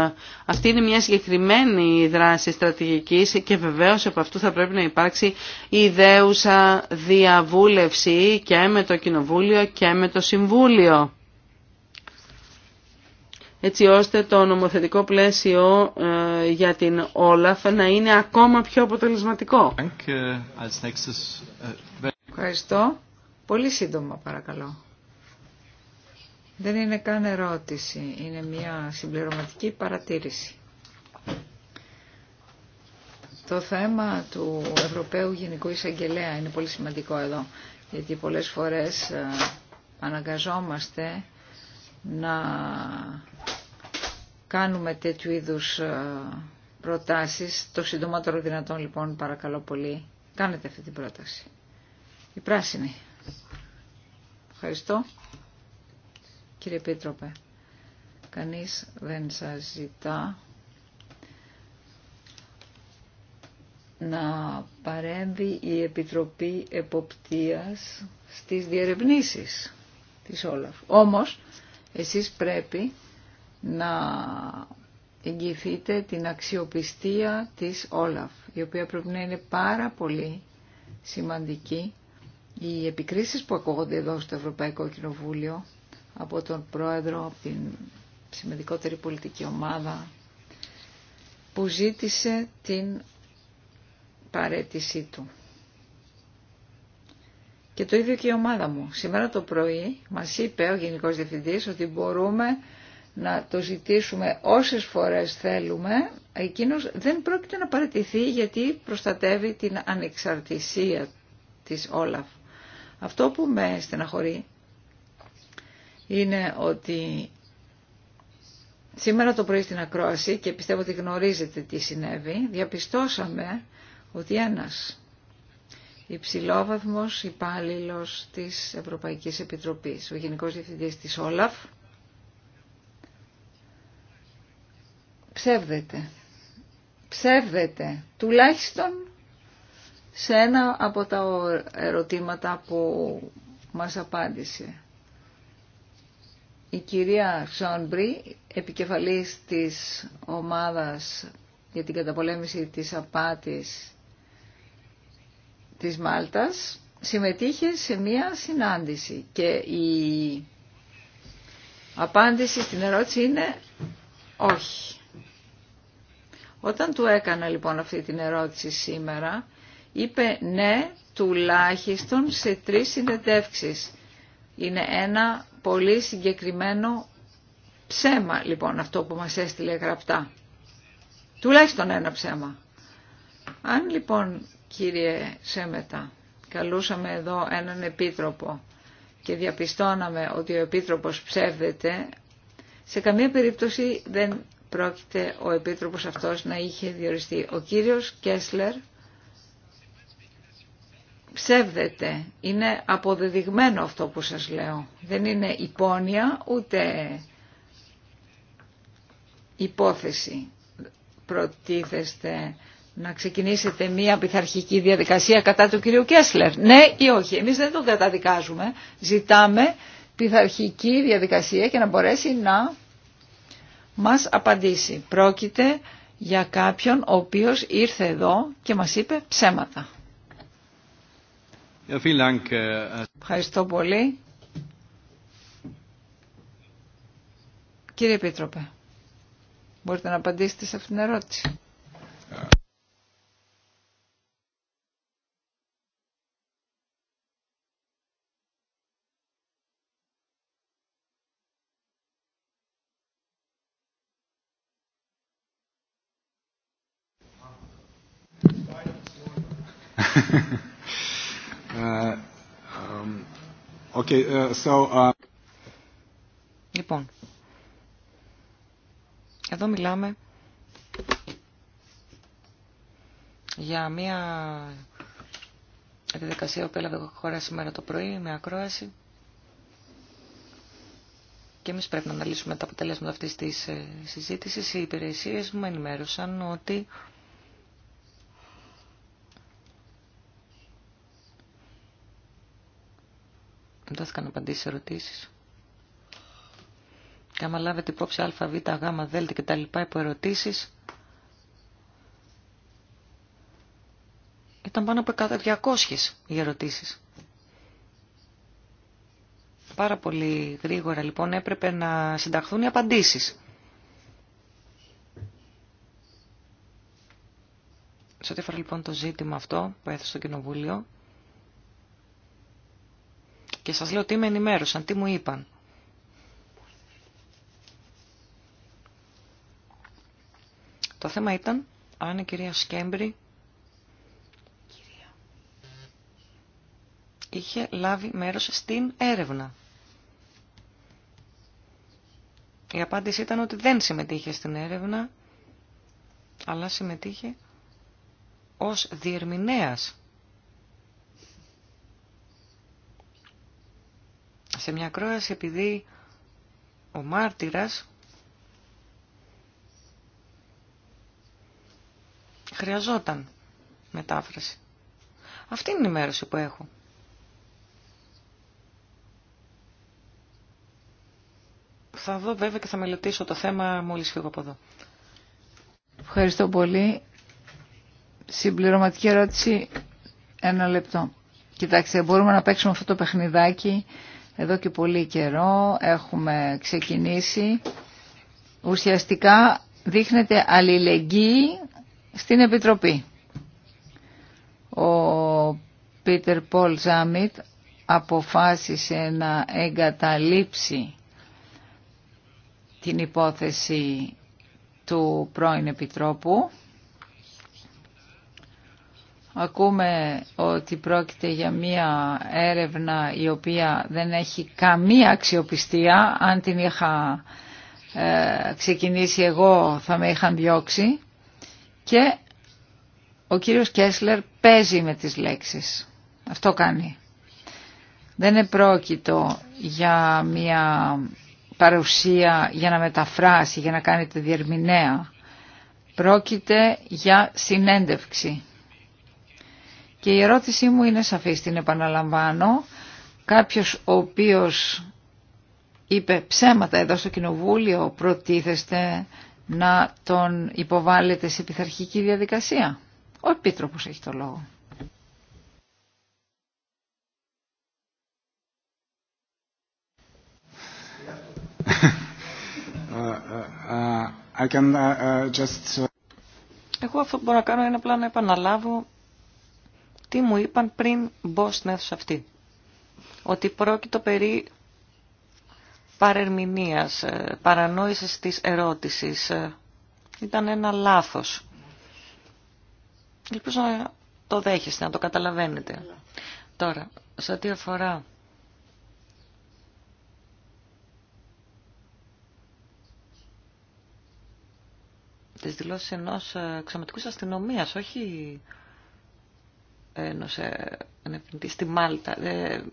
Αυτή είναι μια συγκεκριμένη δράση στρατηγικής και βεβαίως από αυτού θα πρέπει να υπάρξει ιδέουσα διαβούλευση και με το Κοινοβούλιο και με το Συμβούλιο έτσι ώστε το νομοθετικό πλαίσιο ε, για την Όλαφ να είναι ακόμα πιο αποτελεσματικό. Uh, uh, Ευχαριστώ. Πολύ σύντομα παρακαλώ. Δεν είναι καν ερώτηση, είναι μια συμπληρωματική παρατήρηση. Το θέμα του Ευρωπαίου Γενικού Εισαγγελέα είναι πολύ σημαντικό εδώ, γιατί πολλές φορές ε, αναγκαζόμαστε να κάνουμε τέτοιου είδους ε, προτάσεις. Το συντομότερο δυνατόν λοιπόν παρακαλώ πολύ κάνετε αυτή την πρόταση. Η πράσινη. Ευχαριστώ. Κύριε Επίτροπε, κανείς δεν σας ζητά να παρέμβει η Επιτροπή Εποπτείας στις διερευνήσεις της Όλαφ. Όμως, εσείς πρέπει να εγγυηθείτε την αξιοπιστία της Όλαφ, η οποία πρέπει να είναι πάρα πολύ σημαντική. Οι επικρίσεις που ακούγονται εδώ στο Ευρωπαϊκό Κοινοβούλιο από τον πρόεδρο, από την σημαντικότερη πολιτική ομάδα, που ζήτησε την παρέτησή του. Και το ίδιο και η ομάδα μου. Σήμερα το πρωί μας είπε ο Γενικός Διευθυντής ότι μπορούμε να το ζητήσουμε όσες φορές θέλουμε, εκείνος δεν πρόκειται να παρατηθεί γιατί προστατεύει την ανεξαρτησία της Όλαφ. Αυτό που με στεναχωρεί είναι ότι σήμερα το πρωί στην ακρόαση και πιστεύω ότι γνωρίζετε τι συνέβη, διαπιστώσαμε ότι ένας υψηλόβαθμος υπάλληλος της Ευρωπαϊκής Επιτροπής, ο Γενικός Διευθυντής της Όλαφ, ψεύδεται. Ψεύδεται τουλάχιστον σε ένα από τα ερωτήματα που μας απάντησε. Η κυρία Σόνμπρι, επικεφαλής της ομάδας για την καταπολέμηση της απάτης της Μάλτας, συμμετείχε σε μία συνάντηση και η απάντηση στην ερώτηση είναι όχι. Όταν του έκανα λοιπόν αυτή την ερώτηση σήμερα, είπε ναι τουλάχιστον σε τρεις συνεντεύξεις. Είναι ένα πολύ συγκεκριμένο ψέμα λοιπόν αυτό που μας έστειλε γραπτά. Τουλάχιστον ένα ψέμα. Αν λοιπόν κύριε Σέμετα καλούσαμε εδώ έναν επίτροπο και διαπιστώναμε ότι ο επίτροπος ψεύδεται, σε καμία περίπτωση δεν πρόκειται ο Επίτροπος αυτός να είχε διοριστεί. Ο κύριος Κέσλερ ψεύδεται, είναι αποδεδειγμένο αυτό που σας λέω. Δεν είναι υπόνοια ούτε υπόθεση. Προτίθεστε να ξεκινήσετε μία πειθαρχική διαδικασία κατά του κυρίου Κέσλερ. Ναι ή όχι. Εμείς δεν τον καταδικάζουμε. Ζητάμε πειθαρχική διαδικασία και να μπορέσει να μας απαντήσει. Πρόκειται για κάποιον ο οποίος ήρθε εδώ και μας είπε ψέματα. Ε, ε. Ευχαριστώ πολύ. Κύριε Επίτροπε, μπορείτε να απαντήσετε σε αυτήν την ερώτηση. Ε, Uh, [LAUGHS] uh, uh, λοιπόν, εδώ μιλάμε για μια διαδικασία που έλαβε χώρα σήμερα το πρωί με ακρόαση και εμείς πρέπει να αναλύσουμε τα αποτελέσματα αυτής της ε, συζήτησης. Οι υπηρεσίες μου ενημέρωσαν ότι Δόθηκαν απαντήσεις σε ερωτήσει. Και άμα λάβετε υπόψη α, β, γ, δ και τα λοιπά υπό ερωτήσεις, ήταν πάνω από 200 οι ερωτήσει. Πάρα πολύ γρήγορα λοιπόν έπρεπε να συνταχθούν οι απαντήσει. Σε ό,τι αφορά λοιπόν το ζήτημα αυτό που έθεσε στο Κοινοβούλιο, και σας λέω τι με ενημέρωσαν, τι μου είπαν. Το θέμα ήταν αν η κυρία Σκέμπρη είχε λάβει μέρος στην έρευνα. Η απάντηση ήταν ότι δεν συμμετείχε στην έρευνα, αλλά συμμετείχε ως διερμηνέας σε μια κρόαση επειδή ο μάρτυρας χρειαζόταν μετάφραση. Αυτή είναι η μέρωση που έχω. Θα δω βέβαια και θα μελετήσω το θέμα μόλις φύγω από εδώ. Ευχαριστώ πολύ. Συμπληρωματική ερώτηση, ένα λεπτό. Κοιτάξτε, μπορούμε να παίξουμε αυτό το παιχνιδάκι εδώ και πολύ καιρό έχουμε ξεκινήσει. Ουσιαστικά δείχνεται αλληλεγγύη στην Επιτροπή. Ο Πίτερ Πολ Ζάμιτ αποφάσισε να εγκαταλείψει την υπόθεση του πρώην Επιτρόπου Ακούμε ότι πρόκειται για μία έρευνα η οποία δεν έχει καμία αξιοπιστία. Αν την είχα ε, ξεκινήσει εγώ θα με είχαν διώξει. Και ο κύριος Κέσλερ παίζει με τις λέξεις. Αυτό κάνει. Δεν είναι πρόκειτο για μία παρουσία για να μεταφράσει, για να κάνει τη διερμηνέα. Πρόκειται για συνέντευξη. Και η ερώτησή μου είναι σαφής, την επαναλαμβάνω. Κάποιος ο οποίος είπε ψέματα εδώ στο Κοινοβούλιο προτίθεστε να τον υποβάλλετε σε πειθαρχική διαδικασία. Ο Επίτροπος έχει το λόγο. [LAUGHS] Uh, uh, uh, Εγώ αυτό που μπορώ να κάνω είναι απλά να επαναλάβω τι μου είπαν πριν μπω στην αίθουσα αυτή. Ότι πρόκειτο περί παρερμηνίας, ε, παρανόησης της ερώτησης. Ε, ήταν ένα λάθος. Ελπίζω να το δέχεστε, να το καταλαβαίνετε. Τώρα, σε ό,τι αφορά... τις δηλώσεις ενός εξωματικούς αστυνομίας, όχι ενός ε, στη Μάλτα. Ε,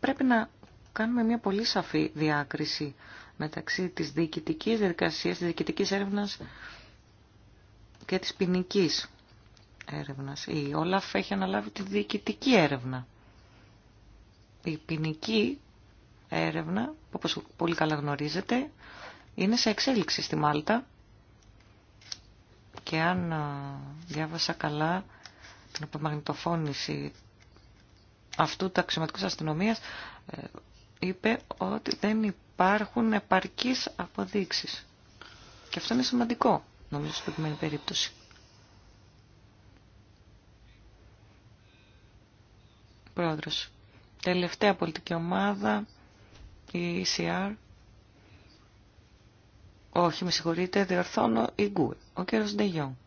πρέπει να κάνουμε μια πολύ σαφή διάκριση μεταξύ της διοικητικής διαδικασίας, της διοικητικής έρευνας και της ποινική έρευνας. Η Όλαφ έχει αναλάβει τη διοικητική έρευνα. Η ποινική έρευνα, όπως πολύ καλά γνωρίζετε, είναι σε εξέλιξη στη Μάλτα και αν διάβασα καλά την απομαγνητοφώνηση αυτού του αξιωματικού αστυνομίας ε, είπε ότι δεν υπάρχουν επαρκείς αποδείξεις. Και αυτό είναι σημαντικό, νομίζω, στην προκειμένη περίπτωση. Πρόεδρος. Τελευταία πολιτική ομάδα, η ECR, όχι, με συγχωρείτε, διορθώνω η Γκου. Ο κύριος Ντεγιόν.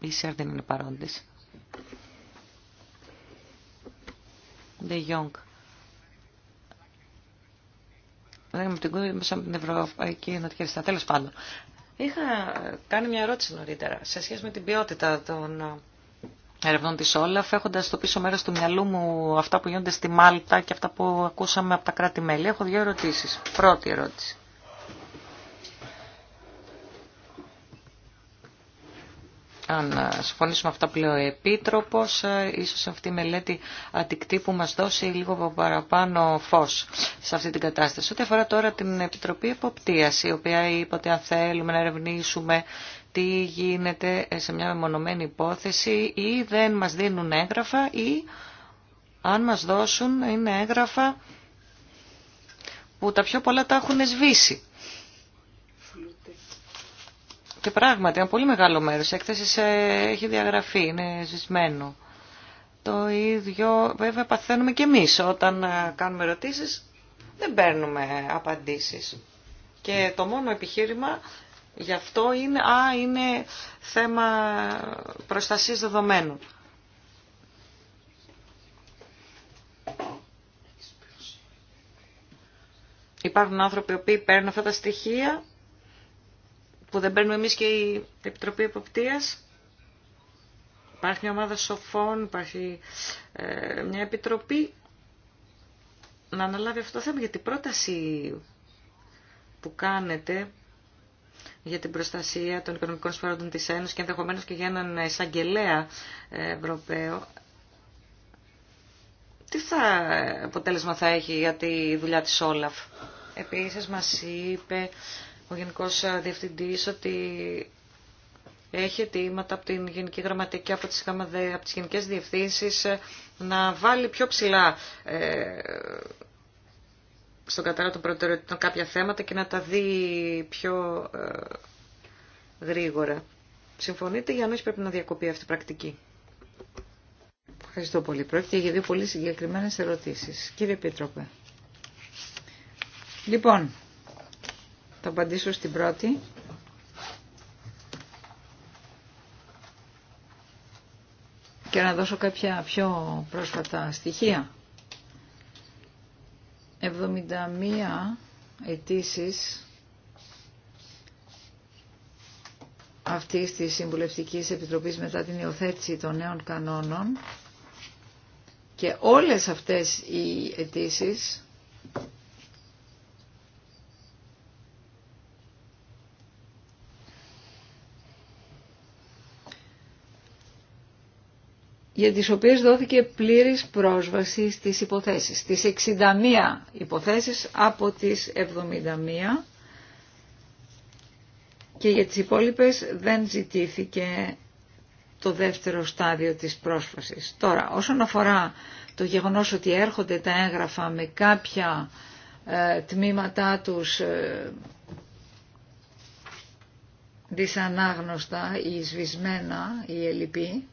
Η Σερ δεν είναι παρόντες. Ντεγιόν. Δεν είμαι από την Γκου, μέσα από την Ευρωπαϊκή Ενωτική Τέλος πάντων. Είχα κάνει μια ερώτηση νωρίτερα σε σχέση με την ποιότητα των ερευνών της Όλαφ, έχοντας στο πίσω μέρος του μυαλού μου αυτά που γίνονται στη Μάλτα και αυτά που ακούσαμε από τα κράτη-μέλη. Έχω δύο ερωτήσεις. Πρώτη ερώτηση. αν ε, συμφωνήσουμε αυτά που λέει ο Επίτροπος, ε, ίσως αυτή η μελέτη που μας δώσει λίγο παραπάνω φως σε αυτή την κατάσταση. Ό,τι αφορά τώρα την Επιτροπή Εποπτείας, η οποία είπε ότι αν θέλουμε να ερευνήσουμε τι γίνεται σε μια μεμονωμένη υπόθεση ή δεν μας δίνουν έγγραφα ή αν μας δώσουν είναι έγγραφα που τα πιο πολλά τα έχουν σβήσει. Και πράγματι, ένα πολύ μεγάλο μέρος έκθεση έχει διαγραφεί, είναι ζησμένο. Το ίδιο βέβαια παθαίνουμε και εμείς όταν ε, κάνουμε ερωτήσεις, δεν παίρνουμε απαντήσεις. Και το μόνο επιχείρημα Γι' αυτό είναι, α, είναι θέμα προστασίας δεδομένων. Υπάρχουν άνθρωποι που παίρνουν αυτά τα στοιχεία που δεν παίρνουμε εμείς και η Επιτροπή Εποπτείας. Υπάρχει μια ομάδα σοφών, υπάρχει ε, μια επιτροπή να αναλάβει αυτό το θέμα, γιατί η πρόταση που κάνετε για την προστασία των οικονομικών συμφερόντων της Ένωσης και ενδεχομένως και για έναν εισαγγελέα Ευρωπαίο. Τι θα, αποτέλεσμα θα έχει για τη δουλειά της Όλαφ. Επίσης μας είπε ο Γενικός Διευθυντής ότι έχει αιτήματα από την Γενική Γραμματική, από τις, από τις Γενικές Διευθύνσεις να βάλει πιο ψηλά ε, στον κατάλληλο των προτεραιοτήτων κάποια θέματα και να τα δει πιο ε, γρήγορα. Συμφωνείτε για να όχι πρέπει να διακοπεί αυτή η πρακτική. Ευχαριστώ πολύ. Πρόκειται για δύο πολύ συγκεκριμένες ερωτήσεις. Κύριε Επίτροπε. Λοιπόν, θα απαντήσω στην πρώτη. Και να δώσω κάποια πιο πρόσφατα στοιχεία. 71 αιτήσει αυτή τη Συμβουλευτική Επιτροπή μετά την υιοθέτηση των νέων κανόνων και όλες αυτές οι αιτήσει για τις οποίες δόθηκε πλήρης πρόσβαση στις υποθέσεις. Στις 61 υποθέσεις από τις 71 και για τις υπόλοιπες δεν ζητήθηκε το δεύτερο στάδιο της πρόσφασης. Τώρα, όσον αφορά το γεγονός ότι έρχονται τα έγγραφα με κάποια ε, τμήματά τους ε, δυσανάγνωστα ή σβησμένα ή ελλειπή,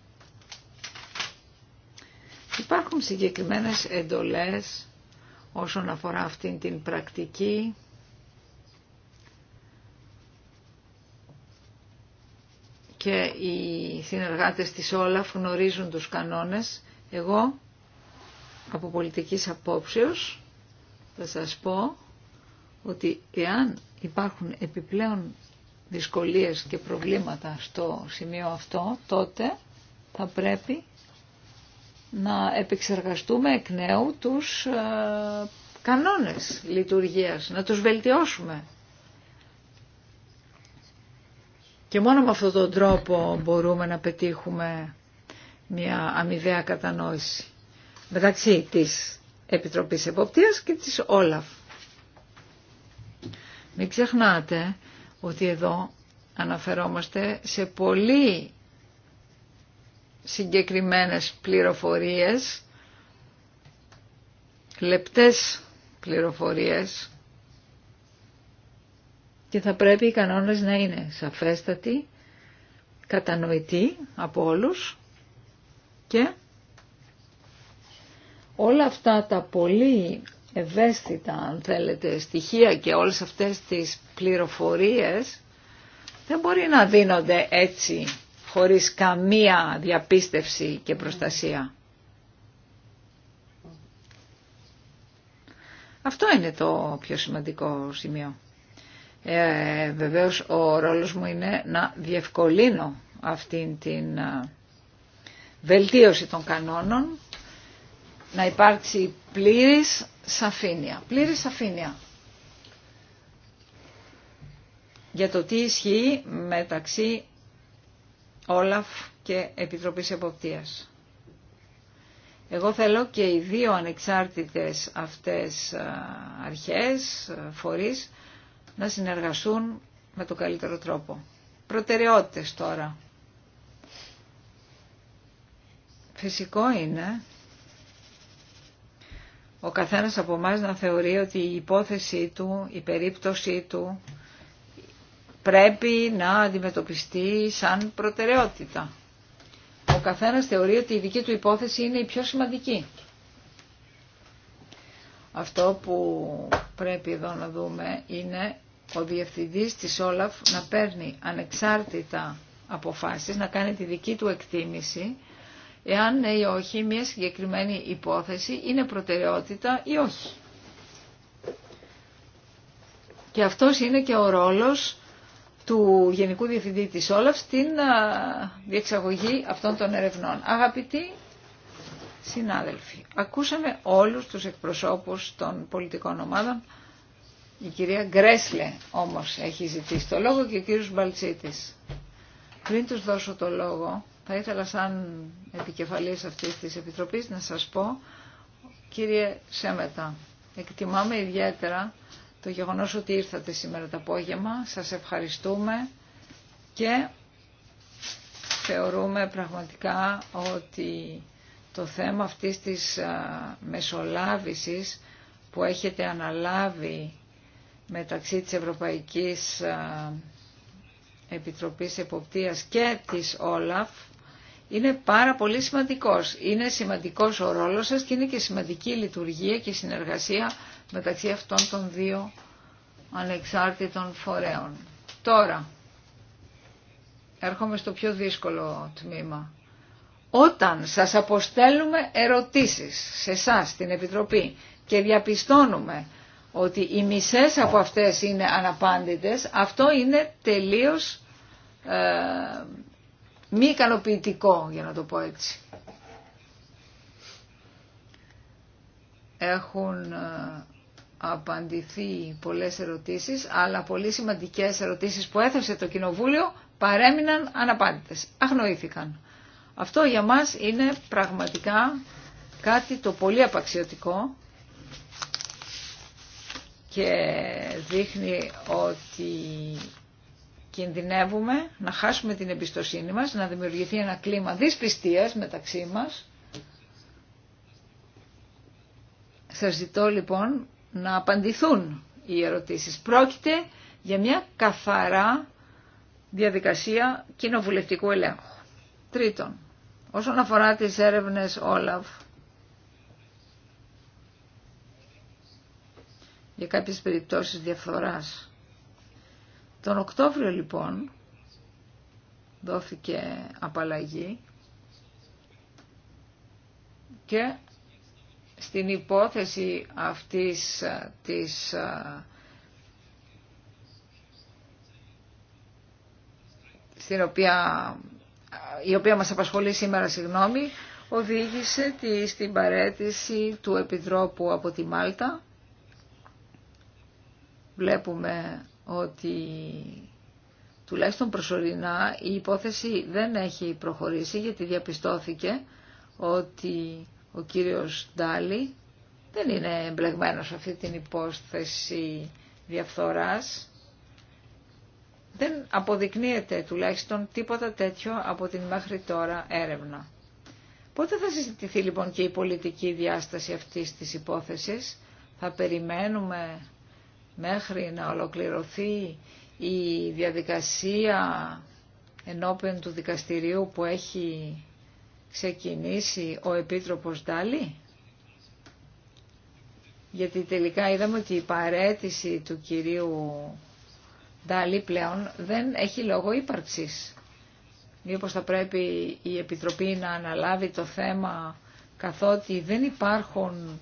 Υπάρχουν συγκεκριμένες εντολές όσον αφορά αυτήν την πρακτική. Και οι συνεργάτες της Όλαφ γνωρίζουν τους κανόνες. Εγώ από πολιτικής απόψεως θα σας πω ότι εάν υπάρχουν επιπλέον δυσκολίες και προβλήματα στο σημείο αυτό, τότε θα πρέπει να επεξεργαστούμε εκ νέου τους ε, κανόνες λειτουργίας, να τους βελτιώσουμε. Και μόνο με αυτόν τον τρόπο μπορούμε να πετύχουμε μια αμοιβαία κατανόηση μεταξύ της Επιτροπής Εποπτείας και της Όλαφ. Μην ξεχνάτε ότι εδώ αναφερόμαστε σε πολύ συγκεκριμένες πληροφορίες, λεπτές πληροφορίες και θα πρέπει οι κανόνες να είναι σαφέστατοι, κατανοητοί από όλους και όλα αυτά τα πολύ ευαίσθητα αν θέλετε στοιχεία και όλες αυτές τις πληροφορίες δεν μπορεί να δίνονται έτσι χωρίς καμία διαπίστευση και προστασία. Αυτό είναι το πιο σημαντικό σημείο. Ε, βεβαίως ο ρόλος μου είναι να διευκολύνω αυτήν την ε, βελτίωση των κανόνων, να υπάρξει πλήρης σαφήνεια. Πλήρης σαφήνεια για το τι ισχύει μεταξύ Όλαφ και Επιτροπής Εποπτείας. Εγώ θέλω και οι δύο ανεξάρτητες αυτές αρχές, φορείς, να συνεργαστούν με τον καλύτερο τρόπο. Προτεραιότητες τώρα. Φυσικό είναι ο καθένας από εμά να θεωρεί ότι η υπόθεσή του, η περίπτωσή του πρέπει να αντιμετωπιστεί σαν προτεραιότητα. Ο καθένας θεωρεί ότι η δική του υπόθεση είναι η πιο σημαντική. Αυτό που πρέπει εδώ να δούμε είναι ο διευθυντής της Όλαφ να παίρνει ανεξάρτητα αποφάσεις, να κάνει τη δική του εκτίμηση, εάν ναι ή όχι μια συγκεκριμένη υπόθεση είναι προτεραιότητα ή όχι. Και αυτός είναι και ο ρόλος του Γενικού Διευθυντή της Όλαφ την διεξαγωγή αυτών των ερευνών. Αγαπητοί συνάδελφοι, ακούσαμε όλους τους εκπροσώπους των πολιτικών ομάδων. Η κυρία Γκρέσλε όμως έχει ζητήσει το λόγο και ο κύριος Μπαλτσίτης. Πριν τους δώσω το λόγο, θα ήθελα σαν επικεφαλής αυτής της Επιτροπής να σας πω, κύριε Σέμετα, εκτιμάμε ιδιαίτερα το γεγονός ότι ήρθατε σήμερα το απόγευμα. Σας ευχαριστούμε και θεωρούμε πραγματικά ότι το θέμα αυτής της μεσολάβησης που έχετε αναλάβει μεταξύ της Ευρωπαϊκής Επιτροπής Εποπτείας και της ΟΛΑΦ είναι πάρα πολύ σημαντικός. Είναι σημαντικός ο ρόλος σας και είναι και σημαντική λειτουργία και συνεργασία μεταξύ αυτών των δύο ανεξάρτητων φορέων. Τώρα, έρχομαι στο πιο δύσκολο τμήμα. Όταν σας αποστέλουμε ερωτήσεις σε εσά στην Επιτροπή και διαπιστώνουμε ότι οι μισές από αυτές είναι αναπάντητες, αυτό είναι τελείως ε, μη ικανοποιητικό, για να το πω έτσι. Έχουν ε, απαντηθεί πολλές ερωτήσεις, αλλά πολύ σημαντικές ερωτήσεις που έθεσε το Κοινοβούλιο παρέμειναν αναπάντητες, αγνοήθηκαν. Αυτό για μας είναι πραγματικά κάτι το πολύ απαξιωτικό και δείχνει ότι κινδυνεύουμε να χάσουμε την εμπιστοσύνη μας, να δημιουργηθεί ένα κλίμα δυσπιστίας μεταξύ μας. Σας ζητώ λοιπόν να απαντηθούν οι ερωτήσεις. Πρόκειται για μια καθαρά διαδικασία κοινοβουλευτικού ελέγχου. Τρίτον, όσον αφορά τις έρευνες Όλαβ για κάποιες περιπτώσεις διαφθοράς. Τον Οκτώβριο λοιπόν δόθηκε απαλλαγή και στην υπόθεση αυτής της στην οποία, η οποία μας απασχολεί σήμερα, συγγνώμη, οδήγησε τη, στην παρέτηση του Επιτρόπου από τη Μάλτα. Βλέπουμε ότι τουλάχιστον προσωρινά η υπόθεση δεν έχει προχωρήσει γιατί διαπιστώθηκε ότι ο κύριος Ντάλι δεν είναι εμπλεγμένος σε αυτή την υπόσθεση διαφθοράς. Δεν αποδεικνύεται τουλάχιστον τίποτα τέτοιο από την μέχρι τώρα έρευνα. Πότε θα συζητηθεί λοιπόν και η πολιτική διάσταση αυτής της υπόθεσης. Θα περιμένουμε μέχρι να ολοκληρωθεί η διαδικασία ενώπιον του δικαστηρίου που έχει ξεκινήσει ο Επίτροπος Ντάλι. Γιατί τελικά είδαμε ότι η παρέτηση του κυρίου Ντάλι πλέον δεν έχει λόγο ύπαρξης. Μήπως θα πρέπει η Επιτροπή να αναλάβει το θέμα καθότι δεν υπάρχουν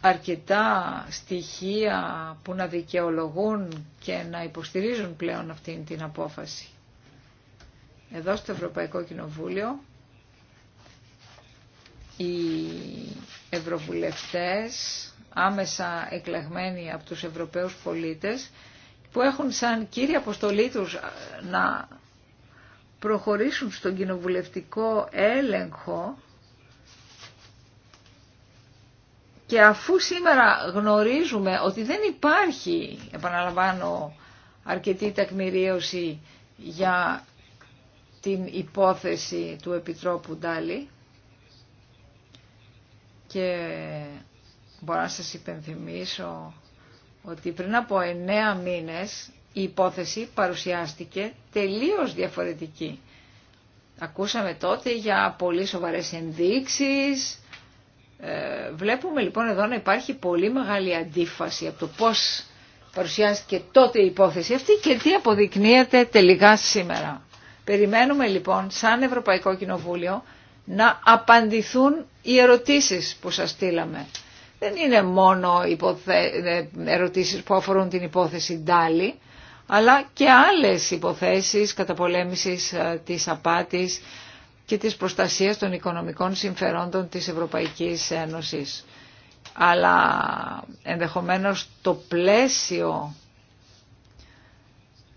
αρκετά στοιχεία που να δικαιολογούν και να υποστηρίζουν πλέον αυτήν την απόφαση εδώ στο Ευρωπαϊκό Κοινοβούλιο οι ευρωβουλευτές άμεσα εκλεγμένοι από τους Ευρωπαίους πολίτες που έχουν σαν κύρια αποστολή τους ε, να προχωρήσουν στον κοινοβουλευτικό έλεγχο και αφού σήμερα γνωρίζουμε ότι δεν υπάρχει, επαναλαμβάνω, αρκετή τεκμηρίωση για την υπόθεση του Επιτρόπου Ντάλι και μπορώ να σας υπενθυμίσω ότι πριν από εννέα μήνες η υπόθεση παρουσιάστηκε τελείως διαφορετική. Ακούσαμε τότε για πολύ σοβαρές ενδείξεις. Ε, βλέπουμε λοιπόν εδώ να υπάρχει πολύ μεγάλη αντίφαση από το πώς παρουσιάστηκε τότε η υπόθεση αυτή και τι αποδεικνύεται τελικά σήμερα. Περιμένουμε λοιπόν σαν Ευρωπαϊκό Κοινοβούλιο να απαντηθούν οι ερωτήσεις που σας στείλαμε. Δεν είναι μόνο υποθε... Ε, ερωτήσεις που αφορούν την υπόθεση Ντάλι, αλλά και άλλες υποθέσεις καταπολέμησης ε, της απάτης και της προστασίας των οικονομικών συμφερόντων της Ευρωπαϊκής Ένωσης. Αλλά ενδεχομένως το πλαίσιο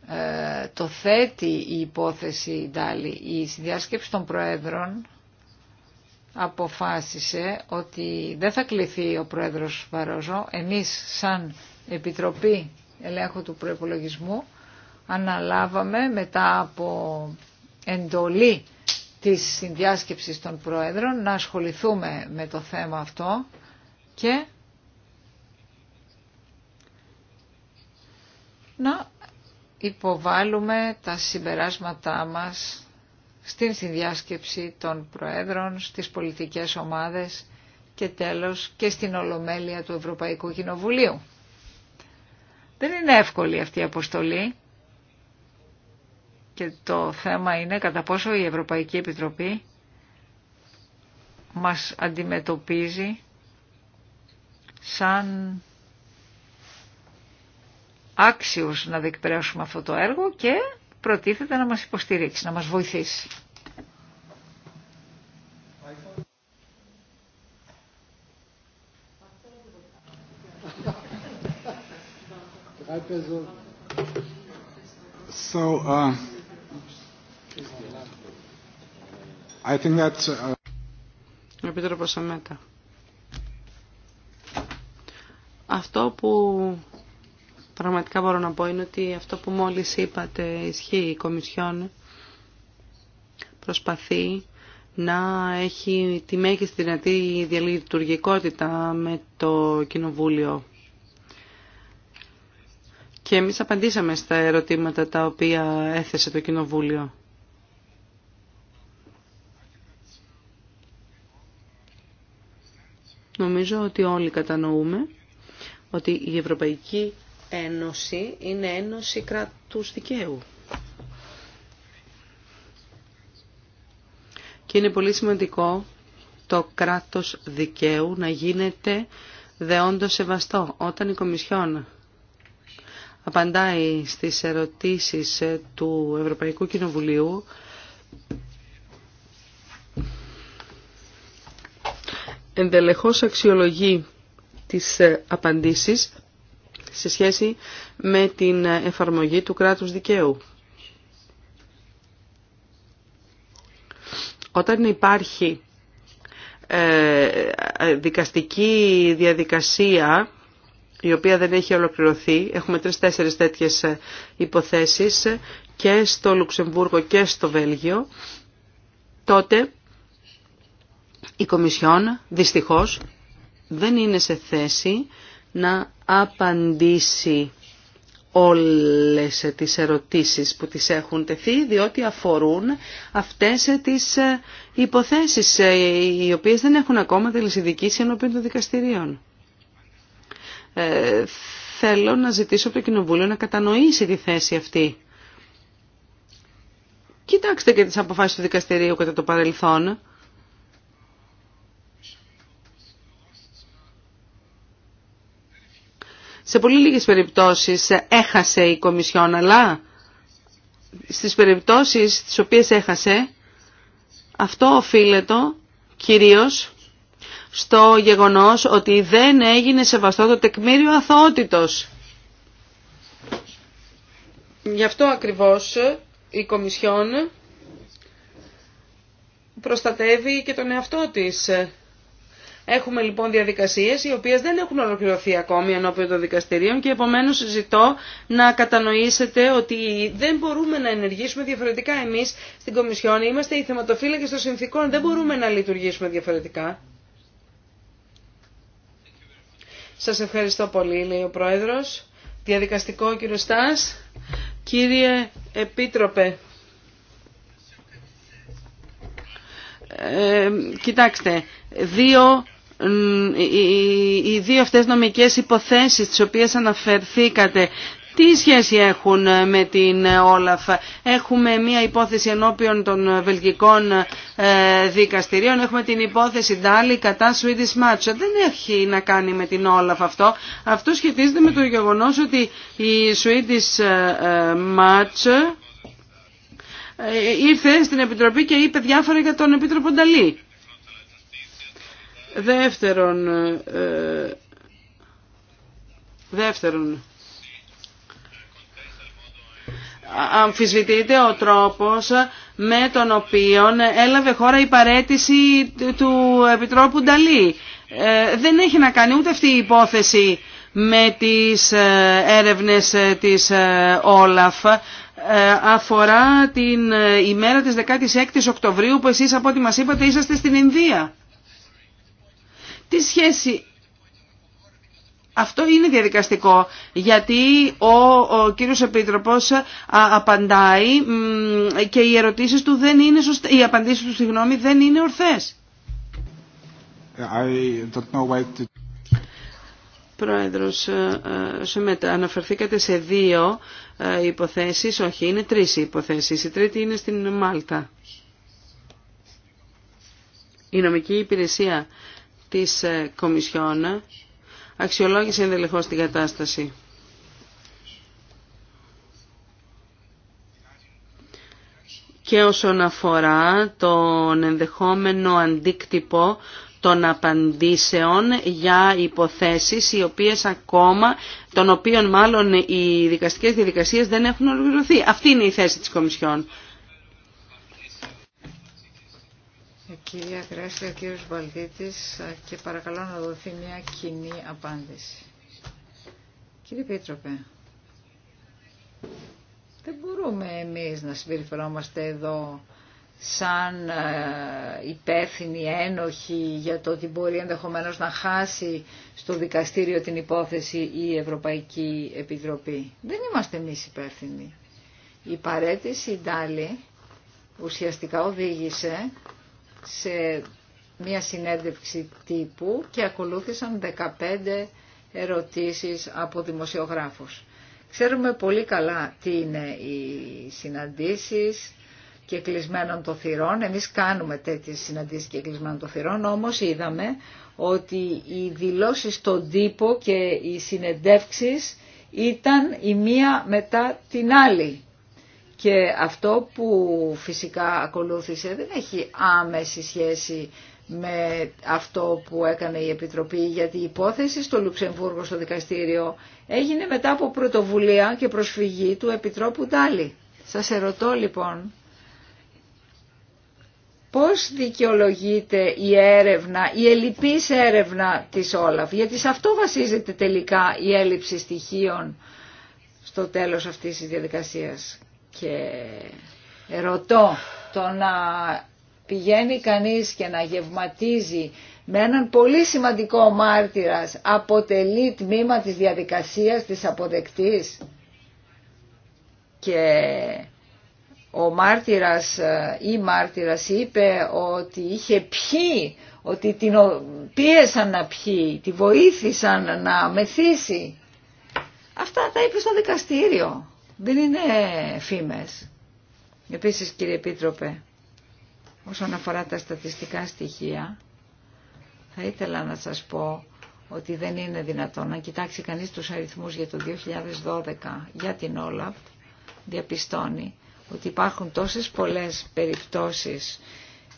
ε, το θέτει η υπόθεση Ντάλι. Η συνδιάσκεψη των Προέδρων αποφάσισε ότι δεν θα κληθεί ο Πρόεδρος Βαρόζο. Εμείς σαν Επιτροπή Ελέγχου του Προεπολογισμού αναλάβαμε μετά από εντολή της συνδιάσκεψης των Προέδρων να ασχοληθούμε με το θέμα αυτό και να υποβάλουμε τα συμπεράσματά μας στην συνδιάσκεψη των Προέδρων, στις πολιτικές ομάδες και τέλος και στην Ολομέλεια του Ευρωπαϊκού Κοινοβουλίου. Δεν είναι εύκολη αυτή η αποστολή και το θέμα είναι κατά πόσο η Ευρωπαϊκή Επιτροπή μας αντιμετωπίζει σαν άξιος να διεκπαιρέσουμε αυτό το έργο και προτίθεται να μας υποστηρίξει, να μας βοηθήσει. So, uh, I think that, uh... Αυτό που πραγματικά μπορώ να πω είναι ότι αυτό που μόλις είπατε ισχύει η Κομισιόν προσπαθεί να έχει τη μέγιστη δυνατή διαλειτουργικότητα με το Κοινοβούλιο. Και εμείς απαντήσαμε στα ερωτήματα τα οποία έθεσε το Κοινοβούλιο. Νομίζω ότι όλοι κατανοούμε ότι η Ευρωπαϊκή ένωση είναι ένωση κράτους δικαίου. Και είναι πολύ σημαντικό το κράτος δικαίου να γίνεται δεόντως σεβαστό. Όταν η Κομισιόν απαντάει στις ερωτήσεις ε, του Ευρωπαϊκού Κοινοβουλίου, εντελεχώς αξιολογεί τις ε, απαντήσεις σε σχέση με την εφαρμογή του κράτους δικαίου. Όταν υπάρχει ε, δικαστική διαδικασία η οποία δεν έχει ολοκληρωθεί. Έχουμε τρεις-τέσσερις τέτοιες ε, υποθέσεις και στο Λουξεμβούργο και στο Βέλγιο. Τότε η Κομισιόν δυστυχώς δεν είναι σε θέση να απαντήσει όλες τις ερωτήσεις που τις έχουν τεθεί, διότι αφορούν αυτές τις ε, υποθέσεις, ε, οι οποίες δεν έχουν ακόμα τελεσιδικήσει ενώπιον των δικαστηρίων. Ε, θέλω να ζητήσω από το Κοινοβούλιο να κατανοήσει τη θέση αυτή. Κοιτάξτε και τις αποφάσεις του δικαστηρίου κατά το παρελθόν. Σε πολύ λίγες περιπτώσεις ε, έχασε η Κομισιόν, αλλά στις περιπτώσεις τις οποίες έχασε, αυτό οφείλεται κυρίως στο γεγονός ότι δεν έγινε σεβαστό το τεκμήριο αθωότητος. Γι' αυτό ακριβώς η Κομισιόν προστατεύει και τον εαυτό της Έχουμε λοιπόν διαδικασίες οι οποίες δεν έχουν ολοκληρωθεί ακόμη ενώπιον των δικαστηρίων και επομένως ζητώ να κατανοήσετε ότι δεν μπορούμε να ενεργήσουμε διαφορετικά εμείς στην Κομισιόν. Είμαστε οι θεματοφύλακε των συνθήκων, δεν μπορούμε να λειτουργήσουμε διαφορετικά. Σας ευχαριστώ πολύ, λέει ο Πρόεδρο, Διαδικαστικό, κύριο Στά, Κύριε Επίτροπε, ε, κοιτάξτε, δύο οι δύο αυτές νομικές υποθέσεις τις οποίες αναφερθήκατε τι σχέση έχουν με την Όλαφ. Έχουμε μία υπόθεση ενώπιον των βελγικών ε, δικαστηρίων. Έχουμε την υπόθεση Ντάλι κατά Swedish Match. Δεν έχει να κάνει με την Όλαφ αυτό. Αυτό σχετίζεται με το γεγονός ότι η Swedish ε, ε, Match ήρθε στην Επιτροπή και είπε διάφορα για τον Επίτροπο Νταλή. Δεύτερον, ε, δεύτερον, αμφισβητείται ο τρόπος με τον οποίο έλαβε χώρα η παρέτηση του Επιτρόπου Νταλή. Ε, δεν έχει να κάνει ούτε αυτή η υπόθεση με τις ε, έρευνες ε, της Όλαφ αφορά την ημέρα της 16ης Οκτωβρίου που εσείς από ό,τι μας είπατε είσαστε στην Ινδία. Τι σχέση... Αυτό είναι διαδικαστικό, γιατί ο, ο κύριος Επίτροπος απαντάει και οι ερωτήσεις του δεν είναι σωστές, οι απαντήσεις του συγγνώμη δεν είναι ορθές. Πρόεδρος, ε, ε, αναφερθήκατε σε δύο ε, υποθέσεις, όχι, είναι τρεις υποθέσεις. Η τρίτη είναι στην Μάλτα. Η νομική υπηρεσία της ε, Κομισιόν αξιολόγησε ενδελεχώς την κατάσταση. Και όσον αφορά τον ενδεχόμενο αντίκτυπο των απαντήσεων για υποθέσεις οι οποίες ακόμα, των οποίων μάλλον οι δικαστικές διαδικασίες δεν έχουν ολοκληρωθεί. Αυτή είναι η θέση της Κομισιόν. κυρία Γκρέσλη, ο κύριος Βαλδίτης και παρακαλώ να δοθεί μια κοινή απάντηση. Κύριε Πίτροπε, δεν μπορούμε εμείς να συμπεριφερόμαστε εδώ σαν ε, υπεύθυνοι ένοχοι για το ότι μπορεί ενδεχομένως να χάσει στο δικαστήριο την υπόθεση η Ευρωπαϊκή Επιτροπή. Δεν είμαστε εμείς υπεύθυνοι. Η παρέτηση Η ουσιαστικά οδήγησε σε μια συνέντευξη τύπου και ακολούθησαν 15 ερωτήσεις από δημοσιογράφους. Ξέρουμε πολύ καλά τι είναι οι συναντήσεις και κλεισμένων των θυρών. Εμείς κάνουμε τέτοιες συναντήσεις και κλεισμένων των θυρών, όμως είδαμε ότι οι δηλώσει στον τύπο και οι συνεντεύξεις ήταν η μία μετά την άλλη. Και αυτό που φυσικά ακολούθησε δεν έχει άμεση σχέση με αυτό που έκανε η Επιτροπή, γιατί η υπόθεση στο Λουξεμβούργο στο δικαστήριο έγινε μετά από πρωτοβουλία και προσφυγή του Επιτρόπου Ντάλι. Σας ερωτώ λοιπόν, πώς δικαιολογείται η έρευνα, η ελλειπής έρευνα της Όλαφ, γιατί σε αυτό βασίζεται τελικά η έλλειψη στοιχείων στο τέλος αυτής της διαδικασίας. Και ρωτώ το να πηγαίνει κανείς και να γευματίζει με έναν πολύ σημαντικό μάρτυρας αποτελεί τμήμα της διαδικασίας της αποδεκτής και ο μάρτυρας ή ε, μάρτυρας είπε ότι είχε πιει, ότι την πίεσαν να πιει, τη βοήθησαν να μεθύσει. Αυτά τα είπε στο δικαστήριο. Δεν είναι φήμες. Επίσης κύριε Επίτροπε, όσον αφορά τα στατιστικά στοιχεία, θα ήθελα να σας πω ότι δεν είναι δυνατόν να κοιτάξει κανείς τους αριθμούς για το 2012 για την Όλαφ, διαπιστώνει ότι υπάρχουν τόσες πολλές περιπτώσεις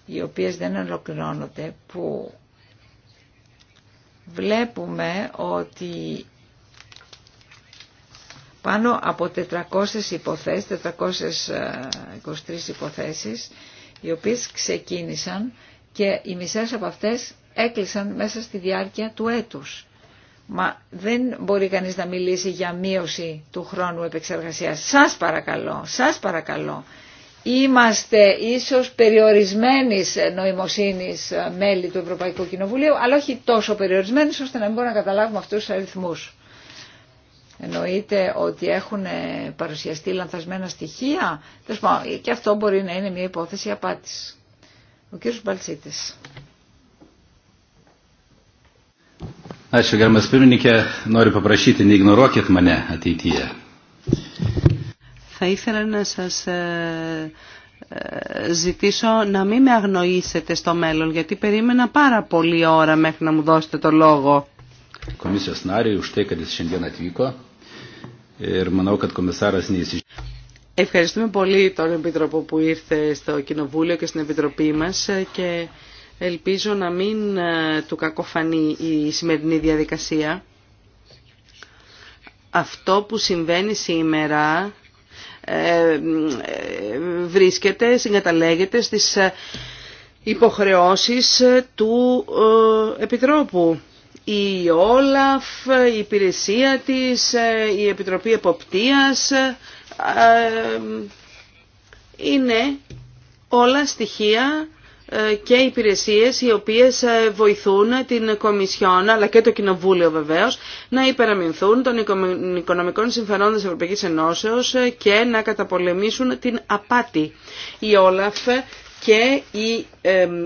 οι οποίες δεν ολοκληρώνονται που βλέπουμε ότι πάνω από 400 υποθέσεις, 423 ε, υποθέσεις, οι οποίες ξεκίνησαν και οι μισές από αυτές έκλεισαν μέσα στη διάρκεια του έτους. Μα δεν μπορεί κανείς να μιλήσει για μείωση του χρόνου επεξεργασίας. Σας παρακαλώ, σας παρακαλώ. Είμαστε ίσως περιορισμένης νοημοσύνης ε, μέλη του Ευρωπαϊκού Κοινοβουλίου, αλλά όχι τόσο περιορισμένης ώστε να μην μπορούμε να καταλάβουμε αυτούς τους αριθμούς. Εννοείται ότι έχουν παρουσιαστεί λανθασμένα στοιχεία. Και αυτό μπορεί να είναι μια υπόθεση απάτης. Ο κύριος Μπαλτσίτης. Θα ήθελα να σας ε, ε, ζητήσω να μην με αγνοήσετε στο μέλλον, γιατί περίμενα πάρα πολλή ώρα μέχρι να μου δώσετε το λόγο. Ευχαριστούμε πολύ τον Επίτροπο που ήρθε στο Κοινοβούλιο και στην Επιτροπή μας και ελπίζω να μην ε, του κακοφανεί η σημερινή διαδικασία. Αυτό που συμβαίνει σήμερα ε, ε, βρίσκεται, συγκαταλέγεται στις υποχρεώσεις του Επιτρόπου η Όλαφ, η υπηρεσία της, η Επιτροπή Εποπτείας, ε, είναι όλα στοιχεία ε, και υπηρεσίες οι οποίες ε, βοηθούν την Κομισιόν αλλά και το Κοινοβούλιο βεβαίως να υπεραμεινθούν των οικονομικών συμφερόντων της Ευρωπαϊκής Ενώσεως και να καταπολεμήσουν την απάτη. Η Όλαφ και η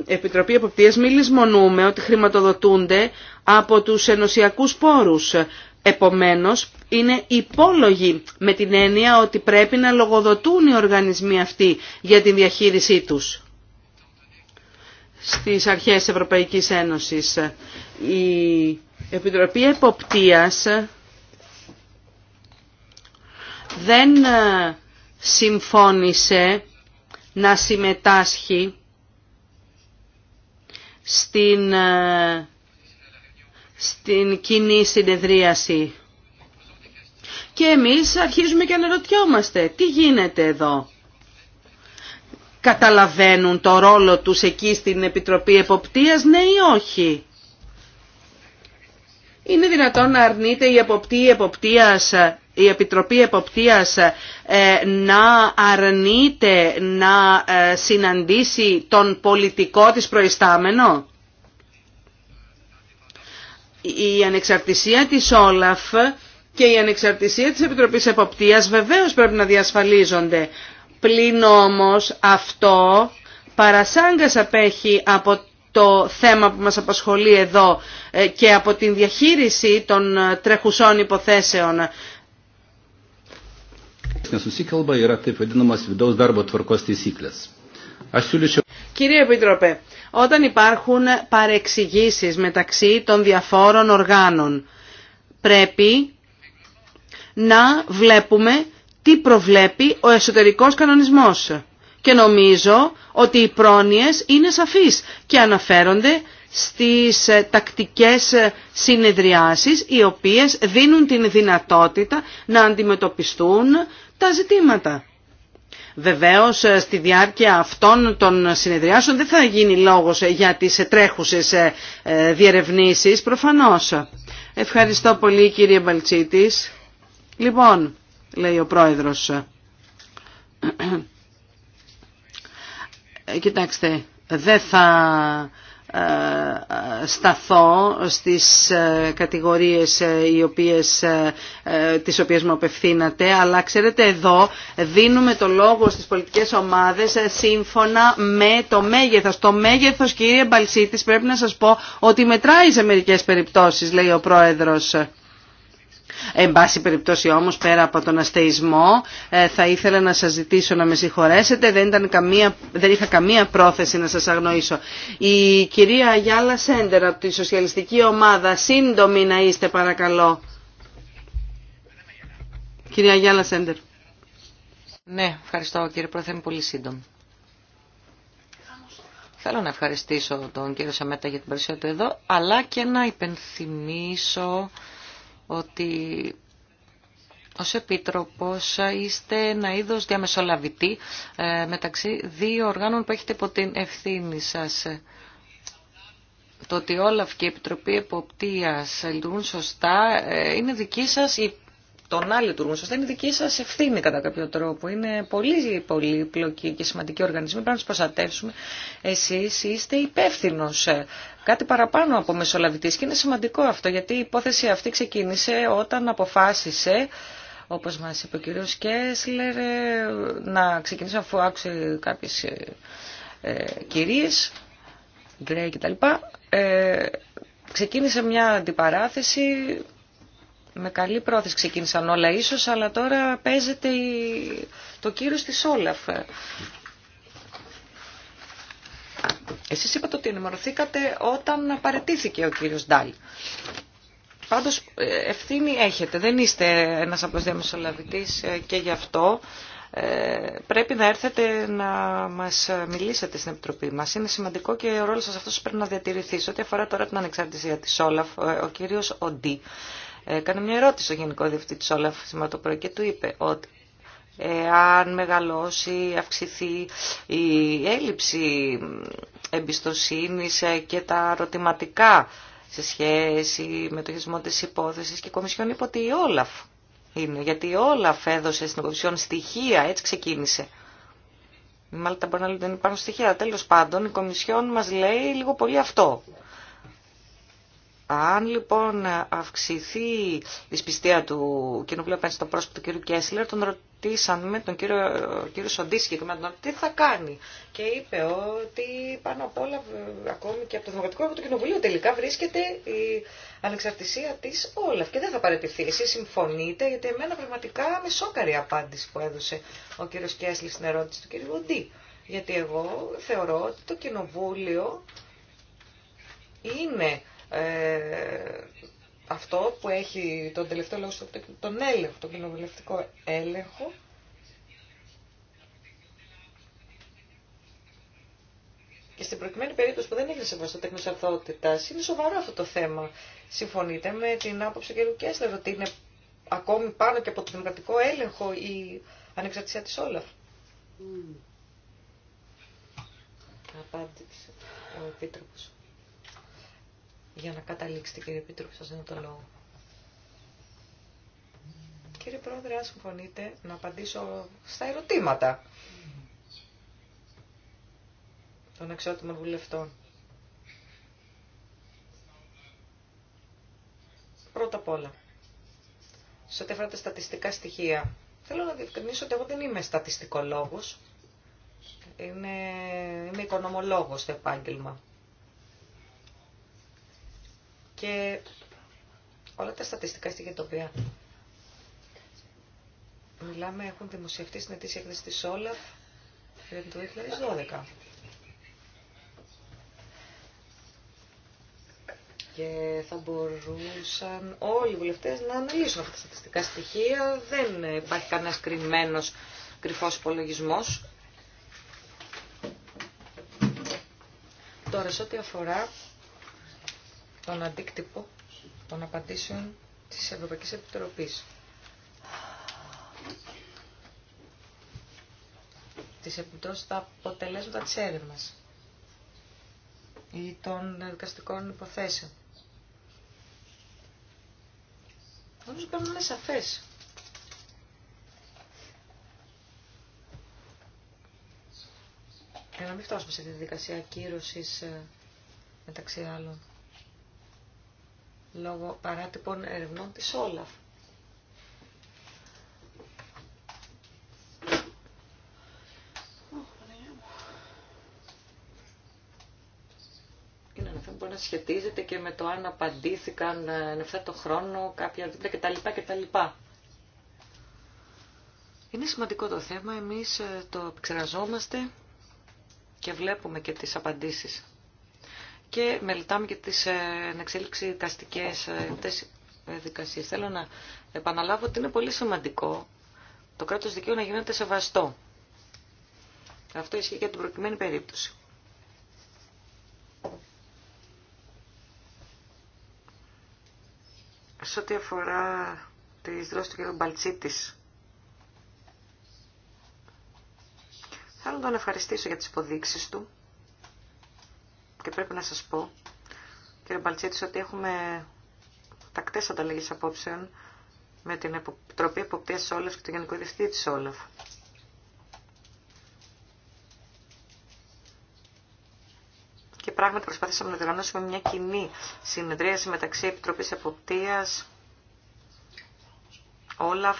Επιτροπή Εποπτείας μη λησμονούμε ότι χρηματοδοτούνται από τους ενωσιακούς πόρους. Επομένως, είναι υπόλογοι με την έννοια ότι πρέπει να λογοδοτούν οι οργανισμοί αυτοί για την διαχείρισή τους στις αρχές Ευρωπαϊκής Ένωσης. Η Επιτροπή Εποπτείας δεν ε, συμφώνησε να συμμετάσχει στην, ε, στην κοινή συνεδρίαση. Και εμείς αρχίζουμε και αναρωτιόμαστε τι γίνεται εδώ. Καταλαβαίνουν το ρόλο τους εκεί στην Επιτροπή Εποπτείας, ναι ή όχι. Είναι δυνατόν να αρνείται η εποπτεία εποπτείας η Επιτροπή Εποπτείας ε, να αρνείται να ε, συναντήσει τον πολιτικό της προϊστάμενο. Η ανεξαρτησία της Όλαφ και η ανεξαρτησία της Επιτροπής Εποπτείας βεβαίως πρέπει να διασφαλίζονται. Πλην όμως αυτό παρασάγκας απέχει από το θέμα που μας απασχολεί εδώ ε, και από την διαχείριση των τρεχουσών υποθέσεων. Κύριε Επίτροπε, όταν υπάρχουν παρεξηγήσεις μεταξύ των διαφόρων οργάνων, πρέπει να βλέπουμε τι προβλέπει ο εσωτερικός κανονισμός. Και νομίζω ότι οι πρόνοιες είναι σαφείς και αναφέρονται στις τακτικές συνεδριάσεις οι οποίες δίνουν την δυνατότητα να αντιμετωπιστούν τα ζητήματα. Βεβαίως στη διάρκεια αυτών των συνεδριάσεων δεν θα γίνει λόγος για τις τρέχουσες διερευνήσεις προφανώς. Ευχαριστώ πολύ κύριε Μπαλτσίτης. Λοιπόν, λέει ο πρόεδρος. Κοιτάξτε, δεν θα σταθώ στις ε, κατηγορίες ε, οι οποίες, ε, τις οποίες μου απευθύνατε, αλλά ξέρετε εδώ δίνουμε το λόγο στις πολιτικές ομάδες σύμφωνα με το μέγεθος. Το μέγεθος κύριε Μπαλσίτης πρέπει να σας πω ότι μετράει σε μερικές περιπτώσεις λέει ο Πρόεδρος. Εν πάση περιπτώσει όμως πέρα από τον αστεϊσμό ε, θα ήθελα να σας ζητήσω να με συγχωρέσετε. Δεν, ήταν καμία, δεν είχα καμία πρόθεση να σας αγνοήσω. Η κυρία Γιάλα Σέντερ από τη Σοσιαλιστική Ομάδα. Σύντομη να είστε παρακαλώ. Κυρία Γιάλα Σέντερ. Ναι, ευχαριστώ κύριε Πρόεδρε, είμαι πολύ σύντομη. Θέλω να ευχαριστήσω τον κύριο Σαμέτα για την παρουσία του εδώ, αλλά και να υπενθυμίσω ότι ως Επίτροπος είστε ένα είδος διαμεσολαβητή ε, μεταξύ δύο οργάνων που έχετε υπό την ευθύνη σας. Το ότι όλα και η Επιτροπή Εποπτείας λειτουργούν σωστά ε, είναι δική σας τον να λειτουργούν σωστά είναι δική σα ευθύνη κατά κάποιο τρόπο. Είναι πολύ πολύ πολύπλοκοι και σημαντικοί οργανισμοί. Πρέπει να του προστατεύσουμε. Εσεί είστε υπεύθυνο. Κάτι παραπάνω από μεσολαβητή. Και είναι σημαντικό αυτό γιατί η υπόθεση αυτή ξεκίνησε όταν αποφάσισε όπως μας είπε ο κύριος Κέσλερ, να ξεκινήσει αφού άκουσε κάποιες ε, ε κυρίες, γκρέι κτλ. Ε, ξεκίνησε μια αντιπαράθεση με καλή πρόθεση ξεκίνησαν όλα ίσως, αλλά τώρα παίζεται το κύριο της Όλαφ. Εσείς είπατε ότι ενημερωθήκατε όταν παρετήθηκε ο κύριος Ντάλ Πάντως ε, ευθύνη έχετε, δεν είστε ένας απλός διαμεσολαβητής ε, και γι' αυτό ε, πρέπει να έρθετε να μας μιλήσετε στην Επιτροπή μας. Είναι σημαντικό και ο ρόλος σας αυτός πρέπει να διατηρηθεί. Σε ό,τι αφορά τώρα την ανεξαρτησία τη Όλαφ, ο κύριος Οντί Έκανε ε, μια ερώτηση στο Γενικό Διευθυντή της Όλαφ σήμερα το πρωί και του είπε ότι αν μεγαλώσει, αυξηθεί η έλλειψη εμπιστοσύνης ε, και τα ερωτηματικά σε σχέση με το χειρισμό της υπόθεσης και η Κομισιόν είπε ότι η Όλαφ είναι, γιατί η Όλαφ έδωσε στην Κομισιόν στοιχεία, έτσι ξεκίνησε. Μάλιστα μπορεί να λέει ότι δεν υπάρχουν στοιχεία. Τέλος πάντων η Κομισιόν μας λέει λίγο πολύ αυτό. Αν λοιπόν αυξηθεί η δυσπιστία του κοινοβουλίου απέναντι στο πρόσωπο του κ. Κέσλερ, τον ρωτήσαμε, τον κύριο, κύριο Σοντή συγκεκριμένα, τι θα κάνει. Και είπε ότι πάνω απ' όλα, ε, ακόμη και από το Δημοκρατικό από το Κοινοβουλίο, τελικά βρίσκεται η ανεξαρτησία τη Όλαφ Και δεν θα παραιτηθεί. Εσεί συμφωνείτε, γιατί εμένα πραγματικά με σόκαρη απάντηση που έδωσε ο κ. Κέσλερ στην ερώτηση του κ. Σοντή Γιατί εγώ θεωρώ ότι το Κοινοβούλιο είναι ε, αυτό που έχει τον τελευταίο λόγο τον έλεγχο, τον κοινοβουλευτικό έλεγχο και στην προκειμένη περίπτωση που δεν έχει σεβαστό τεκνοσαρθότητα, είναι σοβαρό αυτό το θέμα. Συμφωνείτε με την άποψη του κ. Κέσλερ ότι είναι ακόμη πάνω και από το δημοκρατικό έλεγχο η ανεξαρτησία τη Όλαφ. Mm. Απάντησε ο επίτροπο για να καταλήξετε κύριε Επίτροπε, σας δίνω το λόγο. Κύριε Πρόεδρε, αν συμφωνείτε να απαντήσω στα ερωτήματα των αξιότιμων βουλευτών. Πρώτα απ' όλα, σε ό,τι αφορά τα στατιστικά στοιχεία, θέλω να διευκρινίσω ότι εγώ δεν είμαι στατιστικολόγος, είναι, είμαι οικονομολόγος στο επάγγελμα και όλα τα στατιστικά στοιχεία τα οποία μιλάμε έχουν δημοσιευτεί στην ετήσια έκθεση της Όλαφ για το 2012. Και θα μπορούσαν όλοι οι βουλευτές να αναλύσουν αυτά τα στατιστικά στοιχεία. Δεν υπάρχει κανένας κρυμμένος κρυφός υπολογισμό. Τώρα, σε ό,τι αφορά τον αντίκτυπο των απαντήσεων της Ευρωπαϊκής Επιτροπής. Τις επιπτώσεις τα αποτελέσματα της έρευνας ή των δικαστικών υποθέσεων. Νομίζω πρέπει να είναι σαφές. Για να μην φτάσουμε σε τη δικασία κύρωσης ε, μεταξύ άλλων λόγω παράτυπων ερευνών της Όλαφ. Είναι ένα θέμα που μπορεί να σχετίζεται και με το αν απαντήθηκαν ε, εν το χρόνο κάποια ερωτήματα κτλ. κτλ. Είναι σημαντικό το θέμα, εμείς ε, το επεξεργαζόμαστε και βλέπουμε και τις απαντήσεις και μελετάμε και τις ε, εξέλιξη δικαστικές ε, ε, δικασίες. Θέλω να επαναλάβω ότι είναι πολύ σημαντικό το κράτος δικαίου να γίνεται σεβαστό. Αυτό ισχύει για την προκειμένη περίπτωση. Σε ό,τι αφορά τη δρόση του κ. Μπαλτσίτης, θέλω να τον ευχαριστήσω για τις υποδείξεις του. Και πρέπει να σας πω, κύριε Μπαλτσίτη, ότι έχουμε τακτές ανταλλαγές απόψεων με την Επιτροπή Εποπτείας της Όλαφ και τον Γενικό Διευθυντή της Όλαφ. Και πράγματι προσπαθήσαμε να διοργανώσουμε μια κοινή συνεδρίαση μεταξύ Επιτροπής Εποπτείας, Όλαφ,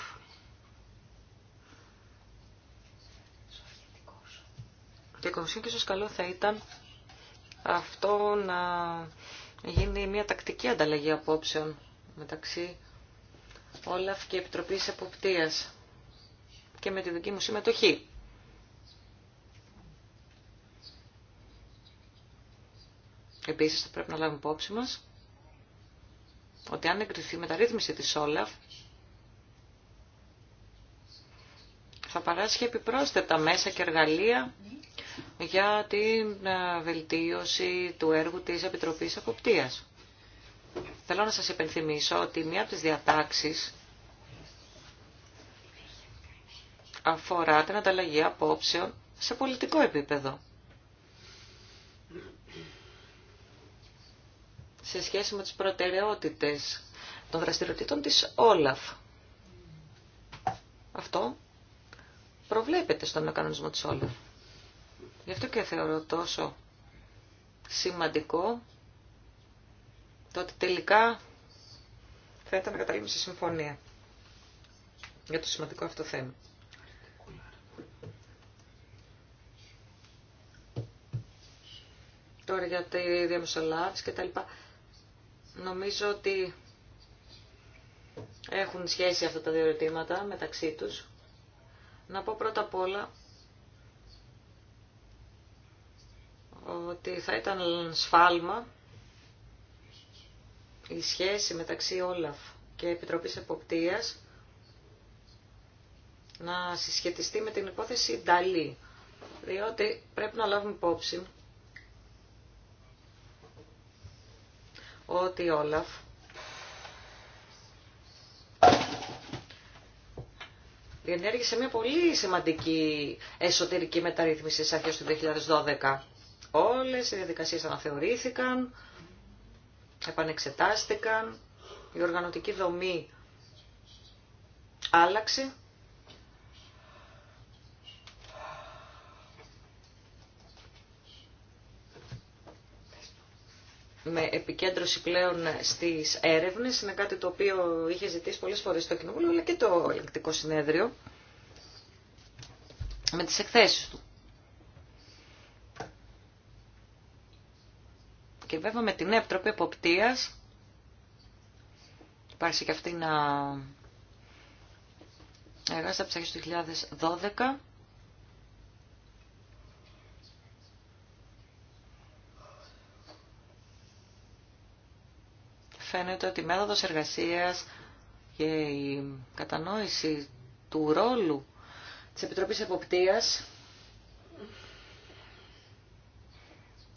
και κομισιόν και ίσως καλό θα ήταν αυτό να γίνει μια τακτική ανταλλαγή απόψεων μεταξύ Όλαφ και Επιτροπής Εποπτείας και με τη δική μου συμμετοχή. Επίσης θα πρέπει να λάβουμε υπόψη μας ότι αν εγκριθεί μεταρρύθμιση της Όλαφ θα παράσχει επιπρόσθετα μέσα και εργαλεία για την ε, βελτίωση του έργου της Επιτροπής Αποπτείας. Θέλω να σας υπενθυμίσω ότι μία από τις διατάξεις αφορά την ανταλλαγή απόψεων σε πολιτικό επίπεδο. Σε σχέση με τις προτεραιότητες των δραστηριοτήτων της Όλαφ. Αυτό προβλέπεται στον κανονισμό της Όλαφ. Γι' αυτό και θεωρώ τόσο σημαντικό το ότι τελικά θα ήταν να καταλήγουμε σε συμφωνία για το σημαντικό αυτό θέμα. Τώρα για τη διαμεσολάβηση και τα λοιπά. Νομίζω ότι έχουν σχέση αυτά τα δύο ερωτήματα μεταξύ τους. Να πω πρώτα απ' όλα ότι θα ήταν σφάλμα η σχέση μεταξύ Όλαφ και Επιτροπής Εποπτείας να συσχετιστεί με την υπόθεση Νταλή. Διότι πρέπει να λάβουμε υπόψη ότι Όλαφ διενέργησε μια πολύ σημαντική εσωτερική μεταρρύθμιση σε αρχές του 2012 Όλες οι διαδικασίες αναθεωρήθηκαν, επανεξετάστηκαν, η οργανωτική δομή άλλαξε. με επικέντρωση πλέον στις έρευνες, είναι κάτι το οποίο είχε ζητήσει πολλές φορές το Κοινοβούλιο, αλλά και το ελεκτικό συνέδριο, με τις εκθέσεις του. Και βέβαια με την Επιτροπή Εποπτείας υπάρχει και αυτή να εργάζεται από τις 2012 φαίνεται ότι η μέθοδος εργασίας και η κατανόηση του ρόλου της Επιτροπής Εποπτείας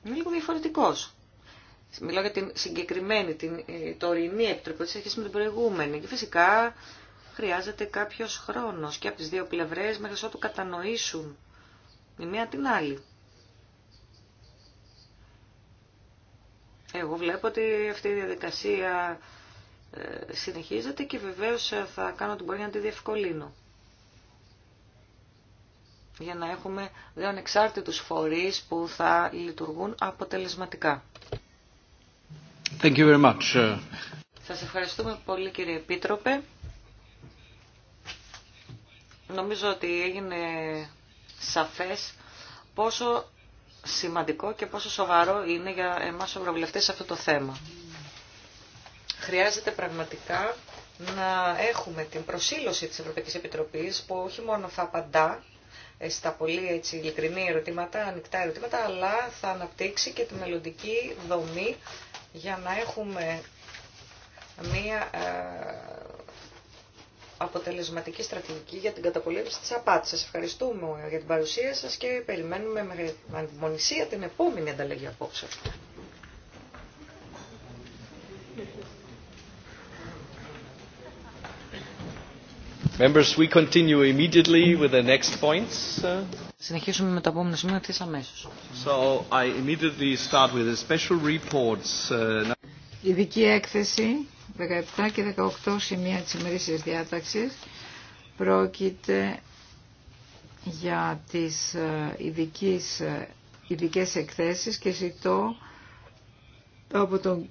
είναι λίγο διαφορετικός. Μιλάω για την συγκεκριμένη, την ε, τωρινή επιτροπή της σχέση με την προηγούμενη. Και φυσικά χρειάζεται κάποιος χρόνος και από τις δύο πλευρές μέχρι ότου κατανοήσουν η μία την άλλη. Εγώ βλέπω ότι αυτή η διαδικασία ε, συνεχίζεται και βεβαίως ε, θα κάνω την μπορεί να τη διευκολύνω. Για να έχουμε δύο ανεξάρτητους φορείς που θα λειτουργούν αποτελεσματικά. Thank uh. Σας ευχαριστούμε πολύ κύριε Επίτροπε. Νομίζω ότι έγινε σαφές πόσο σημαντικό και πόσο σοβαρό είναι για εμάς ευρωβουλευτές αυτό το θέμα. Χρειάζεται πραγματικά να έχουμε την προσήλωση της Ευρωπαϊκής Επιτροπής που όχι μόνο θα απαντά στα πολύ έτσι, ειλικρινή ερωτήματα, ανοιχτά ερωτήματα, αλλά θα αναπτύξει και τη μελλοντική δομή για να έχουμε μία ε, αποτελεσματική στρατηγική για την καταπολέμηση της απάτης. Σας ευχαριστούμε για την παρουσία σας και περιμένουμε με ανυπομονησία την επόμενη ανταλλαγή απόψε. Members, we continue immediately with the next points. Συνεχίσουμε με το επόμενο σημείο ευθύ αμέσω. So, uh, Ειδική έκθεση 17 και 18 σημεία της ημερήσιας διάταξης πρόκειται για τις ε, ειδικέ ε, ειδικές εκθέσεις και ζητώ από τον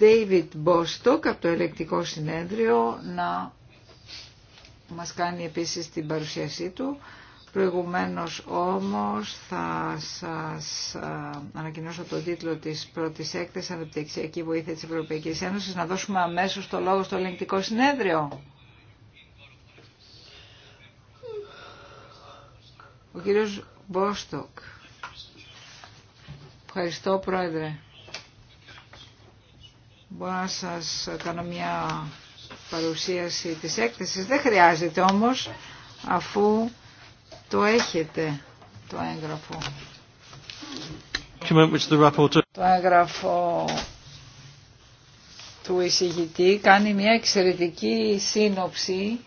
David Bostock από το Ελεκτικό Συνέδριο να μας κάνει επίσης την παρουσίασή του. Προηγουμένως όμως θα σας ε, ανακοινώσω τον τίτλο της πρώτης έκθεσης «Αναπτυξιακή βοήθεια της Ευρωπαϊκής Ένωσης» να δώσουμε αμέσως το λόγο στο ελεγκτικό συνέδριο. Ο κύριος Μπόστοκ. Ευχαριστώ πρόεδρε. Μπορώ να σας κάνω μια παρουσίαση της έκθεσης. Δεν χρειάζεται όμως αφού το έχετε το έγγραφο. Το έγγραφο του εισηγητή κάνει μια εξαιρετική σύνοψη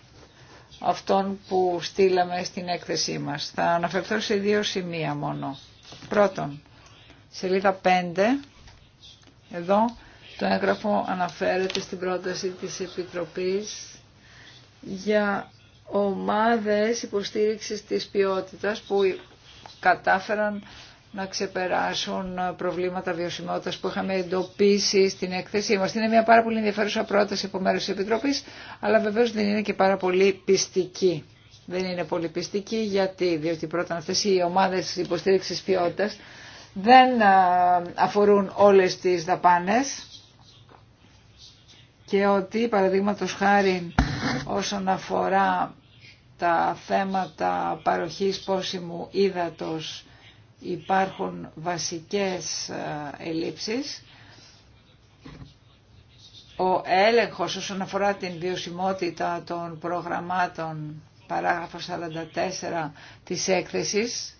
αυτών που στείλαμε στην έκθεσή μας. Θα αναφερθώ σε δύο σημεία μόνο. Πρώτον, σελίδα 5, εδώ το έγγραφο αναφέρεται στην πρόταση της Επιτροπής για ομάδες υποστήριξης της ποιότητας που κατάφεραν να ξεπεράσουν προβλήματα βιωσιμότητας που είχαμε εντοπίσει στην έκθεσή μας. Είναι μια πάρα πολύ ενδιαφέρουσα πρόταση από μέρους της Επιτροπής, αλλά βεβαίως δεν είναι και πάρα πολύ πιστική. Δεν είναι πολύ πιστική γιατί, διότι πρώτα αυτές οι ομάδες υποστήριξης ποιότητας δεν αφορούν όλες τις δαπάνες και ότι παραδείγματο χάρη όσον αφορά τα θέματα παροχής πόσιμου ύδατος υπάρχουν βασικές ε, ελλείψεις. Ο έλεγχος όσον αφορά την βιωσιμότητα των προγραμμάτων, παράγραφος 44 της έκθεσης,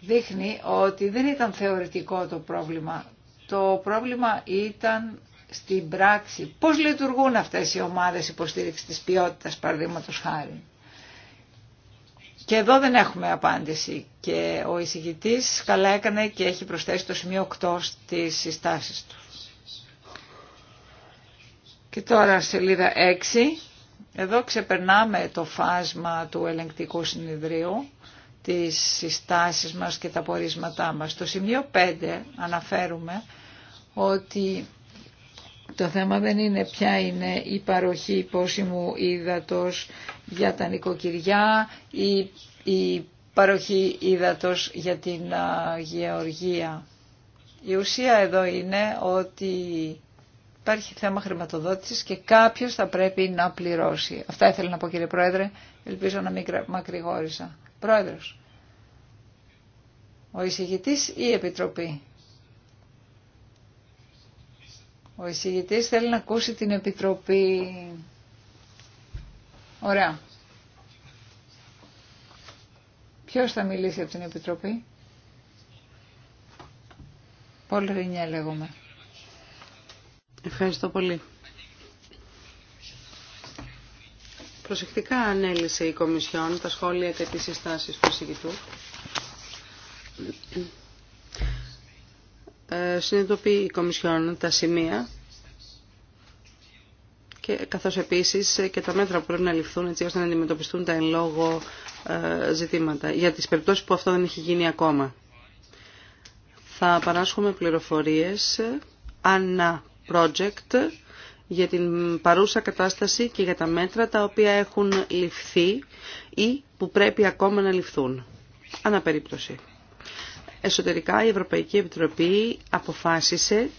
δείχνει ότι δεν ήταν θεωρητικό το πρόβλημα. Το πρόβλημα ήταν στην πράξη. Πώς λειτουργούν αυτές οι ομάδες υποστήριξης της ποιότητας, παραδείγματος χάρη. Και εδώ δεν έχουμε απάντηση και ο εισηγητής καλά έκανε και έχει προσθέσει το σημείο 8 στις συστάσεις του. Και τώρα σελίδα 6. Εδώ ξεπερνάμε το φάσμα του ελεγκτικού συνειδρίου, τις συστάσεις μας και τα πορίσματά μας. Το σημείο 5 αναφέρουμε ότι το θέμα δεν είναι ποια είναι η παροχή υπόσημου ύδατος για τα νοικοκυριά ή η παροχή ύδατος για την γεωργία. Η ουσία εδώ είναι ότι υπάρχει θέμα χρηματοδότησης και κάποιος θα πρέπει να πληρώσει. Αυτά ήθελα να πω κύριε Πρόεδρε, ελπίζω να μην μακρηγόρησα. Πρόεδρος, ο εισηγητής ή η Επιτροπή. Ο εισηγητής θέλει να ακούσει την Επιτροπή. Ωραία. Ποιος θα μιλήσει από την Επιτροπή. Πολ Ρινιέ λέγομαι. Ευχαριστώ πολύ. Προσεκτικά ανέλησε η Κομισιόν τα σχόλια και τις συστάσεις του εισηγητού ε, συνειδητοποιεί η Κομισιόν τα σημεία και καθώς επίσης και τα μέτρα που πρέπει να ληφθούν έτσι ώστε να αντιμετωπιστούν τα εν λόγω ε, ζητήματα για τις περιπτώσεις που αυτό δεν έχει γίνει ακόμα. Θα παράσχουμε πληροφορίες ε, ανά project για την παρούσα κατάσταση και για τα μέτρα τα οποία έχουν ληφθεί ή που πρέπει ακόμα να ληφθούν. Αναπερίπτωση. Εσωτερικά η Ευρωπαϊκή Επιτροπή αποφάσισε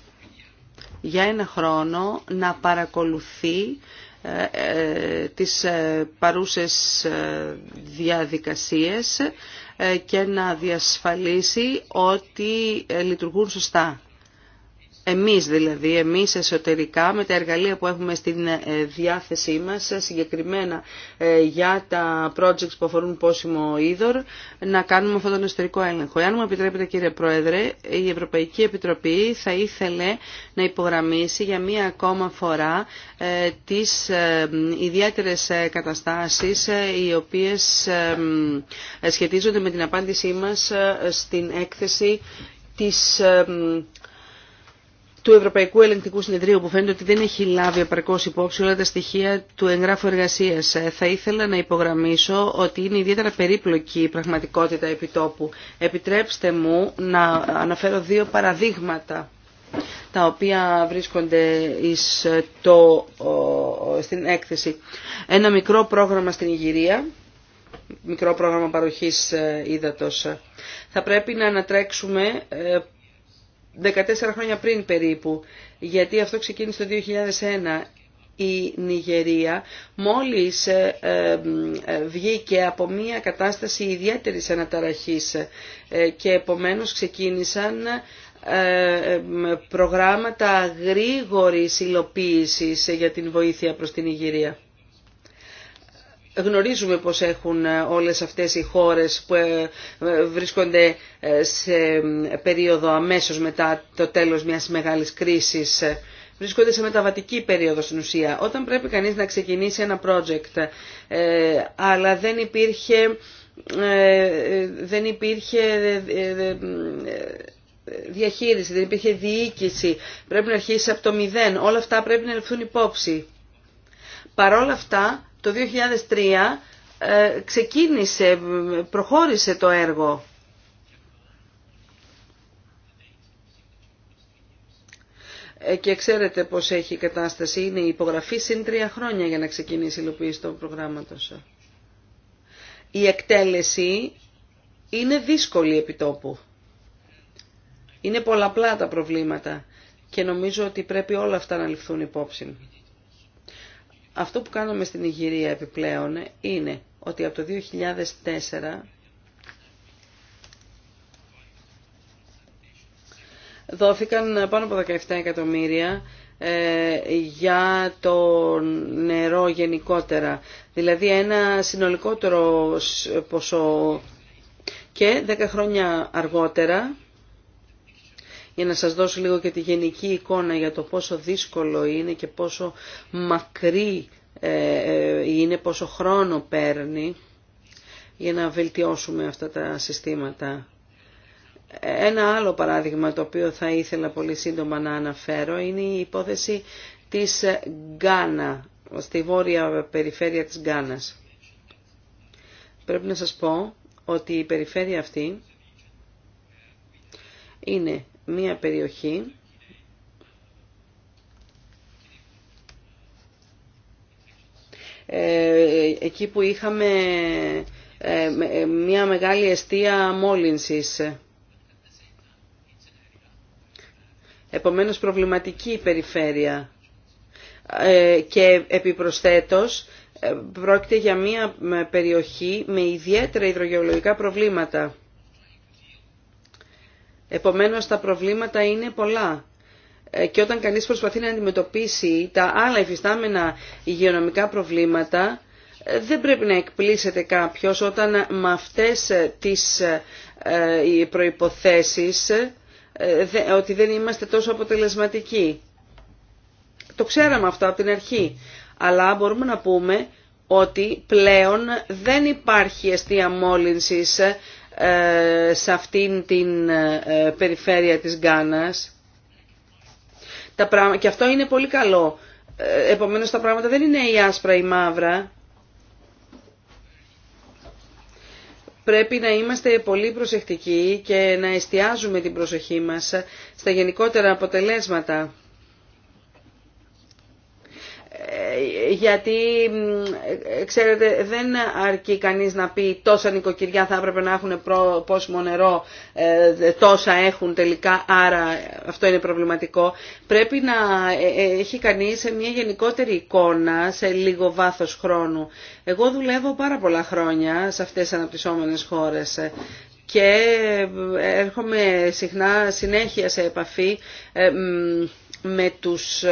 για ένα χρόνο να παρακολουθεί ε, ε, τις ε, παρούσες διαδικασίες και να διασφαλίσει ότι λειτουργούν σωστά εμείς δηλαδή, εμείς εσωτερικά με τα εργαλεία που έχουμε στην ε, διάθεσή μας, συγκεκριμένα ε, για τα projects που αφορούν πόσιμο είδωρ, να κάνουμε αυτόν τον εσωτερικό έλεγχο. Εάν μου επιτρέπετε κύριε Πρόεδρε, η Ευρωπαϊκή Επιτροπή θα ήθελε να υπογραμμίσει για μία ακόμα φορά ε, τις ιδιαίτερες καταστάσεις οι οποίες σχετίζονται με την απάντησή μας στην έκθεση της του Ευρωπαϊκού Ελεγκτικού Συνεδρίου που φαίνεται ότι δεν έχει λάβει επαρκώ υπόψη όλα τα στοιχεία του εγγράφου εργασία. Ε, θα ήθελα να υπογραμμίσω ότι είναι ιδιαίτερα περίπλοκη η πραγματικότητα επιτόπου. Επιτρέψτε μου να αναφέρω δύο παραδείγματα τα οποία βρίσκονται εις το, στην έκθεση. Ένα μικρό πρόγραμμα στην Ιγυρία, μικρό πρόγραμμα παροχής ε, ύδατος. Θα πρέπει να ανατρέξουμε ε, 14 χρόνια πριν περίπου, γιατί αυτό ξεκίνησε το 2001 η Νιγερία μόλις ε, ε, βγήκε από μια κατάσταση ιδιαίτερης αναταραχής ε, και επομένως ξεκίνησαν προγράμματα γρήγορης υλοποίησης για την βοήθεια προς την Ιγυρία. Γνωρίζουμε πως έχουν ε, όλες αυτές οι χώρες που ε, ε, βρίσκονται σε περίοδο αμέσως μετά το τέλος μιας μεγάλης κρίσης. Βρίσκονται σε μεταβατική περίοδο στην ουσία. Όταν πρέπει κανείς να ξεκινήσει ένα project, αλλά δεν υπήρχε, δεν διαχείριση, δεν υπήρχε διοίκηση, πρέπει να αρχίσει από το μηδέν. Όλα αυτά πρέπει να ληφθούν υπόψη. Παρόλα αυτά, το 2003 ε, ξεκίνησε, προχώρησε το έργο. Ε, και ξέρετε πώς έχει η κατάσταση. Είναι η υπογραφή συν τρία χρόνια για να ξεκινήσει η υλοποίηση του προγράμματος. Η εκτέλεση είναι δύσκολη επιτόπου. Είναι πολλαπλά τα προβλήματα και νομίζω ότι πρέπει όλα αυτά να ληφθούν υπόψη. Αυτό που κάνουμε στην Ιγυρία επιπλέον είναι ότι από το 2004 δόθηκαν πάνω από 17 εκατομμύρια ε, για το νερό γενικότερα. Δηλαδή ένα συνολικότερο ποσό και 10 χρόνια αργότερα για να σας δώσω λίγο και τη γενική εικόνα για το πόσο δύσκολο είναι και πόσο μακρύ ε, ε, είναι, πόσο χρόνο παίρνει για να βελτιώσουμε αυτά τα συστήματα. Ένα άλλο παράδειγμα το οποίο θα ήθελα πολύ σύντομα να αναφέρω είναι η υπόθεση της Γκάνα, στη βόρεια περιφέρεια της Γκάνας. Πρέπει να σας πω ότι η περιφέρεια αυτή είναι μία περιοχή ε, εκεί που είχαμε ε, ε, μία μεγάλη αιστεία μόλυνσης. Επομένως προβληματική η περιφέρεια και επιπροσθέτως πρόκειται για μία περιοχή με ιδιαίτερα υδρογεολογικά προβλήματα. Επομένως τα προβλήματα είναι πολλά ε, και όταν κανείς προσπαθεί να αντιμετωπίσει τα άλλα υφιστάμενα υγειονομικά προβλήματα, ε, δεν πρέπει να εκπλήσεται κάποιος όταν ε, με αυτές τις προϋποθέσεις ότι δεν είμαστε τόσο αποτελεσματικοί. Το ξέραμε αυτό από την αρχή, αλλά μπορούμε να πούμε ότι πλέον δεν υπάρχει αιστεία μόλυνσης ε, σε αυτήν την ε, περιφέρεια της Γκάνας. Και αυτό είναι πολύ καλό. Ε, επομένως τα πράγματα δεν είναι η άσπρα ή μαύρα. Πρέπει να είμαστε πολύ προσεκτικοί και να εστιάζουμε την προσοχή μας στα γενικότερα αποτελέσματα γιατί ξέρετε δεν αρκεί κανείς να πει τόσα νοικοκυριά θα έπρεπε να έχουν πόσιμο νερό, ε, τόσα έχουν τελικά, άρα αυτό είναι προβληματικό. Πρέπει να ε, ε, έχει κανείς μια γενικότερη εικόνα σε λίγο βάθος χρόνου. Εγώ δουλεύω πάρα πολλά χρόνια σε αυτές τις αναπτυσσόμενες χώρες και έρχομαι συχνά συνέχεια σε επαφή με τους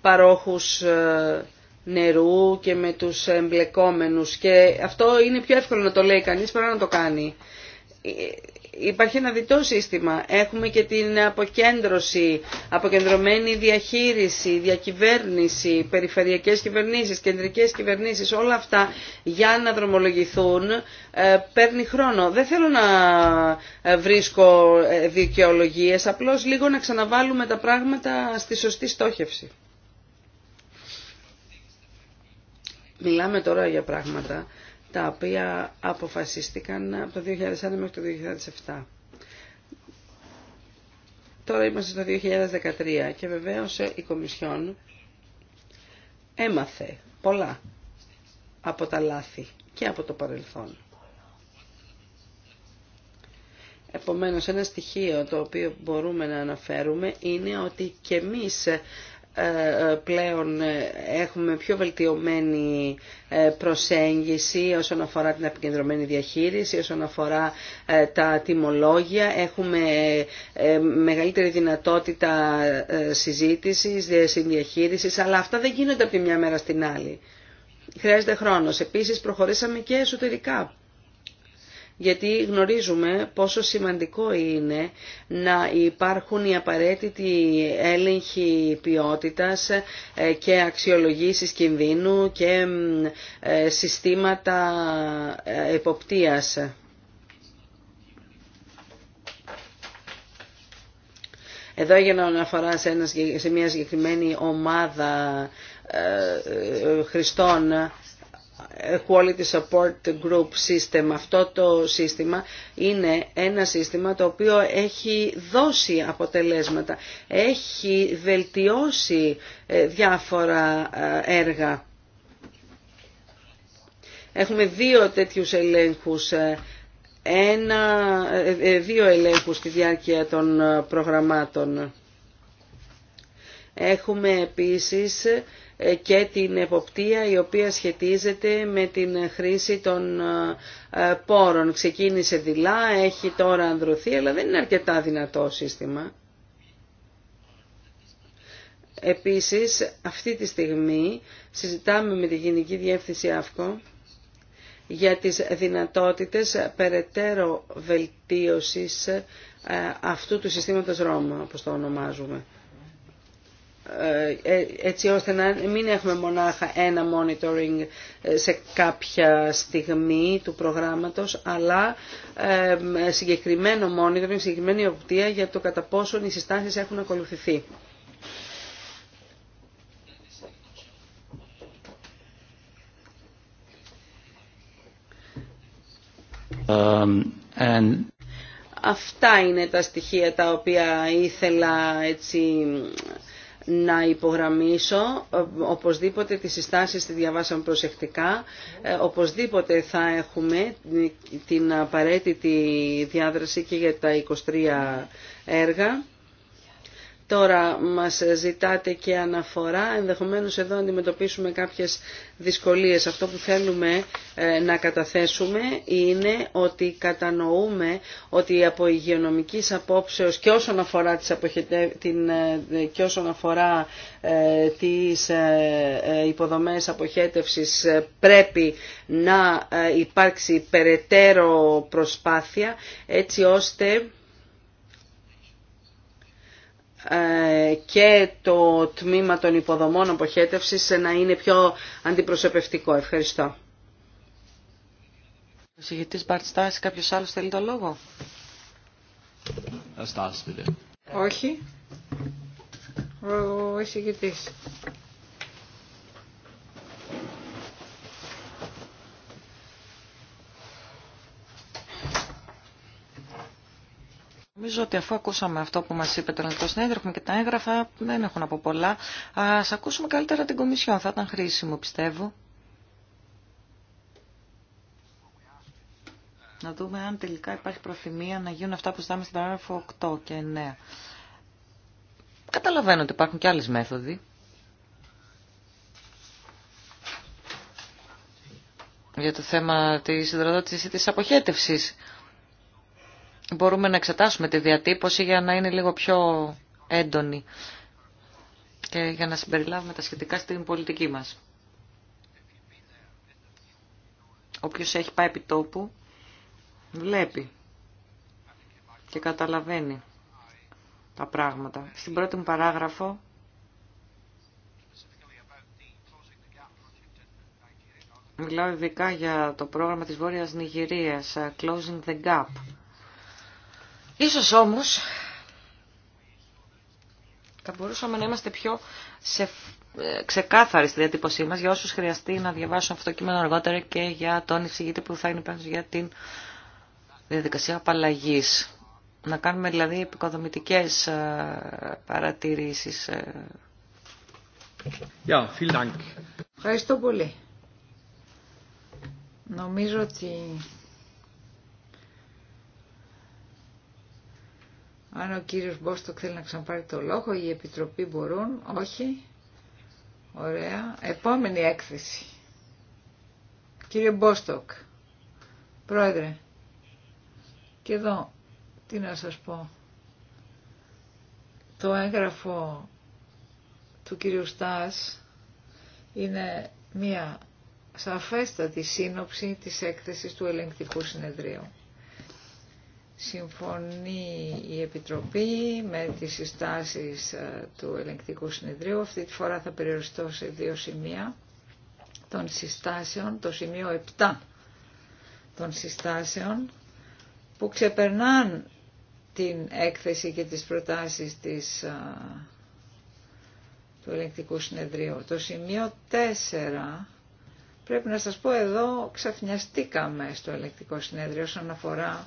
παρόχους ε, νερού και με τους εμπλεκόμενους και αυτό είναι πιο εύκολο να το λέει κανείς παρά να το κάνει. Ε, υπάρχει ένα διτό σύστημα. Έχουμε και την αποκέντρωση, αποκεντρωμένη διαχείριση, διακυβέρνηση, περιφερειακές κυβερνήσεις, κεντρικές κυβερνήσεις. Όλα αυτά για να δρομολογηθούν ε, παίρνει χρόνο. Δεν θέλω να βρίσκω δικαιολογίες, απλώς λίγο να ξαναβάλουμε τα πράγματα στη σωστή στόχευση. Μιλάμε τώρα για πράγματα τα οποία αποφασίστηκαν από το 2001 μέχρι το 2007. Τώρα είμαστε στο 2013 και βεβαίως η Κομισιόν έμαθε πολλά από τα λάθη και από το παρελθόν. Επομένως, ένα στοιχείο το οποίο μπορούμε να αναφέρουμε είναι ότι και εμείς ε, ε, πλέον ε, έχουμε πιο βελτιωμένη προσέγγιση όσον αφορά την επικεντρωμένη διαχείριση, όσον αφορά τα τιμολόγια. Έχουμε μεγαλύτερη δυνατότητα συζήτησης, συνδιαχείρισης, αλλά αυτά δεν γίνονται από τη μια μέρα στην άλλη. Χρειάζεται χρόνος. Επίσης προχωρήσαμε και εσωτερικά γιατί γνωρίζουμε πόσο σημαντικό είναι να υπάρχουν οι απαραίτητοι έλεγχοι ποιότητας ε, και αξιολογήσεις κινδύνου και ε, συστήματα ε, εποπτείας. Εδώ έγινε αναφορά σε μια συγκεκριμένη ομάδα χριστών. Quality Support Group System. Αυτό το σύστημα είναι ένα σύστημα το οποίο έχει δώσει αποτελέσματα, έχει βελτιώσει ε, διάφορα ε, έργα. Έχουμε δύο τέτοιους ελέγχους, ε, ένα, δύο ελέγχους στη διάρκεια των προγραμμάτων. Έχουμε επίσης ε, και την εποπτεία η οποία σχετίζεται με την χρήση των ε, πόρων. Ξεκίνησε δειλά, έχει τώρα ανδρωθεί, αλλά δεν είναι αρκετά δυνατό σύστημα. Επίσης, αυτή τη στιγμή συζητάμε με τη Γενική Διεύθυνση ΑΦΚΟ για τις δυνατότητες περαιτέρω βελτίωσης ε, αυτού του συστήματος Ρώμα, όπως το ονομάζουμε. Ε, έτσι ώστε να μην έχουμε μονάχα ένα monitoring ε, σε κάποια στιγμή του προγράμματος, αλλά ε, συγκεκριμένο monitoring, συγκεκριμένη οπτία για το κατά πόσον οι συστάσεις έχουν ακολουθηθεί. Um, and... Αυτά είναι τα στοιχεία τα οποία ήθελα έτσι να υπογραμμίσω ε, οπωσδήποτε τις συστάσεις τη διαβάσαμε προσεκτικά ε, οπωσδήποτε θα έχουμε την απαραίτητη διάδραση και για τα 23 έργα Τώρα μας ζητάτε και αναφορά, ενδεχομένως εδώ αντιμετωπίσουμε κάποιες δυσκολίες. Αυτό που θέλουμε ε, να καταθέσουμε είναι ότι κατανοούμε ότι από υγειονομικής απόψεως και όσον αφορά, τις αποχετε... Ε, και όσον αφορά ε, τις υποδομές αποχέτευσης πρέπει να υπάρξει περαιτέρω προσπάθεια έτσι ώστε ε, και το τμήμα των υποδομών αποχέτευσης να είναι πιο αντιπροσωπευτικό. Ευχαριστώ. Ο συγητής Μπαρτστάς, κάποιος άλλος θέλει το λόγο. Ναι. Όχι. Ο συγήτής. Νομίζω ότι αφού ακούσαμε αυτό που μας είπε το Ελληνικό Συνέδριο, και τα έγγραφα, δεν έχουν από πολλά. Ας ακούσουμε καλύτερα την Κομισιόν, θα ήταν χρήσιμο πιστεύω. Να δούμε αν τελικά υπάρχει προθυμία να γίνουν αυτά που ζητάμε στην παράγραφο 8 και 9. Καταλαβαίνω ότι υπάρχουν και άλλες μέθοδοι. Για το θέμα τη υδροδότηση ή της αποχέτευσης μπορούμε να εξετάσουμε τη διατύπωση για να είναι λίγο πιο έντονη και για να συμπεριλάβουμε τα σχετικά στην πολιτική μας. Όποιος έχει πάει επί τόπου, βλέπει και καταλαβαίνει τα πράγματα. Στην πρώτη μου παράγραφο μιλάω ειδικά για το πρόγραμμα της Βόρειας Νιγηρίας, Closing the Gap Ίσως όμως θα μπορούσαμε να είμαστε πιο σε, ε, ξεκάθαροι στη διατύπωσή μας για όσους χρειαστεί να διαβάσουν αυτό το κείμενο αργότερα και για τον εισηγητή που θα είναι πάνω για την διαδικασία απαλλαγή. Να κάνουμε δηλαδή επικοδομητικές ε, παρατηρήσεις. Yeah, ε. vielen Dank. Ευχαριστώ πολύ. Νομίζω ότι Αν ο κύριος Μπόστοκ θέλει να ξαναπάρει το λόγο, η Επιτροπή μπορούν, όχι. Ωραία. Επόμενη έκθεση. Κύριε Μπόστοκ, πρόεδρε, και εδώ τι να σας πω. Το έγγραφο του κύριου Στάς είναι μία σαφέστατη σύνοψη της έκθεσης του ελεγκτικού συνεδρίου. Συμφωνεί η Επιτροπή με τις συστάσεις ε, του ελεγκτικού συνεδρίου. Αυτή τη φορά θα περιοριστώ σε δύο σημεία των συστάσεων, το σημείο 7 των συστάσεων που ξεπερνάν την έκθεση και τις προτάσεις της, ε, του ελεγκτικού συνεδρίου. Το σημείο 4 πρέπει να σας πω εδώ ξαφνιαστήκαμε στο ελεγκτικό συνέδριο όσον αφορά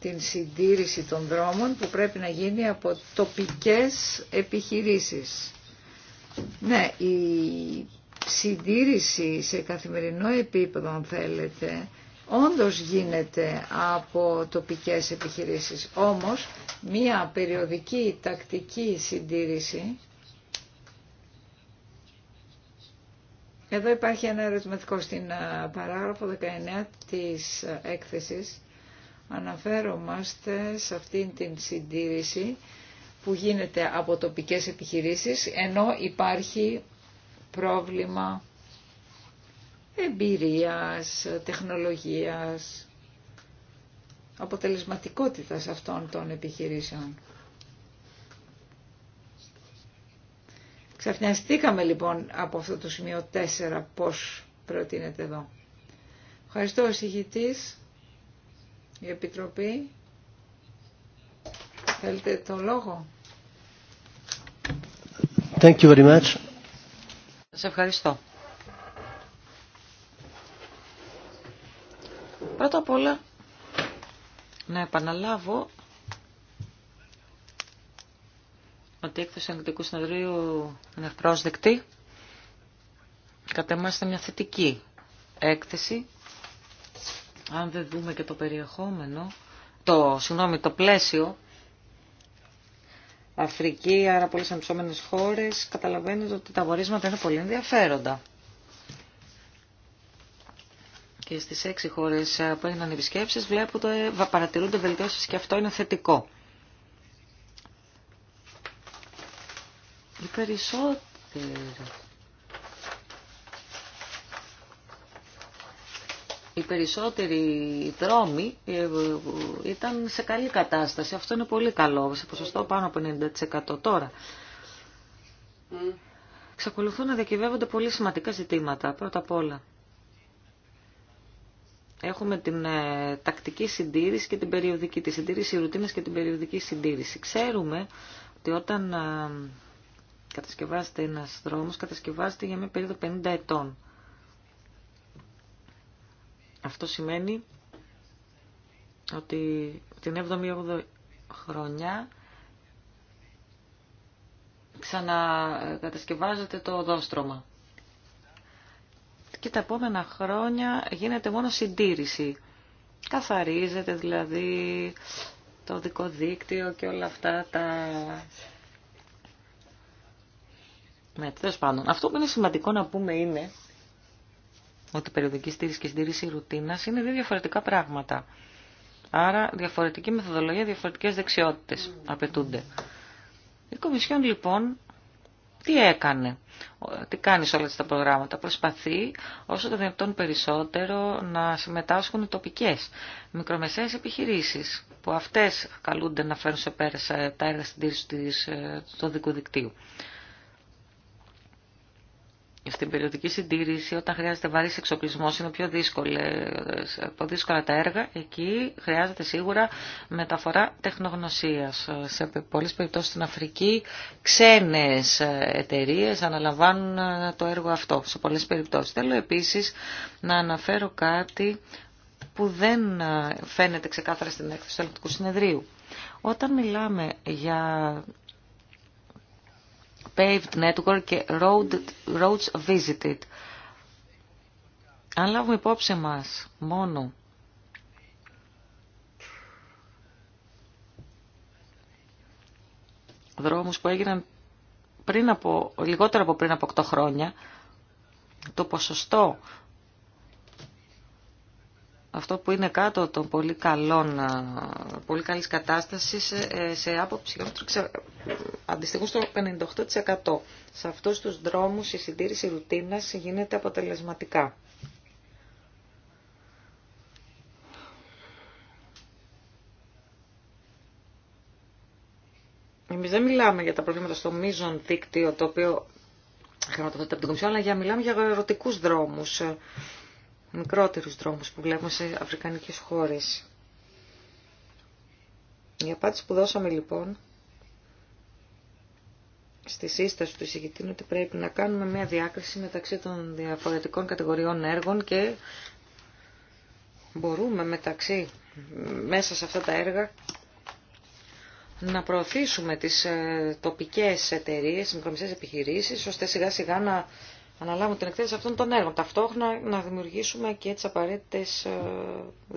την συντήρηση των δρόμων που πρέπει να γίνει από τοπικές επιχειρήσεις. Ναι, η συντήρηση σε καθημερινό επίπεδο, αν θέλετε, όντως γίνεται από τοπικές επιχειρήσεις. Όμως, μία περιοδική τακτική συντήρηση, εδώ υπάρχει ένα ερωτηματικό στην παράγραφο 19 της έκθεσης, αναφέρομαστε σε αυτήν την συντήρηση που γίνεται από τοπικές επιχειρήσεις ενώ υπάρχει πρόβλημα εμπειρίας, τεχνολογίας, αποτελεσματικότητας αυτών των επιχειρήσεων. Ξαφνιαστήκαμε λοιπόν από αυτό το σημείο 4 πώς προτείνεται εδώ. Ευχαριστώ ο η Επιτροπή. Θέλετε το λόγο. Thank you very much. Σας ευχαριστώ. Πρώτα απ' όλα να επαναλάβω ότι η έκθεση Αγγλικού Συνεδρίου είναι πρόσδεκτη. Κατά μια θετική έκθεση αν δεν δούμε και το περιεχόμενο, το, συγγνώμη, το πλαίσιο, Αφρική, άρα πολλέ αντισώμενες χώρες, καταλαβαίνετε ότι τα βορίσματα είναι πολύ ενδιαφέροντα. Και στι έξι χώρες ε, που έγιναν επισκέψεις ότι ε, παρατηρούνται βελτιώσει και αυτό είναι θετικό. Οι περισσότεροι οι περισσότεροι δρόμοι ε, ε, ήταν σε καλή κατάσταση. Αυτό είναι πολύ καλό, σε ποσοστό πάνω από 90% τώρα. Ξεκολουθούν να διακυβεύονται πολύ σημαντικά ζητήματα. Πρώτα απ' όλα, έχουμε την ε, τακτική συντήρηση και την περιοδική, τη συντήρηση ρουτίνας και την περιοδική συντήρηση. Ξέρουμε ότι όταν ε, κατασκευάζεται ένας δρόμος, κατασκευάζεται για μια περίοδο 50 ετών. Αυτό σημαίνει ότι την 7η-8η χρονιά ξανακατασκευάζεται το οδόστρωμα. Και τα επόμενα χρόνια γίνεται μόνο συντήρηση. Καθαρίζεται δηλαδή το δικό δίκτυο και όλα αυτά τα... Ναι, τέλος Αυτό που είναι σημαντικό να πούμε είναι ότι περιοδική στήριξη και συντήρηση ρουτίνας είναι δύο διαφορετικά πράγματα. Άρα διαφορετική μεθοδολογία, διαφορετικέ δεξιότητε απαιτούνται. Η Κομισιόν λοιπόν τι έκανε, τι κάνει σε όλα αυτά τα προγράμματα. Προσπαθεί όσο το δυνατόν περισσότερο να συμμετάσχουν οι τοπικέ μικρομεσαίες επιχειρήσει που αυτέ καλούνται να φέρουν σε πέρα τα έργα συντήρηση ε, του δικού δικτύου στην περιοδική συντήρηση, όταν χρειάζεται βαρύς εξοπλισμός, είναι πιο, δύσκολες, πιο δύσκολα τα έργα. Εκεί χρειάζεται σίγουρα μεταφορά τεχνογνωσίας. Σε πολλές περιπτώσεις στην Αφρική, ξένες εταιρείε αναλαμβάνουν το έργο αυτό, σε πολλές περιπτώσεις. Θέλω επίσης να αναφέρω κάτι που δεν φαίνεται ξεκάθαρα στην έκθεση του ελληνικού Συνεδρίου. Όταν μιλάμε για Paved Network και road, Roads Visited. Αν λάβουμε υπόψη μας μόνο δρόμους που έγιναν πριν από, λιγότερο από πριν από 8 χρόνια, το ποσοστό αυτό που είναι κάτω των πολύ, καλών, πολύ καλής κατάστασης ε, ε, σε άποψη αντιστοιχούν στο 58%. Σε αυτούς τους δρόμους η συντήρηση ρουτίνας γίνεται αποτελεσματικά. Εμείς δεν μιλάμε για τα προβλήματα στο μείζον δίκτυο, το οποίο χρηματοδοτείται από την Κομισιόν, αλλά για, μιλάμε για ερωτικούς δρόμους μικρότερους δρόμους που βλέπουμε σε αφρικανικές χώρες. Η απάντηση που δώσαμε λοιπόν στη σύσταση του εισηγητή είναι ότι πρέπει να κάνουμε μια διάκριση μεταξύ των διαφορετικών κατηγοριών έργων και μπορούμε μεταξύ μέσα σε αυτά τα έργα να προωθήσουμε τις ε, τοπικές εταιρείες, τις μικρομεσαίες επιχειρήσεις, ώστε σιγά σιγά να αναλάβουν την εκτέλεση αυτών των έργων. Ταυτόχρονα να δημιουργήσουμε και τι απαραίτητε ε,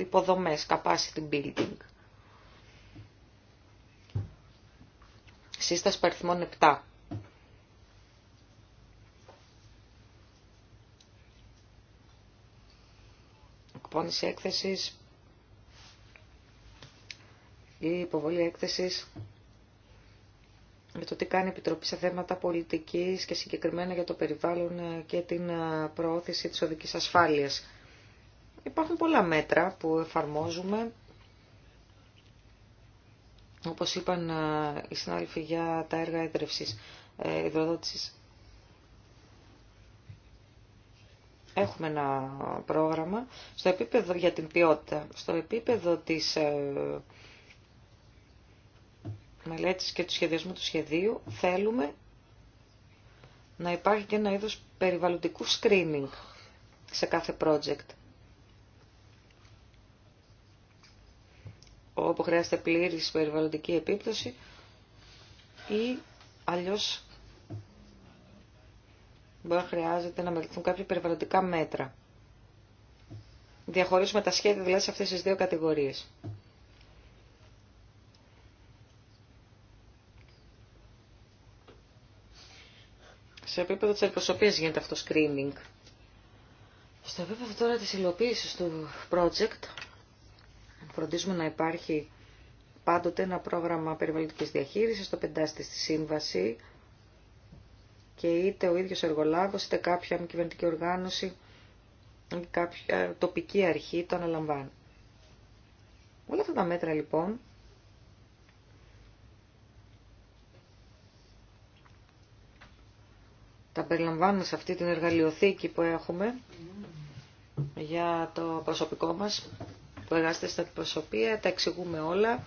υποδομέ capacity building. Σύσταση παριθμών 7. Εκπώνηση έκθεση ή υποβολή έκθεσης με το τι κάνει η Επιτροπή σε θέματα πολιτικής και συγκεκριμένα για το περιβάλλον ε, και την ε, προώθηση της οδικής ασφάλειας. Υπάρχουν πολλά μέτρα που εφαρμόζουμε, όπως είπαν ε, οι συνάδελφοι για τα έργα έδρευσης, υδροδότησης. Έχουμε ένα πρόγραμμα στο επίπεδο για την ποιότητα, στο επίπεδο της μελέτης και του σχεδιασμού του σχεδίου θέλουμε να υπάρχει και ένα είδος περιβαλλοντικού screening σε κάθε project. Όπου χρειάζεται πλήρης περιβαλλοντική επίπτωση ή αλλιώς μπορεί να χρειάζεται να μελετηθούν κάποια περιβαλλοντικά μέτρα. Διαχωρίσουμε τα σχέδια δηλαδή σε αυτές τις δύο κατηγορίες. Σε επίπεδο της αντιπροσωπείας γίνεται αυτό screening. Στο επίπεδο τώρα της υλοποίησης του project, φροντίζουμε να υπάρχει πάντοτε ένα πρόγραμμα περιβαλλοντικής διαχείρισης, το πεντάστη στη σύμβαση και είτε ο ίδιος εργολάβος, είτε κάποια μη κυβερνητική οργάνωση, κάποια τοπική αρχή το αναλαμβάνει. Όλα αυτά τα μέτρα λοιπόν τα περιλαμβάνουμε σε αυτή την εργαλειοθήκη που έχουμε για το προσωπικό μας που εργάζεται στα προσωπία, τα εξηγούμε όλα.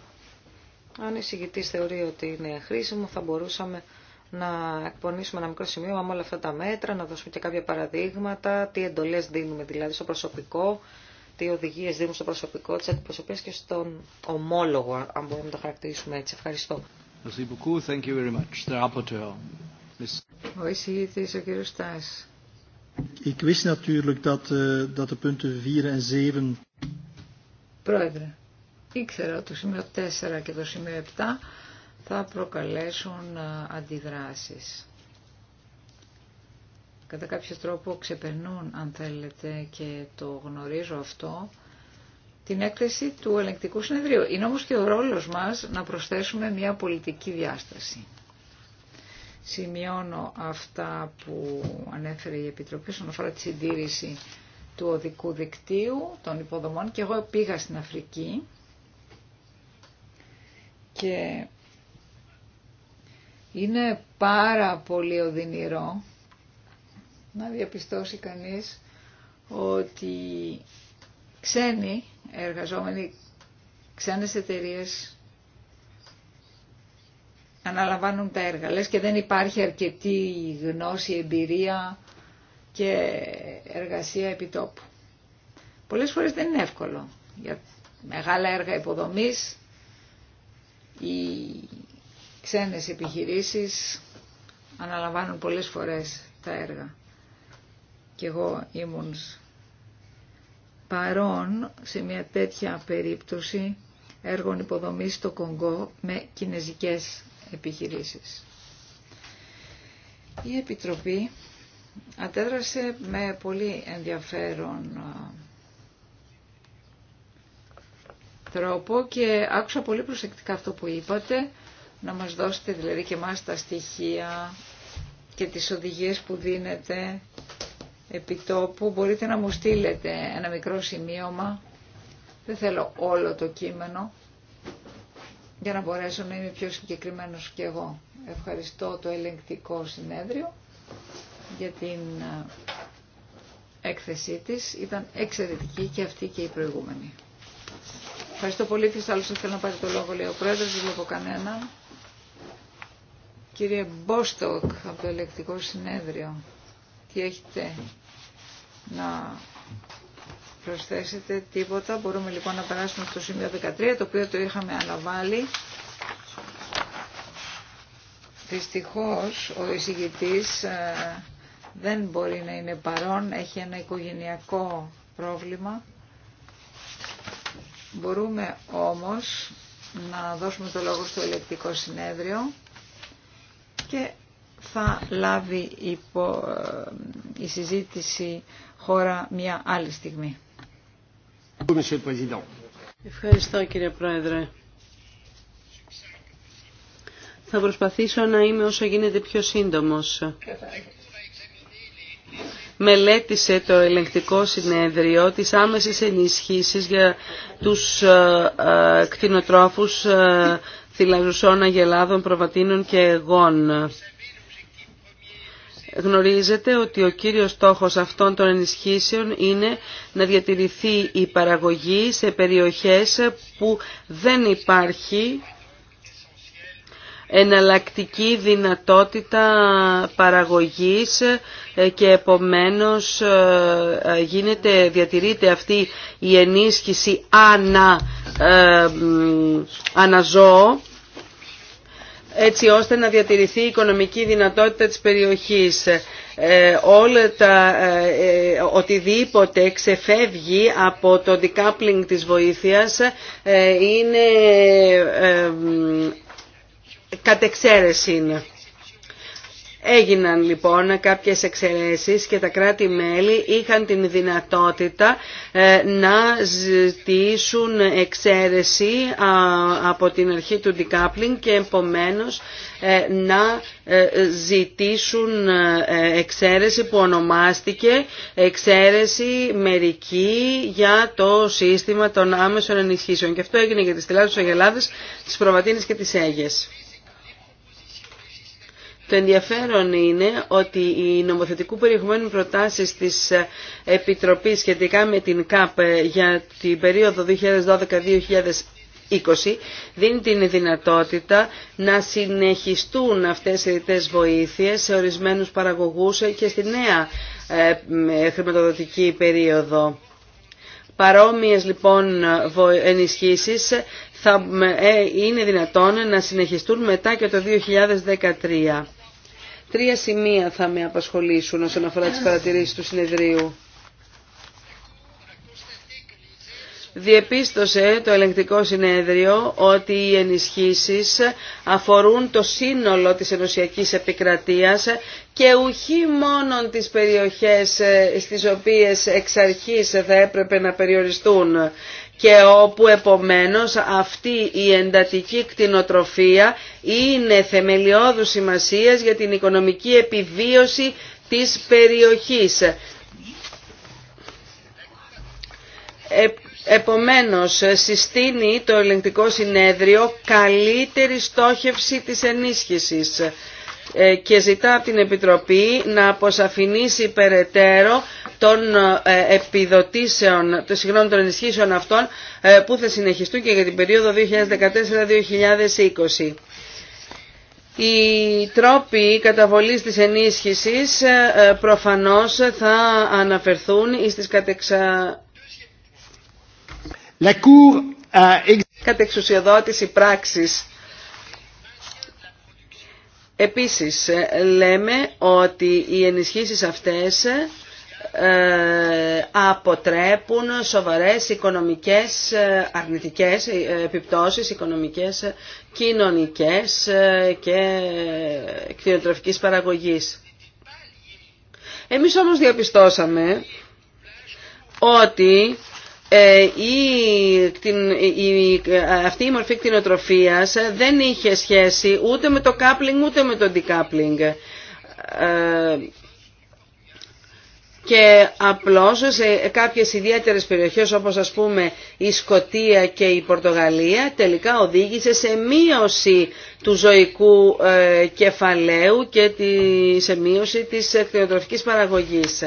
Αν η συγκητή θεωρεί ότι είναι χρήσιμο θα μπορούσαμε να εκπονήσουμε ένα μικρό σημείο με όλα αυτά τα μέτρα, να δώσουμε και κάποια παραδείγματα, τι εντολές δίνουμε δηλαδή στο προσωπικό, τι οδηγίε δίνουμε στο προσωπικό τη αντιπροσωπία και στον ομόλογο, αν μπορούμε να το χαρακτηρίσουμε έτσι. Ευχαριστώ. Ο εισηγητής, ο κύριος στα Ik wist natuurlijk dat, uh, dat de punten 4 en 7... Πρόεδρε, ήξερα ότι το σημείο 4 και το σημείο 7 θα προκαλέσουν ε, αντιδράσεις. Κατά κάποιο τρόπο ξεπερνούν, αν θέλετε, και το γνωρίζω αυτό, την έκθεση του ελεγκτικού συνεδρίου. Είναι όμως και ο ρόλος μας να προσθέσουμε μια πολιτική διάσταση. Σημειώνω αυτά που ανέφερε η Επιτροπή όσον αφορά τη συντήρηση του οδικού δικτύου των υποδομών και εγώ πήγα στην Αφρική και είναι πάρα πολύ οδυνηρό να διαπιστώσει κανείς ότι ξένοι εργαζόμενοι, ξένες εταιρείες αναλαμβάνουν τα έργα. Λες και δεν υπάρχει αρκετή γνώση, εμπειρία και εργασία επιτόπου. Πολλές φορές δεν είναι εύκολο. Για μεγάλα έργα υποδομής, οι ξένες επιχειρήσεις αναλαμβάνουν πολλές φορές τα έργα. Και εγώ ήμουν παρόν σε μια τέτοια περίπτωση έργων υποδομής στο Κονγκό με κινέζικες επιχειρήσεις. Η Επιτροπή αντέδρασε με πολύ ενδιαφέρον τρόπο και άκουσα πολύ προσεκτικά αυτό που είπατε, να μας δώσετε δηλαδή και τα στοιχεία και τις οδηγίες που δίνετε επί τόπου. Μπορείτε να μου στείλετε ένα μικρό σημείωμα. Δεν θέλω όλο το κείμενο για να μπορέσω να είμαι πιο συγκεκριμένος και εγώ. Ευχαριστώ το ελεγκτικό συνέδριο για την έκθεσή της. Ήταν εξαιρετική και αυτή και η προηγούμενη. Ευχαριστώ πολύ. Ποιος άλλος Θέλω να πάρει το λόγο, λέει ο Πρόεδρος, δεν βλέπω κανένα. Κύριε Μπόστοκ από το ελεγκτικό συνέδριο, τι έχετε να προσθέσετε τίποτα. Μπορούμε λοιπόν να περάσουμε στο σημείο 13, το οποίο το είχαμε αναβάλει. Δυστυχώς ο εισηγητής ε, δεν μπορεί να είναι παρόν, έχει ένα οικογενειακό πρόβλημα. Μπορούμε όμως να δώσουμε το λόγο στο ελεκτικό συνέδριο και θα λάβει υπό, ε, η συζήτηση χώρα μια άλλη στιγμή. Ευχαριστώ κύριε Πρόεδρε. Θα προσπαθήσω να είμαι όσο γίνεται πιο σύντομος. Μελέτησε το ελεγκτικό συνέδριο τις άμεσες ενισχύσεις για τους ε, ε, κτηνοτρόφους ε, θυλαζουσών αγελάδων, προβατίνων και εγών. Γνωρίζετε ότι ο κύριος στόχος αυτών των ενισχύσεων είναι να διατηρηθεί η παραγωγή σε περιοχές που δεν υπάρχει εναλλακτική δυνατότητα παραγωγής ε, και επομένως ε, ε, γίνεται, διατηρείται αυτή η ενίσχυση ανα, ε, αναζώο έτσι ώστε να διατηρηθεί η οικονομική δυνατότητα της περιοχής. Ε, όλα τα, ε, ε, οτιδήποτε ξεφεύγει από το decoupling της βοήθειας είναι κατεξαίρεση. Έγιναν λοιπόν κάποιες εξαιρέσεις και τα κράτη-μέλη είχαν την δυνατότητα ε, να ζητήσουν εξαίρεση από την αρχή του decoupling και επομένως ε, να ε, ζητήσουν εξαίρεση που ονομάστηκε εξαίρεση μερική για το σύστημα των άμεσων ενισχύσεων. Και αυτό έγινε για τις Τιλάδες, τις Αγελάδες, τις Προβατίνες και τις Αίγες. Το ενδιαφέρον είναι ότι οι νομοθετικού περιεχομένου προτάσεις της Επιτροπής σχετικά με την ΚΑΠ για την περίοδο 2012-2020 δίνει την δυνατότητα να συνεχιστούν αυτές οι ρητές βοήθειες σε ορισμένους παραγωγούς και στη νέα ε, χρηματοδοτική περίοδο. Παρόμοιες λοιπόν ενισχύσεις θα ε, είναι δυνατόν να συνεχιστούν μετά και το 2013. Τρία σημεία θα με απασχολήσουν όσον αφορά τις παρατηρήσεις του συνεδρίου. διεπίστωσε το ελεγκτικό συνέδριο ότι οι ενισχύσεις αφορούν το σύνολο της ενωσιακής επικρατείας και ουχή μόνο τις περιοχές ε, στις οποίες εξ αρχής θα έπρεπε να περιοριστούν και όπου επομένως αυτή η εντατική κτηνοτροφία είναι θεμελιώδου σημασίας για την οικονομική επιβίωση της περιοχής. Ε, επομένως, συστήνει το ελεγκτικό συνέδριο καλύτερη στόχευση της ενίσχυσης ε, και ζητά από την Επιτροπή να αποσαφηνίσει περαιτέρω των ε, επιδοτήσεων, συγγνώμη, των ενισχύσεων αυτών ε, που θα συνεχιστούν και για την περίοδο 2014-2020. Οι τρόποι καταβολής της ενίσχυσης ε, προφανώς θα αναφερθούν στις κατεξα... La cour πράξης. Επίσης λέμε ότι οι ενισχύσεις αυτές ε, αποτρέπουν σοβαρές οικονομικές ε, αρνητικές ε, επιπτώσεις, οικονομικές, κοινωνικές και κτηνοτροφικής παραγωγής. Εμείς όμως διαπιστώσαμε ότι η, την, αυτή η μορφή κτηνοτροφίας δεν είχε σχέση ούτε με το coupling ούτε με το decoupling και απλώς σε κάποιες ιδιαίτερες περιοχές όπως ας πούμε η Σκοτία και η Πορτογαλία τελικά οδήγησε σε μείωση του ζωικού ε, κεφαλαίου και σε μείωση της εκτεοτροφικής παραγωγής.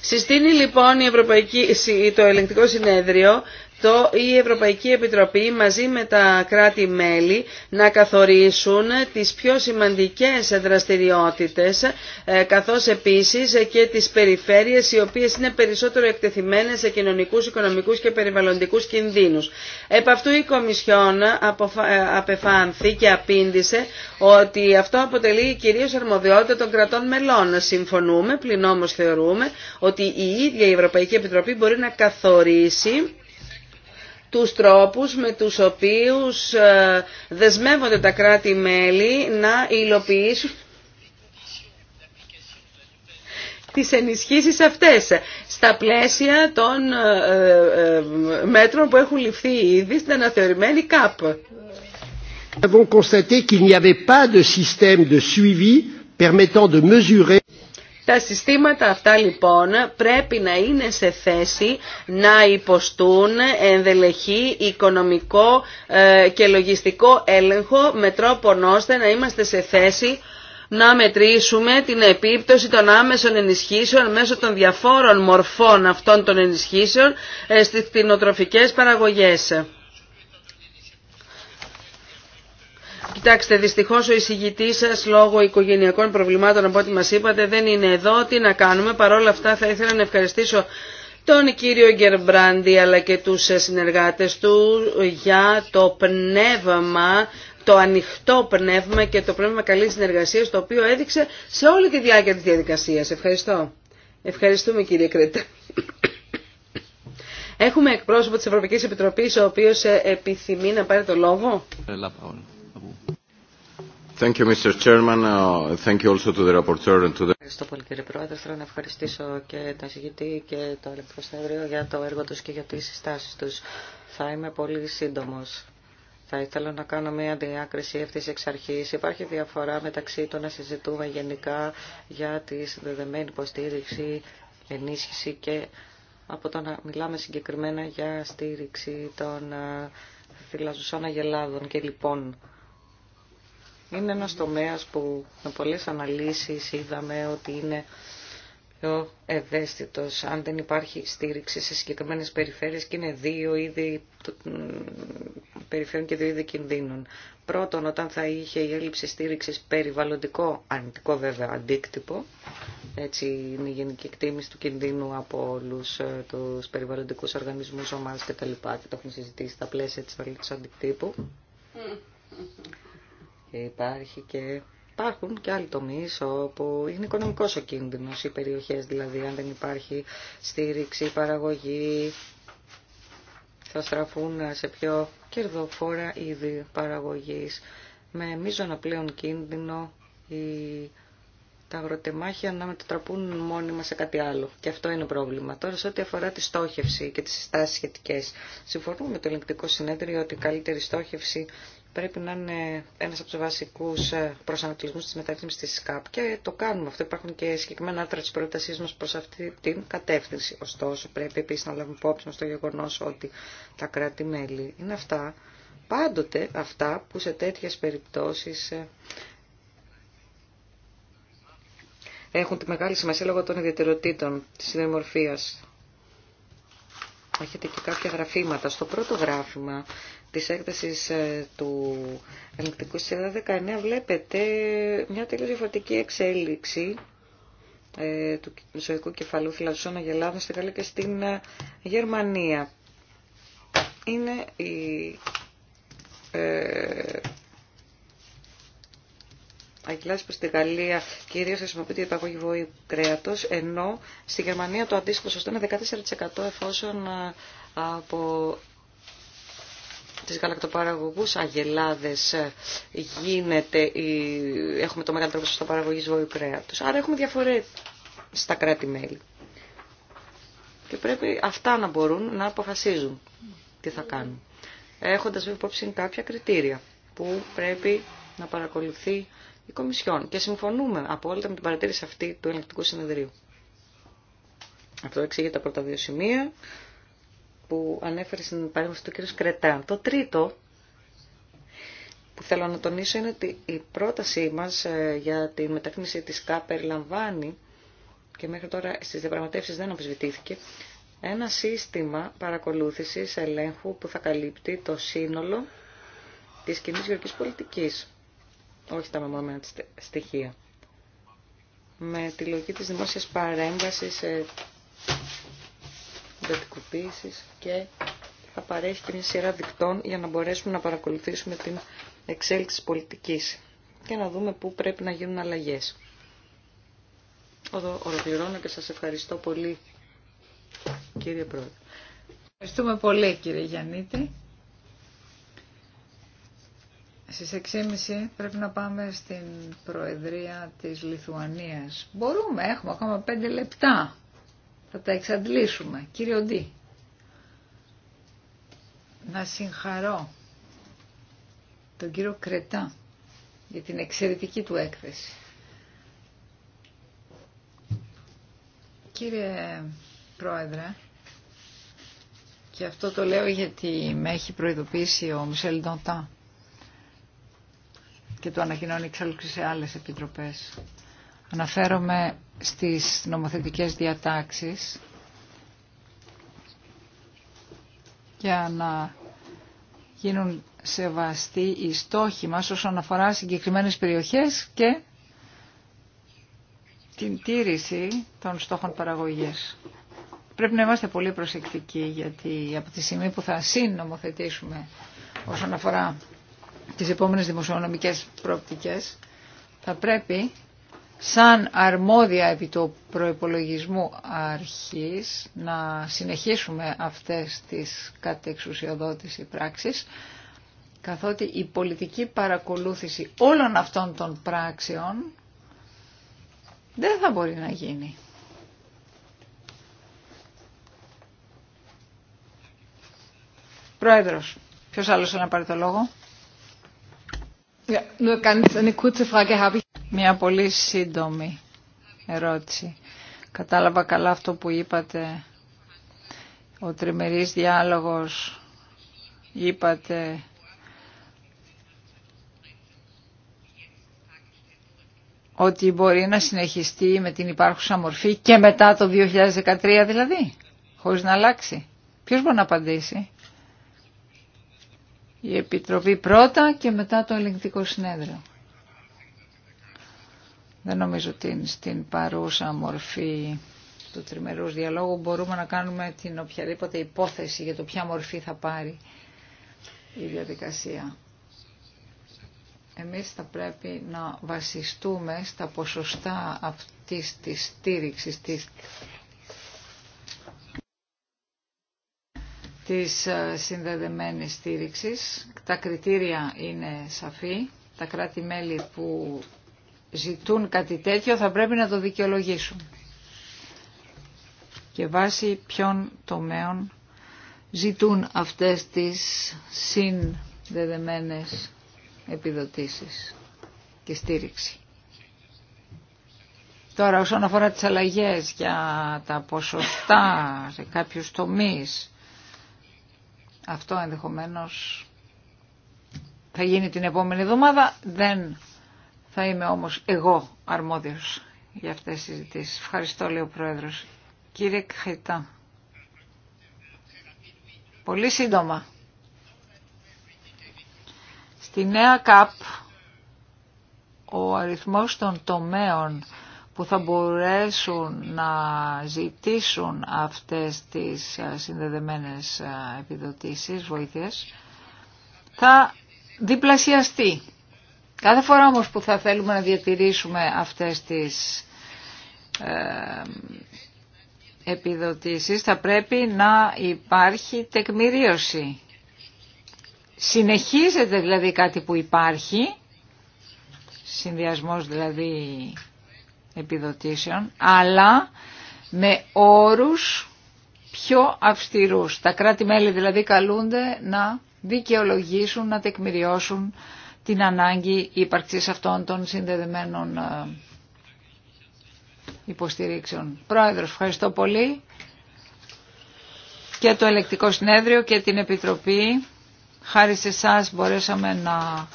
Συστήνει λοιπόν η Ευρωπαϊκή, το ελεγκτικό συνέδριο το, η Ευρωπαϊκή Επιτροπή μαζί με τα κράτη-μέλη να καθορίσουν τις πιο σημαντικές δραστηριότητες ε, καθώς επίσης και τις περιφέρειες οι οποίες είναι περισσότερο εκτεθειμένες σε κοινωνικούς, οικονομικούς και περιβαλλοντικούς κινδύνους. Επ' αυτού η Κομισιόν ε, απεφάνθη και απήντησε ότι αυτό αποτελεί κυρίως αρμοδιότητα των κρατών μελών. Συμφωνούμε, πλην όμως θεωρούμε ότι η ίδια η Ευρωπαϊκή Επιτροπή μπορεί να καθορίσει τους τρόπους με τους οποίους ε, δεσμεύονται τα κράτη-μέλη να υλοποιήσουν τις ενισχύσεις αυτές στα πλαίσια των ε, ε, μέτρων που έχουν ληφθεί ήδη στην αναθεωρημένη ΚΑΠ. avons constaté qu'il n'y avait pas de système de suivi permettant de τα συστήματα αυτά λοιπόν πρέπει να είναι σε θέση να υποστούν ενδελεχή οικονομικό ε, και λογιστικό έλεγχο με τρόπο ώστε να είμαστε σε θέση να μετρήσουμε την επίπτωση των άμεσων ενισχύσεων μέσω των διαφόρων μορφών αυτών των ενισχύσεων ε, στις κτηνοτροφικές παραγωγές. Κοιτάξτε, δυστυχώ ο εισηγητή σα λόγω οικογενειακών προβλημάτων, από ό,τι μα είπατε, δεν είναι εδώ. Τι να κάνουμε. Παρ' όλα αυτά, θα ήθελα να ευχαριστήσω τον κύριο Γκερμπράντι αλλά και τους συνεργάτες του για το πνεύμα το ανοιχτό πνεύμα και το πνεύμα καλής συνεργασίας το οποίο έδειξε σε όλη τη διάρκεια της διαδικασίας. Ευχαριστώ. Ευχαριστούμε κύριε Κρέτα. Έχουμε εκπρόσωπο της Ευρωπαϊκής Επιτροπής ο οποίος ε, επιθυμεί να πάρει το λόγο. Ε, Ευχαριστώ πολύ κύριε Πρόεδρε. Θέλω να ευχαριστήσω και τον συγκητή και το Ελεκτικό για το έργο τους και για τις συστάσεις τους. Θα είμαι πολύ σύντομος. Θα ήθελα να κάνω μια διάκριση αυτής εξ αρχής. Υπάρχει διαφορά μεταξύ του να συζητούμε γενικά για τη συνδεδεμένη υποστήριξη, ενίσχυση και από το να μιλάμε συγκεκριμένα για στήριξη των ε, φυλαζουσών αγελάδων και λοιπόν. Είναι ένας τομέας που με πολλές αναλύσεις είδαμε ότι είναι πιο ευαίσθητος αν δεν υπάρχει στήριξη σε συγκεκριμένες περιφέρειες και είναι δύο είδη περιφέρειων και δύο είδη κινδύνων. Πρώτον, όταν θα είχε η έλλειψη στήριξης περιβαλλοντικό, αρνητικό βέβαια αντίκτυπο, έτσι είναι η γενική εκτίμηση του κινδύνου από όλου ε, τους περιβαλλοντικούς οργανισμούς, ομάδε κτλ. Και, και το έχουμε συζητήσει στα πλαίσια της αναλύτης αντικτύπου. Υπάρχει και υπάρχουν και άλλοι τομεί όπου είναι οικονομικό ο κίνδυνο, οι περιοχέ δηλαδή. Αν δεν υπάρχει στήριξη, παραγωγή, θα στραφούν σε πιο κερδοφόρα είδη παραγωγή. Με μείζωνα πλέον κίνδυνο η... τα αγροτεμάχια να μετατραπούν μόνιμα σε κάτι άλλο. Και αυτό είναι πρόβλημα. Τώρα, σε ό,τι αφορά τη στόχευση και τι συστάσει σχετικέ, συμφωνούμε με το Ελληνικό συνέδριο ότι η καλύτερη στόχευση πρέπει να είναι ένα από του βασικού ε, προσανατολισμού τη μεταρρύθμισης τη ΣΚΑΠ και το κάνουμε αυτό. Υπάρχουν και συγκεκριμένα άρθρα τη πρότασή μα προ αυτή την κατεύθυνση. Ωστόσο, πρέπει επίση να λάβουμε υπόψη στο το γεγονός ότι τα κράτη-μέλη είναι αυτά, πάντοτε αυτά που σε τέτοιες περιπτώσεις ε, έχουν τη μεγάλη σημασία λόγω των ιδιαιτεροτήτων της δημορφίας. Έχετε και κάποια γραφήματα. Στο πρώτο γράφημα της έκτασης ε, του Ελεκτικού Συνέδρα 19 βλέπετε μια τελείως διαφορετική εξέλιξη ε, του ζωικού κεφαλού δηλαδή να αγελάδων στην Γαλλία και στην ε, Γερμανία. Είναι η ε, που στην Γαλλία κυρίως χρησιμοποιείται η υπαγωγή βοή κρέατος, ενώ στη Γερμανία το αντίστοιχο σωστό είναι 14% εφόσον από τις γαλακτοπαραγωγούς αγελάδες ε, γίνεται, η... έχουμε το μεγαλύτερο ποσοστό παραγωγής βόη Άρα έχουμε διαφορές στα κράτη-μέλη. Και πρέπει αυτά να μπορούν να αποφασίζουν τι θα κάνουν. Έχοντας βέβαια υπόψη κάποια κριτήρια που πρέπει να παρακολουθεί η Κομισιόν. Και συμφωνούμε απόλυτα με την παρατήρηση αυτή του ελεκτικού συνεδρίου. Αυτό εξηγεί τα πρώτα δύο σημεία που ανέφερε στην παρέμβαση του κ. Κρετά. Το τρίτο που θέλω να τονίσω είναι ότι η πρότασή μας ε, για τη μετακίνηση της ΚΑΠ περιλαμβάνει και μέχρι τώρα στις διαπραγματεύσεις δεν αμφισβητήθηκε ένα σύστημα παρακολούθησης ελέγχου που θα καλύπτει το σύνολο της κοινή γεωργικής πολιτικής, όχι τα μεμονωμένα στοιχεία. Με τη λογική της δημόσιας παρέμβασης ε, συντατικοποίησης και θα παρέχει και μια σειρά δικτών για να μπορέσουμε να παρακολουθήσουμε την εξέλιξη της πολιτικής και να δούμε πού πρέπει να γίνουν αλλαγές. Εδώ ολοκληρώνω και σας ευχαριστώ πολύ κύριε Πρόεδρε. Ευχαριστούμε πολύ κύριε Γιαννίτη. Στις 6.30 πρέπει να πάμε στην Προεδρία της Λιθουανίας. Μπορούμε, έχουμε ακόμα 5 λεπτά. Θα τα εξαντλήσουμε. Κύριο Ντί, να συγχαρώ τον κύριο Κρετά για την εξαιρετική του έκθεση. Κύριε Πρόεδρε, και αυτό το λέω γιατί με έχει προειδοποιήσει ο Μισελ Ντοντά και το ανακοινώνει εξάλλου και σε άλλες επιτροπές. Αναφέρομαι στις νομοθετικές διατάξεις για να γίνουν σεβαστοί οι στόχοι μας όσον αφορά συγκεκριμένες περιοχές και την τήρηση των στόχων παραγωγής. Πρέπει να είμαστε πολύ προσεκτικοί γιατί από τη στιγμή που θα συνομοθετήσουμε όσον αφορά τις επόμενες δημοσιονομικές προοπτικές θα πρέπει σαν αρμόδια επί του προϋπολογισμού αρχής να συνεχίσουμε αυτές τις κατεξουσιοδότηση πράξεις καθότι η πολιτική παρακολούθηση όλων αυτών των πράξεων δεν θα μπορεί να γίνει. Πρόεδρος, ποιος άλλος να πάρει το λόγο. Μια πολύ σύντομη ερώτηση. Κατάλαβα καλά αυτό που είπατε. Ο τριμερής διάλογος είπατε ότι μπορεί να συνεχιστεί με την υπάρχουσα μορφή και μετά το 2013 δηλαδή, χωρίς να αλλάξει. Ποιος μπορεί να απαντήσει η Επιτροπή πρώτα και μετά το ελεγκτικό συνέδριο. Δεν νομίζω ότι στην παρούσα μορφή του τριμερούς διαλόγου μπορούμε να κάνουμε την οποιαδήποτε υπόθεση για το ποια μορφή θα πάρει η διαδικασία. Εμείς θα πρέπει να βασιστούμε στα ποσοστά αυτής της στήριξης, της της ε, συνδεδεμένης στήριξης. Τα κριτήρια είναι σαφή. Τα κράτη-μέλη που ζητούν κάτι τέτοιο θα πρέπει να το δικαιολογήσουν. Και βάσει ποιων τομέων ζητούν αυτές τις συνδεδεμένες επιδοτήσεις και στήριξη. Τώρα όσον αφορά τις αλλαγές για τα ποσοστά σε κάποιους τομείς, αυτό ενδεχομένως θα γίνει την επόμενη εβδομάδα. Δεν θα είμαι όμως εγώ αρμόδιος για αυτές τις συζητήσεις. Ευχαριστώ, λέει ο Πρόεδρος. Κύριε Κχαϊτά, Πολύ σύντομα. Στη νέα ΚΑΠ ο αριθμός των τομέων που θα μπορέσουν να ζητήσουν αυτές τις συνδεδεμένες επιδοτήσεις, βοήθειες, θα διπλασιαστεί. Κάθε φορά όμως που θα θέλουμε να διατηρήσουμε αυτές τις ε, επιδοτήσεις θα πρέπει να υπάρχει τεκμηρίωση. Συνεχίζεται δηλαδή κάτι που υπάρχει, συνδυασμός δηλαδή επιδοτήσεων, αλλά με όρους πιο αυστηρούς. Τα κράτη-μέλη δηλαδή καλούνται να δικαιολογήσουν, να τεκμηριώσουν την ανάγκη ύπαρξης αυτών των συνδεδεμένων ε, υποστηρίξεων. Πρόεδρος, ευχαριστώ πολύ και το Ελεκτικό Συνέδριο και την Επιτροπή. Χάρη σε εσάς μπορέσαμε να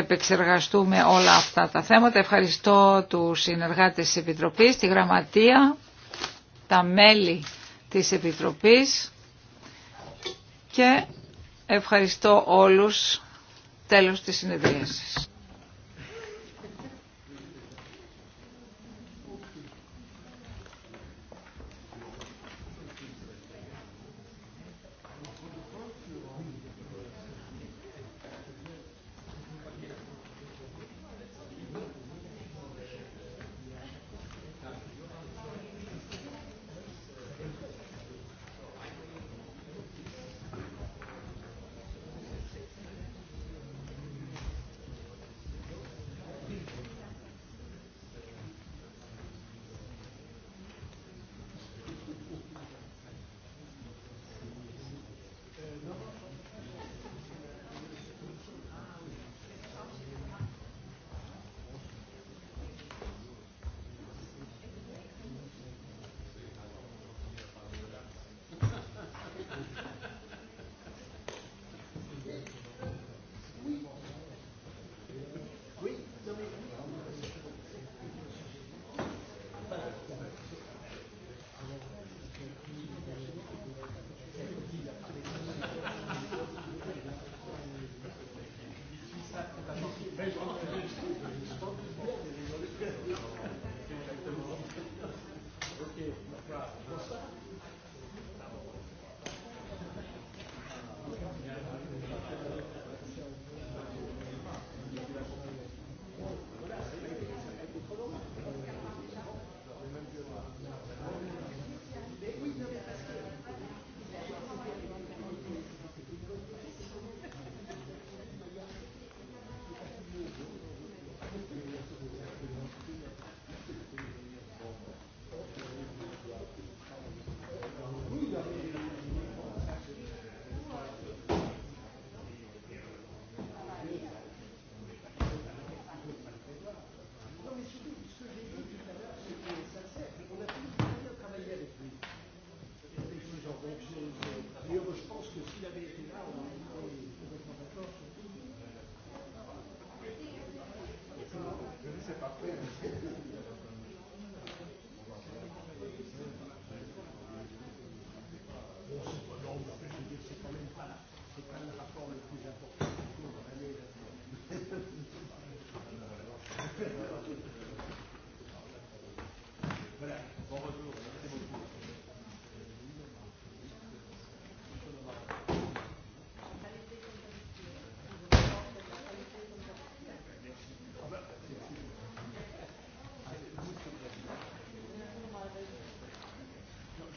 επεξεργαστούμε όλα αυτά τα θέματα. Ευχαριστώ τους συνεργάτες της Επιτροπής, τη Γραμματεία, τα μέλη της Επιτροπής και ευχαριστώ όλους τέλος της συνεδρίασης.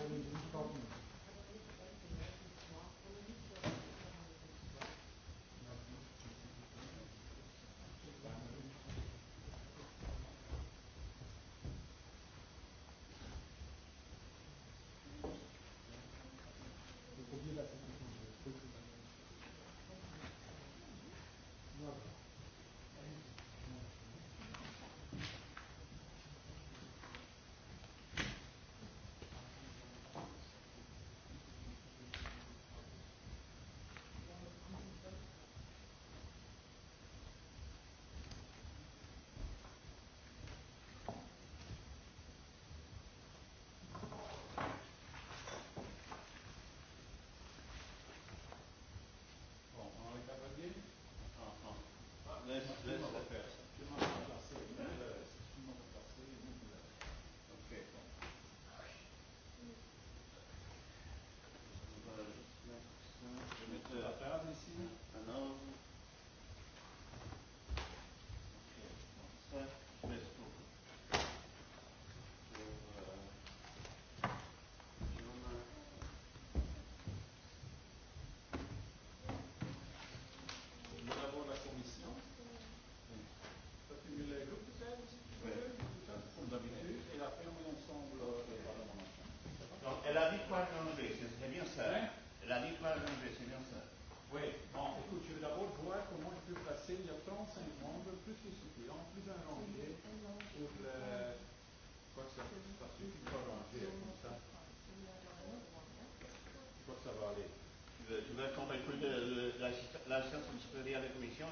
Ευχαριστώ laisse, laisse la elle a dit quoi l'enlever, c'est bien ça. Hein elle a dit quoi l'enlever, c'est bien ça. Oui, bon, écoute, je vais d'abord voir comment je peux passer. Il y a 35 membres, plus les suppléants, plus un rangé pour le. Quoi que ça, ça suffit pas ranger comme ça. Je crois que ça va aller. Tu veux qu'on écoute l'assistance supérieure de la commission